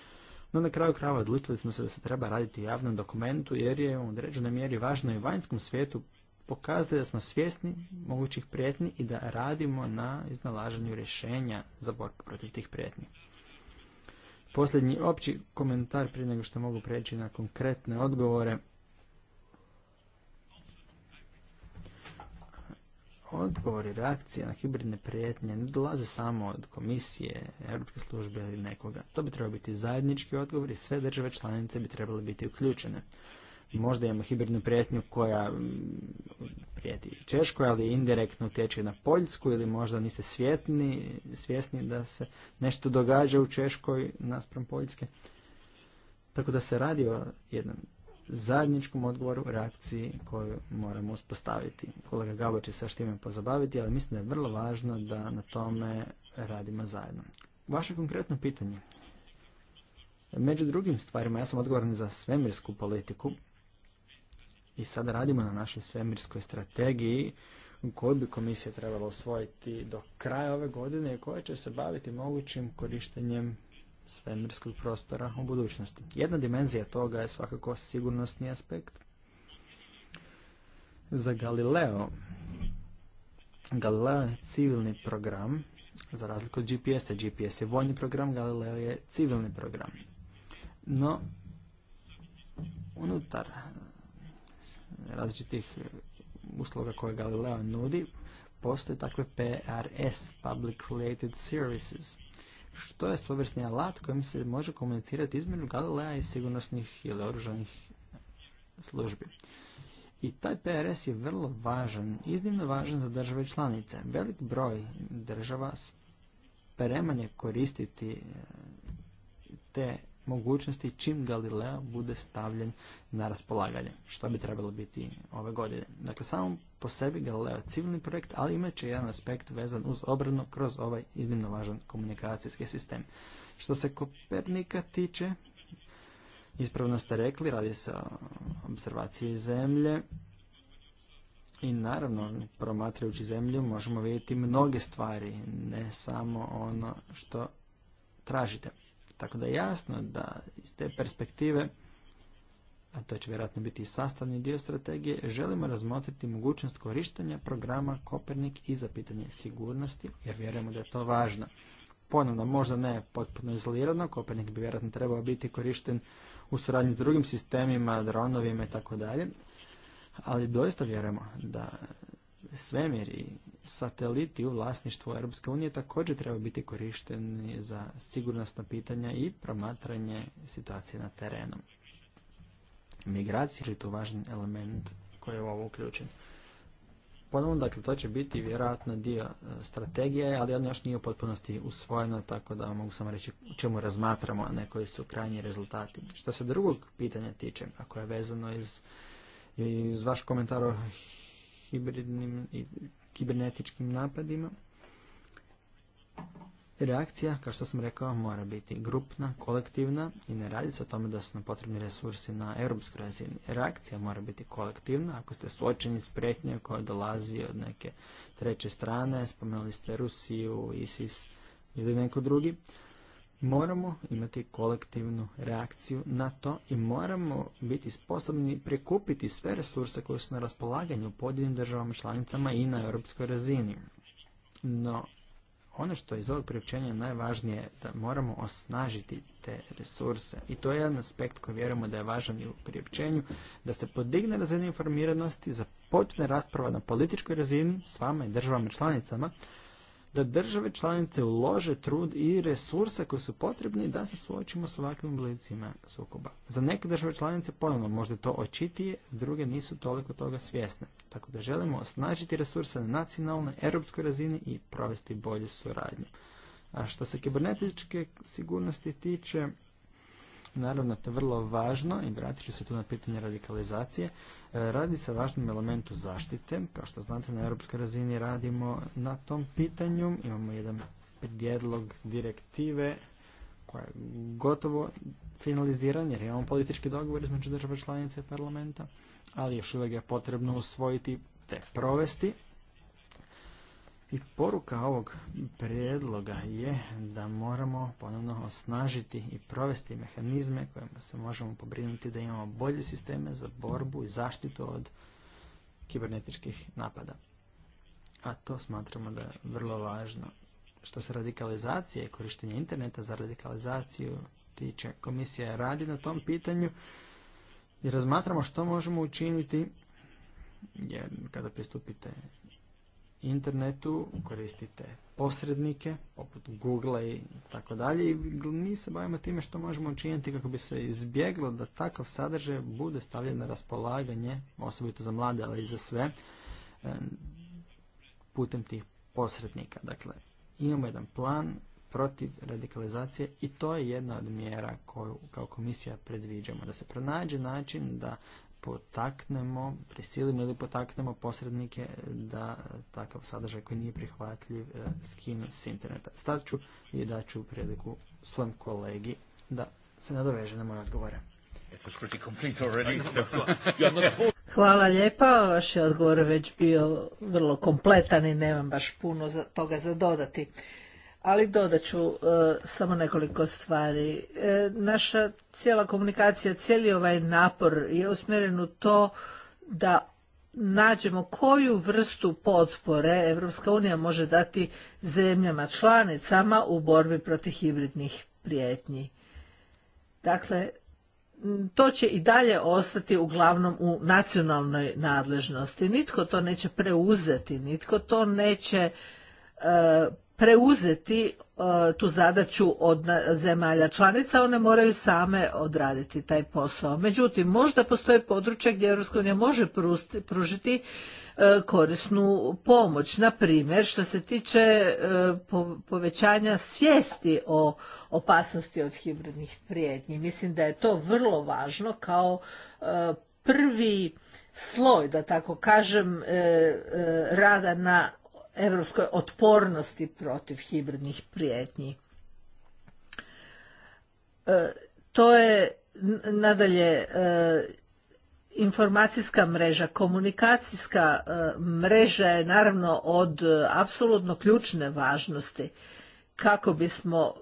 No na kraju krava odlučili smo se da se treba raditi javnom dokumentu jer je u određenoj mjeri važno i vanjskom svijetu pokazati da smo svjesni mogućih prijetnji i da radimo na iznalaženju rješenja za borbu protiv tih prijetnji. Posljednji opći komentar prije nego što mogu preći na konkretne odgovore. Odgovori, reakcije na hibridne prijetnje ne dolaze samo od komisije, Europske službe ili nekoga. To bi trebao biti zajednički odgovor i sve države članice bi trebale biti uključene. Možda imamo hibridnu prijetnju koja mm, prijeti Češkoj, ali indirektno teče na Poljsku ili možda niste svjetni, svjesni da se nešto događa u Češkoj naspram Poljske. Tako da se radi o jednom zajedničkom odgovoru, reakciji koju moramo uspostaviti. Kolega Gabo će se s time pozabaviti, ali mislim da je vrlo važno da na tome radimo zajedno. Vaše konkretno pitanje. Među drugim stvarima, ja sam odgovoran za svemirsku politiku, i sad radimo na našoj svemirskoj strategiji koju bi komisija trebala osvojiti do kraja ove godine i koja će se baviti mogućim korištenjem svemirskog prostora u budućnosti. Jedna dimenzija toga je svakako sigurnosni aspekt. Za Galileo, Galileo je civilni program, za razliku od GPS-a. GPS je vojni program, Galileo je civilni program. No, unutar različitih eh, usluga koje Galileo nudi, postoje takve PRS, Public Related Services, što je svojvrsni alat kojim se može komunicirati između Galilea i sigurnosnih ili oružanih službi. I taj PRS je vrlo važan, iznimno važan za države članice. Velik broj država spremanje koristiti eh, te mogućnosti čim Galileo bude stavljen na raspolaganje, što bi trebalo biti ove godine. Dakle, samo po sebi Galileo je civilni projekt, ali imat će jedan aspekt vezan uz obranu kroz ovaj iznimno važan komunikacijski sistem. Što se Kopernika tiče, ispravno ste rekli, radi se o observaciji zemlje, i naravno, promatrajući zemlju možemo vidjeti mnoge stvari, ne samo ono što tražite. Tako da je jasno da iz te perspektive, a to će vjerojatno biti i sastavni dio strategije, želimo razmotriti mogućnost korištenja programa Kopernik i za pitanje sigurnosti, jer vjerujemo da je to važno. Ponovno, možda ne potpuno izolirano, Kopernik bi vjerojatno trebao biti korišten u suradnji s drugim sistemima, dronovima i tako dalje, ali doista vjerujemo da svemir i sateliti u vlasništvu Europske unije također treba biti korišteni za sigurnosna pitanja i promatranje situacije na terenu. Migracija je tu važan element koji je u ovo uključen. Ponovno, dakle, to će biti vjerojatno dio e, strategije, ali ono još nije u potpunosti usvojeno, tako da mogu samo reći u čemu razmatramo, a ne koji su krajnji rezultati. Što se drugog pitanja tiče, ako je vezano iz, iz vaš komentar hibridnim i kibernetičkim napadima. Reakcija, kao što sam rekao, mora biti grupna, kolektivna i ne radi se o tome da su nam potrebni resursi na europskoj razini. Reakcija mora biti kolektivna. Ako ste suočeni s prijetnjom koja dolazi od neke treće strane, spomenuli ste Rusiju, ISIS ili neko drugi, moramo imati kolektivnu reakciju na to i moramo biti sposobni prikupiti sve resurse koje su na raspolaganju u pojedinim državama članicama i na europskoj razini. No, ono što je iz ovog priopćenja najvažnije je da moramo osnažiti te resurse. I to je jedan aspekt koji vjerujemo da je važan i u priopćenju, da se podigne razina informiranosti, započne rasprava na političkoj razini s vama i državama članicama, da države članice ulože trud i resurse koji su potrebni da se suočimo s ovakvim oblicima sukoba. Za neke države članice ponovno možda to očitije, druge nisu toliko toga svjesne. Tako da želimo osnažiti resurse na nacionalnoj, europskoj razini i provesti bolju suradnju. A što se kibernetičke sigurnosti tiče, Naravno, to je vrlo važno i vratit ću se tu na pitanje radikalizacije. E, radi se o važnom elementu zaštite. Kao što znate, na europskoj razini radimo na tom pitanju. Imamo jedan prijedlog direktive koja je gotovo finaliziran jer imamo politički dogovor između države članice i parlamenta, ali još uvijek je potrebno usvojiti te provesti i poruka ovog prijedloga je da moramo ponovno osnažiti i provesti mehanizme kojima se možemo pobrinuti da imamo bolje sisteme za borbu i zaštitu od kibernetičkih napada. A to smatramo da je vrlo važno. Što se radikalizacije i korištenje interneta za radikalizaciju tiče, komisija radi na tom pitanju i razmatramo što možemo učiniti jer kada pristupite internetu, koristite posrednike poput Google i tako dalje i mi se bavimo time što možemo učiniti kako bi se izbjeglo da takav sadržaj bude stavljen na raspolaganje, osobito za mlade, ali i za sve, e, putem tih posrednika. Dakle, imamo jedan plan protiv radikalizacije i to je jedna od mjera koju kao komisija predviđamo. Da se pronađe način da potaknemo, prisilimo ili potaknemo posrednike da e, takav sadržaj koji nije prihvatljiv e, skinu s interneta. Stat ću i daću priliku svom kolegi da se nadoveže na moje odgovore. *laughs* Hvala lijepa, vaš je odgovor već bio vrlo kompletan i nemam baš puno toga za dodati ali dodat ću e, samo nekoliko stvari. E, naša cijela komunikacija, cijeli ovaj napor je usmjeren u to da nađemo koju vrstu potpore Europska unija može dati zemljama članicama u borbi protiv hibridnih prijetnji. Dakle, to će i dalje ostati uglavnom u nacionalnoj nadležnosti. Nitko to neće preuzeti, nitko to neće e, preuzeti e, tu zadaću od zemalja članica, one moraju same odraditi taj posao. Međutim, možda postoje područje gdje EU može pružiti e, korisnu pomoć. Na primjer, što se tiče e, povećanja svijesti o opasnosti od hibridnih prijetnji. Mislim da je to vrlo važno kao prvi sloj, da tako kažem, rada na europskoj otpornosti protiv hibridnih prijetnji. E, to je nadalje e, informacijska mreža, komunikacijska e, mreža je naravno od apsolutno ključne važnosti kako bismo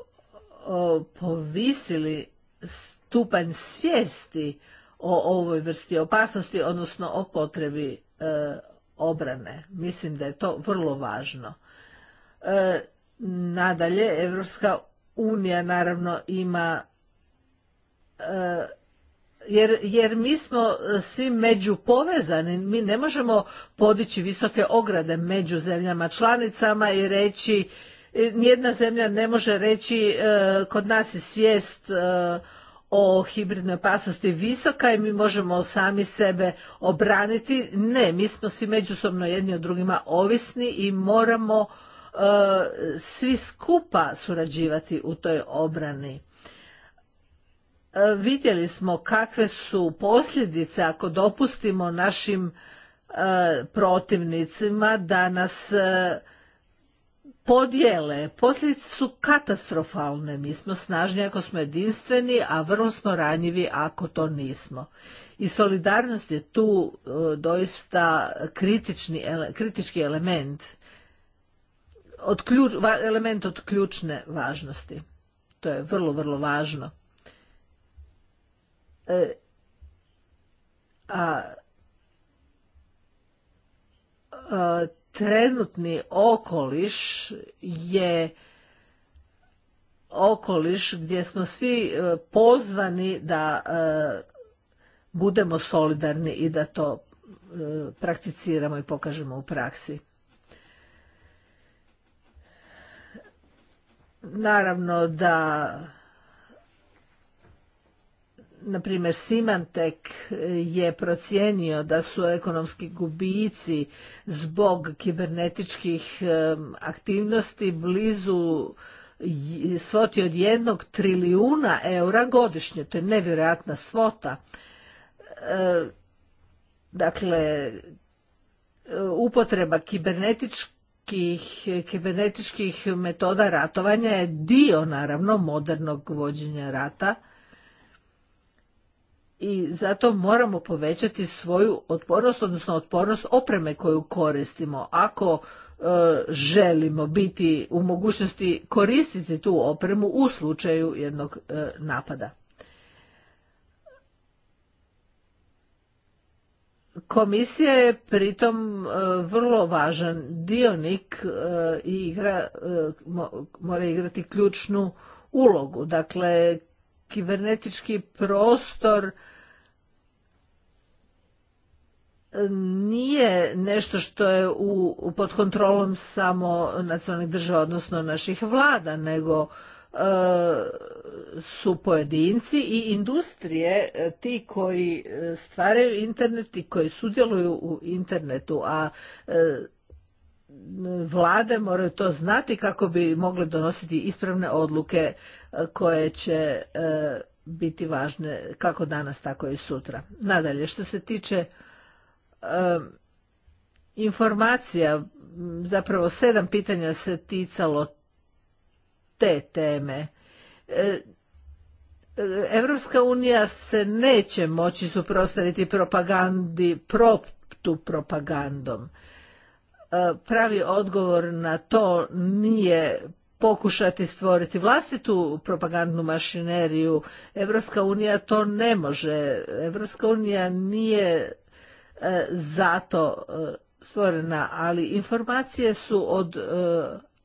povisili stupanj svijesti o ovoj vrsti opasnosti, odnosno o potrebi obrane. Mislim da je to vrlo važno. E, nadalje, Evropska unija naravno ima e, jer, jer mi smo svi među povezani, mi ne možemo podići visoke ograde među zemljama članicama i reći, e, nijedna zemlja ne može reći kod nas je svijest o hibridnoj opasnosti visoka i mi možemo sami sebe obraniti. Ne, mi smo svi međusobno jedni od drugima ovisni i moramo e, svi skupa surađivati u toj obrani. E, vidjeli smo kakve su posljedice ako dopustimo našim e, protivnicima da nas podjele, posljedice su katastrofalne. Mi smo snažni ako smo jedinstveni, a vrlo smo ranjivi ako to nismo. I solidarnost je tu e, doista kritični, kritički element, od ključ, element od ključne važnosti. To je vrlo, vrlo važno. E, a trenutni okoliš je okoliš gdje smo svi e, pozvani da e, budemo solidarni i da to e, prakticiramo i pokažemo u praksi. Naravno da na primjer Simantek je procijenio da su ekonomski gubici zbog kibernetičkih aktivnosti blizu svoti od jednog trilijuna eura godišnje. To je nevjerojatna svota. E, dakle, upotreba kibernetičkih, kibernetičkih metoda ratovanja je dio, naravno, modernog vođenja rata – i zato moramo povećati svoju otpornost, odnosno otpornost opreme koju koristimo. Ako e, želimo biti u mogućnosti koristiti tu opremu u slučaju jednog e, napada. Komisija je pritom e, vrlo važan dionik i igra, mora igrati ključnu ulogu. Dakle, kibernetički prostor nije nešto što je u, pod kontrolom samo nacionalnih država odnosno naših vlada nego e, su pojedinci i industrije e, ti koji e, stvaraju internet i koji sudjeluju u internetu a vlade moraju to znati kako bi mogle donositi ispravne odluke koje će biti važne kako danas tako i sutra nadalje što se tiče informacija, zapravo sedam pitanja se ticalo te teme. E, Evropska unija se neće moći suprostaviti propagandi, proptu propagandom. E, pravi odgovor na to nije pokušati stvoriti vlastitu propagandnu mašineriju. Evropska unija to ne može. Evropska unija nije E, zato e, stvorena, ali informacije su od e,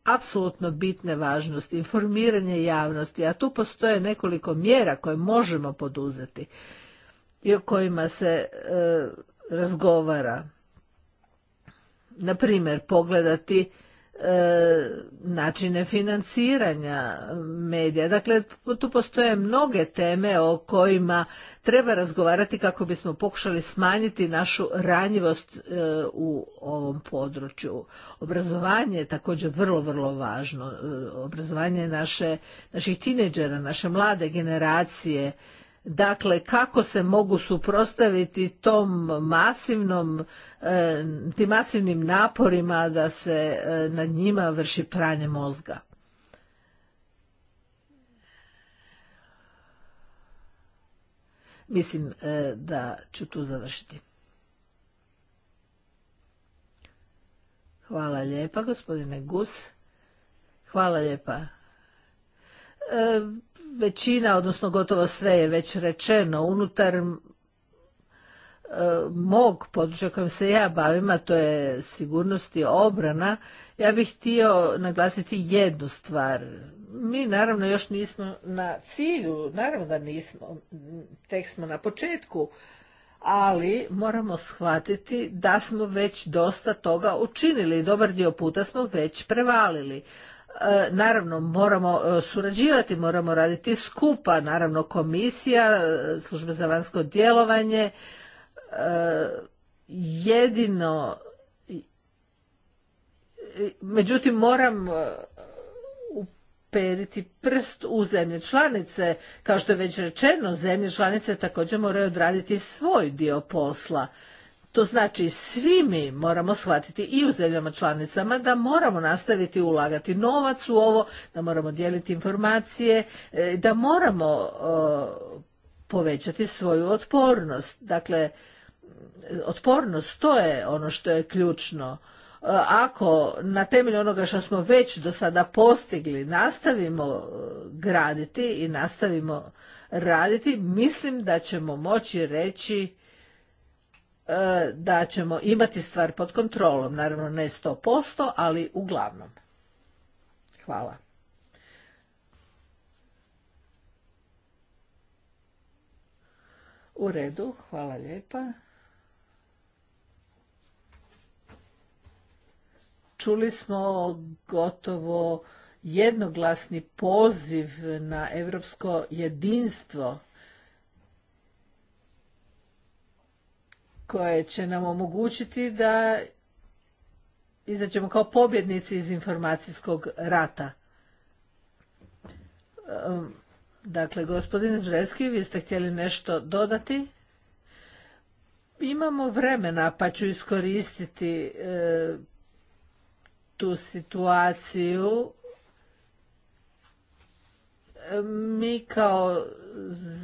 apsolutno bitne važnosti, informiranje javnosti, a tu postoje nekoliko mjera koje možemo poduzeti i o kojima se razgovara. Na primjer, pogledati E, načine financiranja medija. Dakle, tu postoje mnoge teme o kojima treba razgovarati kako bismo pokušali smanjiti našu ranjivost e, u ovom području. Obrazovanje je također vrlo, vrlo važno. E, obrazovanje naše, naših tineđera, naše mlade generacije Dakle, kako se mogu suprotstaviti tom masivnom, e, tim masivnim naporima da se e, nad njima vrši pranje mozga? Mislim e, da ću tu završiti. Hvala lijepa, gospodine Gus. Hvala lijepa većina, odnosno gotovo sve je već rečeno unutar e, mog područja kojim se ja bavim, a to je sigurnost i obrana, ja bih htio naglasiti jednu stvar. Mi naravno još nismo na cilju, naravno da nismo, tek smo na početku, ali moramo shvatiti da smo već dosta toga učinili. Dobar dio puta smo već prevalili. E, naravno, moramo e, surađivati, moramo raditi skupa, naravno komisija, e, služba za vanjsko djelovanje, jedino, međutim moram periti prst u zemlje članice. Kao što je već rečeno, zemlje članice također moraju odraditi svoj dio posla. To znači svi mi moramo shvatiti i u zemljama članicama da moramo nastaviti ulagati novac u ovo, da moramo dijeliti informacije, e, da moramo e, povećati svoju otpornost. Dakle, otpornost to je ono što je ključno. E, ako na temelju onoga što smo već do sada postigli nastavimo graditi i nastavimo raditi, mislim da ćemo moći reći E, da ćemo imati stvar pod kontrolom. Naravno ne 100%, ali uglavnom. Hvala. U redu, hvala lijepa. Čuli smo gotovo jednoglasni poziv na europsko jedinstvo koje će nam omogućiti da izađemo kao pobjednici iz informacijskog rata. Ehm, dakle, gospodin Zreski, vi ste htjeli nešto dodati? Imamo vremena, pa ću iskoristiti e, tu situaciju mi kao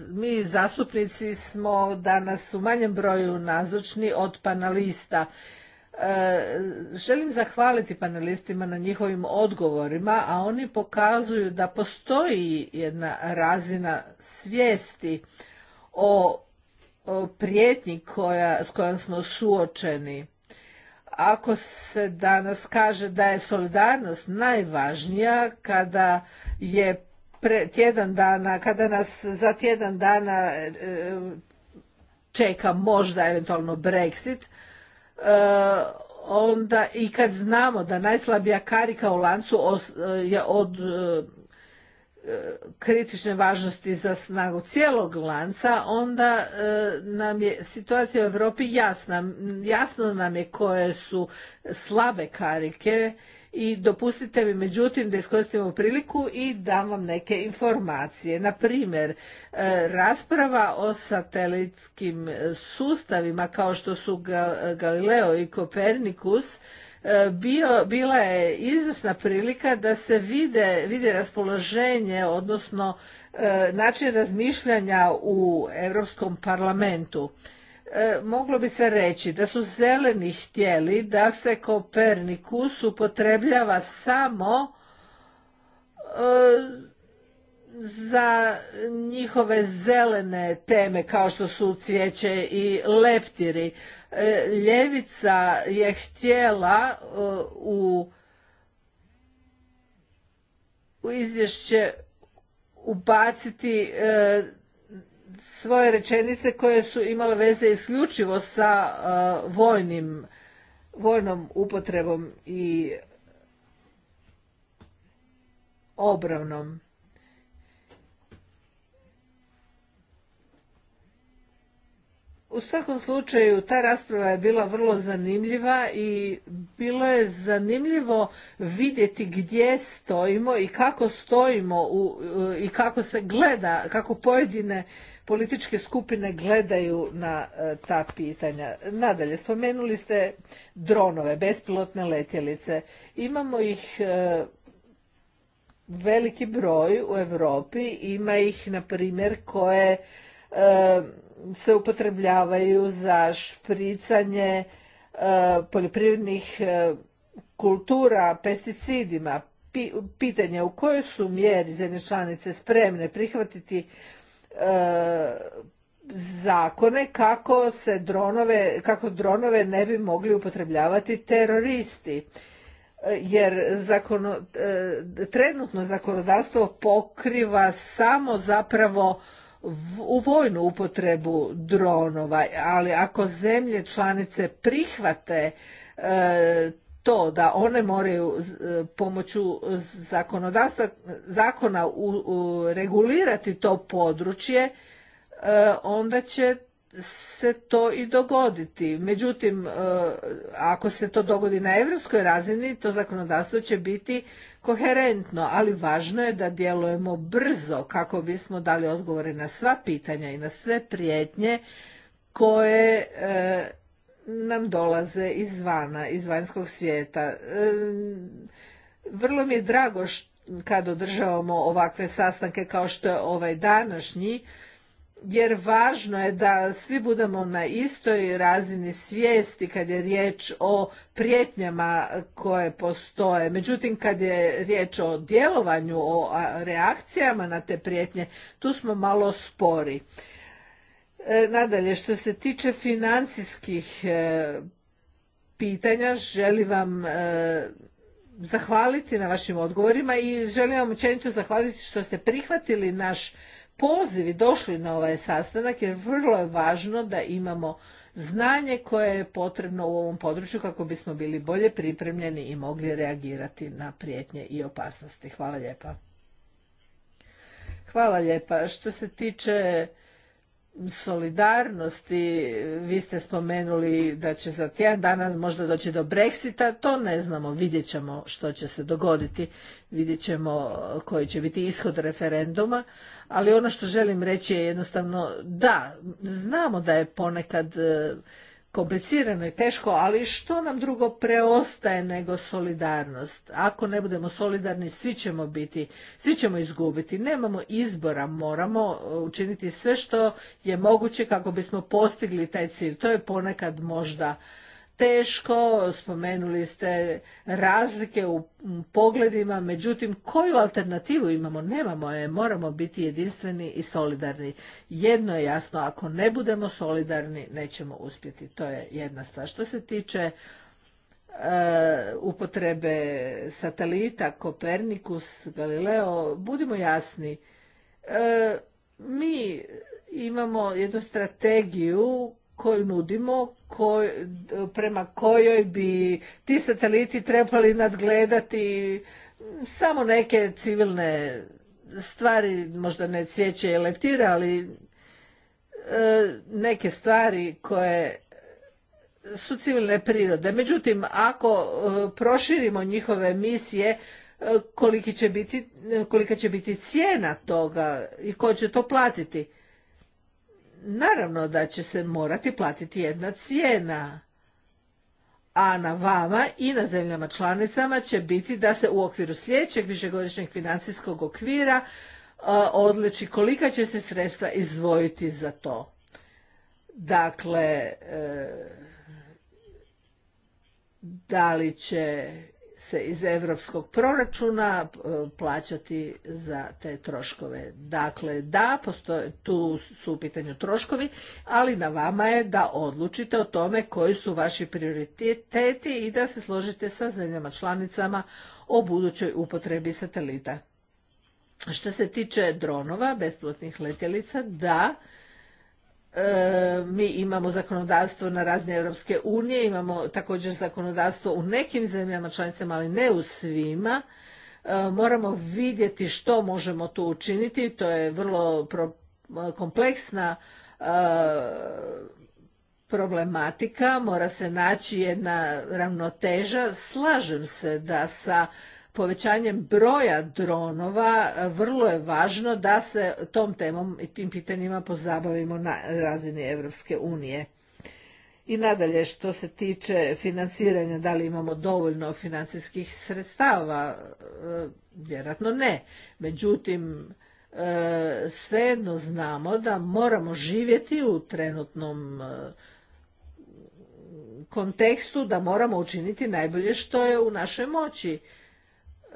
mi zastupnici smo danas u manjem broju nazočni od panelista. E, želim zahvaliti panelistima na njihovim odgovorima, a oni pokazuju da postoji jedna razina svijesti o, o prijetnji koja, s kojom smo suočeni. Ako se danas kaže da je solidarnost najvažnija kada je tjedan dana, kada nas za tjedan dana e, čeka možda eventualno Brexit, e, onda i kad znamo da najslabija karika u lancu e, je od kritične važnosti za snagu cijelog lanca, onda nam je situacija u Europi jasna. Jasno nam je koje su slabe karike i dopustite mi međutim da iskoristimo priliku i dam vam neke informacije. Na primjer, e, rasprava o satelitskim sustavima kao što su Galileo i Kopernikus e, bio, bila je izvrsna prilika da se vide, vide raspoloženje, odnosno e, način razmišljanja u Europskom parlamentu. E, moglo bi se reći da su zeleni htjeli da se Kopernikus upotrebljava samo e, za njihove zelene teme kao što su cvijeće i leptiri. E, ljevica je htjela u izvješće ubaciti svoje rečenice koje su imale veze isključivo sa e, vojnim, vojnom upotrebom i obravnom. U svakom slučaju ta rasprava je bila vrlo zanimljiva i bilo je zanimljivo vidjeti gdje stojimo i kako stojimo e, i kako se gleda, kako pojedine političke skupine gledaju na e, ta pitanja. Nadalje, spomenuli ste dronove, bespilotne letjelice. Imamo ih e, veliki broj u Europi, ima ih na primjer koje e, se upotrebljavaju za špricanje poljoprivrednih kultura pesticidima pitanje u kojoj su mjeri zemlje članice spremne prihvatiti E, zakone kako se dronove, kako dronove ne bi mogli upotrebljavati teroristi. E, jer zakono, e, trenutno zakonodavstvo pokriva samo zapravo u vojnu upotrebu dronova, ali ako zemlje članice prihvate to da one moraju e, pomoću zakonodavstva zakona regulirati to područje e, onda će se to i dogoditi. Međutim, e, ako se to dogodi na europskoj razini, to zakonodavstvo će biti koherentno, ali važno je da djelujemo brzo kako bismo dali odgovore na sva pitanja i na sve prijetnje koje nam dolaze izvana, iz vanjskog svijeta. E, vrlo mi je drago kad održavamo ovakve sastanke kao što je ovaj današnji, jer važno je da svi budemo na istoj razini svijesti kad je riječ o prijetnjama koje postoje. Međutim, kad je riječ o djelovanju, o reakcijama na te prijetnje, tu smo malo spori. E, nadalje, što se tiče financijskih e, pitanja, želim vam e, zahvaliti na vašim odgovorima i želim vam općenito zahvaliti što ste prihvatili naš poziv i došli na ovaj sastanak jer vrlo je važno da imamo znanje koje je potrebno u ovom području kako bismo bili bolje pripremljeni i mogli reagirati na prijetnje i opasnosti. Hvala lijepa. Hvala lijepa. Što se tiče solidarnosti, vi ste spomenuli da će za tjedan dana možda doći do Brexita, to ne znamo, vidjet ćemo što će se dogoditi, vidjet ćemo koji će biti ishod referenduma, ali ono što želim reći je jednostavno da, znamo da je ponekad komplicirano i teško, ali što nam drugo preostaje nego solidarnost? Ako ne budemo solidarni, svi ćemo biti, svi ćemo izgubiti. Nemamo izbora, moramo uh, učiniti sve što je moguće kako bismo postigli taj cilj. To je ponekad možda teško, spomenuli ste razlike u pogledima, međutim koju alternativu imamo? Nemamo je, moramo biti jedinstveni i solidarni. Jedno je jasno, ako ne budemo solidarni nećemo uspjeti, to je jedna stvar. Što se tiče e, upotrebe satelita, Kopernikus, Galileo, budimo jasni, e, mi imamo jednu strategiju koju nudimo, koj, prema kojoj bi ti sateliti trebali nadgledati samo neke civilne stvari, možda ne cvijeće i leptire, ali e, neke stvari koje su civilne prirode. Međutim, ako e, proširimo njihove misije, e, koliki će biti, kolika će biti cijena toga i ko će to platiti? naravno da će se morati platiti jedna cijena a na vama i na zemljama članicama će biti da se u okviru sljedećeg višegodišnjeg financijskog okvira e, odliči kolika će se sredstva izdvojiti za to. Dakle, e, da li će se iz europskog proračuna e, plaćati za te troškove. Dakle, da, postoje, tu su u pitanju troškovi, ali na vama je da odlučite o tome koji su vaši prioriteti i da se složite sa zemljama članicama o budućoj upotrebi satelita. Što se tiče dronova, besplatnih letjelica, da, E, mi imamo zakonodavstvo na razne Europske unije, imamo također zakonodavstvo u nekim zemljama članicama, ali ne u svima. E, moramo vidjeti što možemo tu učiniti, to je vrlo kompleksna e, problematika, mora se naći jedna ravnoteža. Slažem se da sa povećanjem broja dronova vrlo je važno da se tom temom i tim pitanjima pozabavimo na razini Europske unije. I nadalje što se tiče financiranja, da li imamo dovoljno financijskih sredstava? E, vjerojatno ne. Međutim, e, svejedno znamo da moramo živjeti u trenutnom e, kontekstu, da moramo učiniti najbolje što je u našoj moći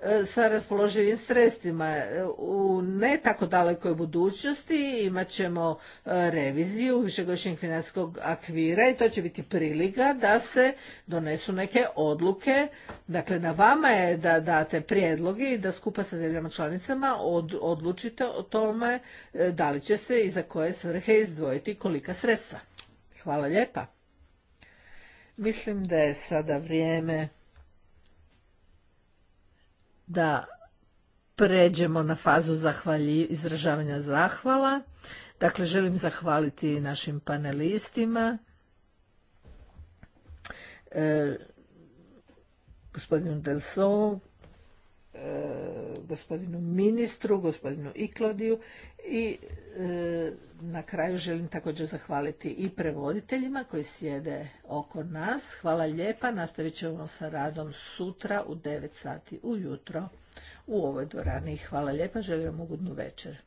E, sa raspoloživim sredstvima. E, u ne tako dalekoj budućnosti imat ćemo e, reviziju višegodišnjeg financijskog akvira i to će biti prilika da se donesu neke odluke. Dakle, na vama je da date prijedloge i da skupa sa zemljama članicama odlučite o tome da li će se i za koje svrhe izdvojiti kolika sredstva. Hvala lijepa. Mislim da je sada vrijeme da pređemo na fazu zahvali izražavanja zahvala. Dakle, želim zahvaliti našim panelistima, e, gospodinu Delso, e, gospodinu ministru, gospodinu Iklodiju i e, na kraju želim također zahvaliti i prevoditeljima koji sjede oko nas. Hvala lijepa, nastavit ćemo sa radom sutra u 9 sati ujutro u ovoj dvorani. Hvala lijepa, želim vam ugodnu večer.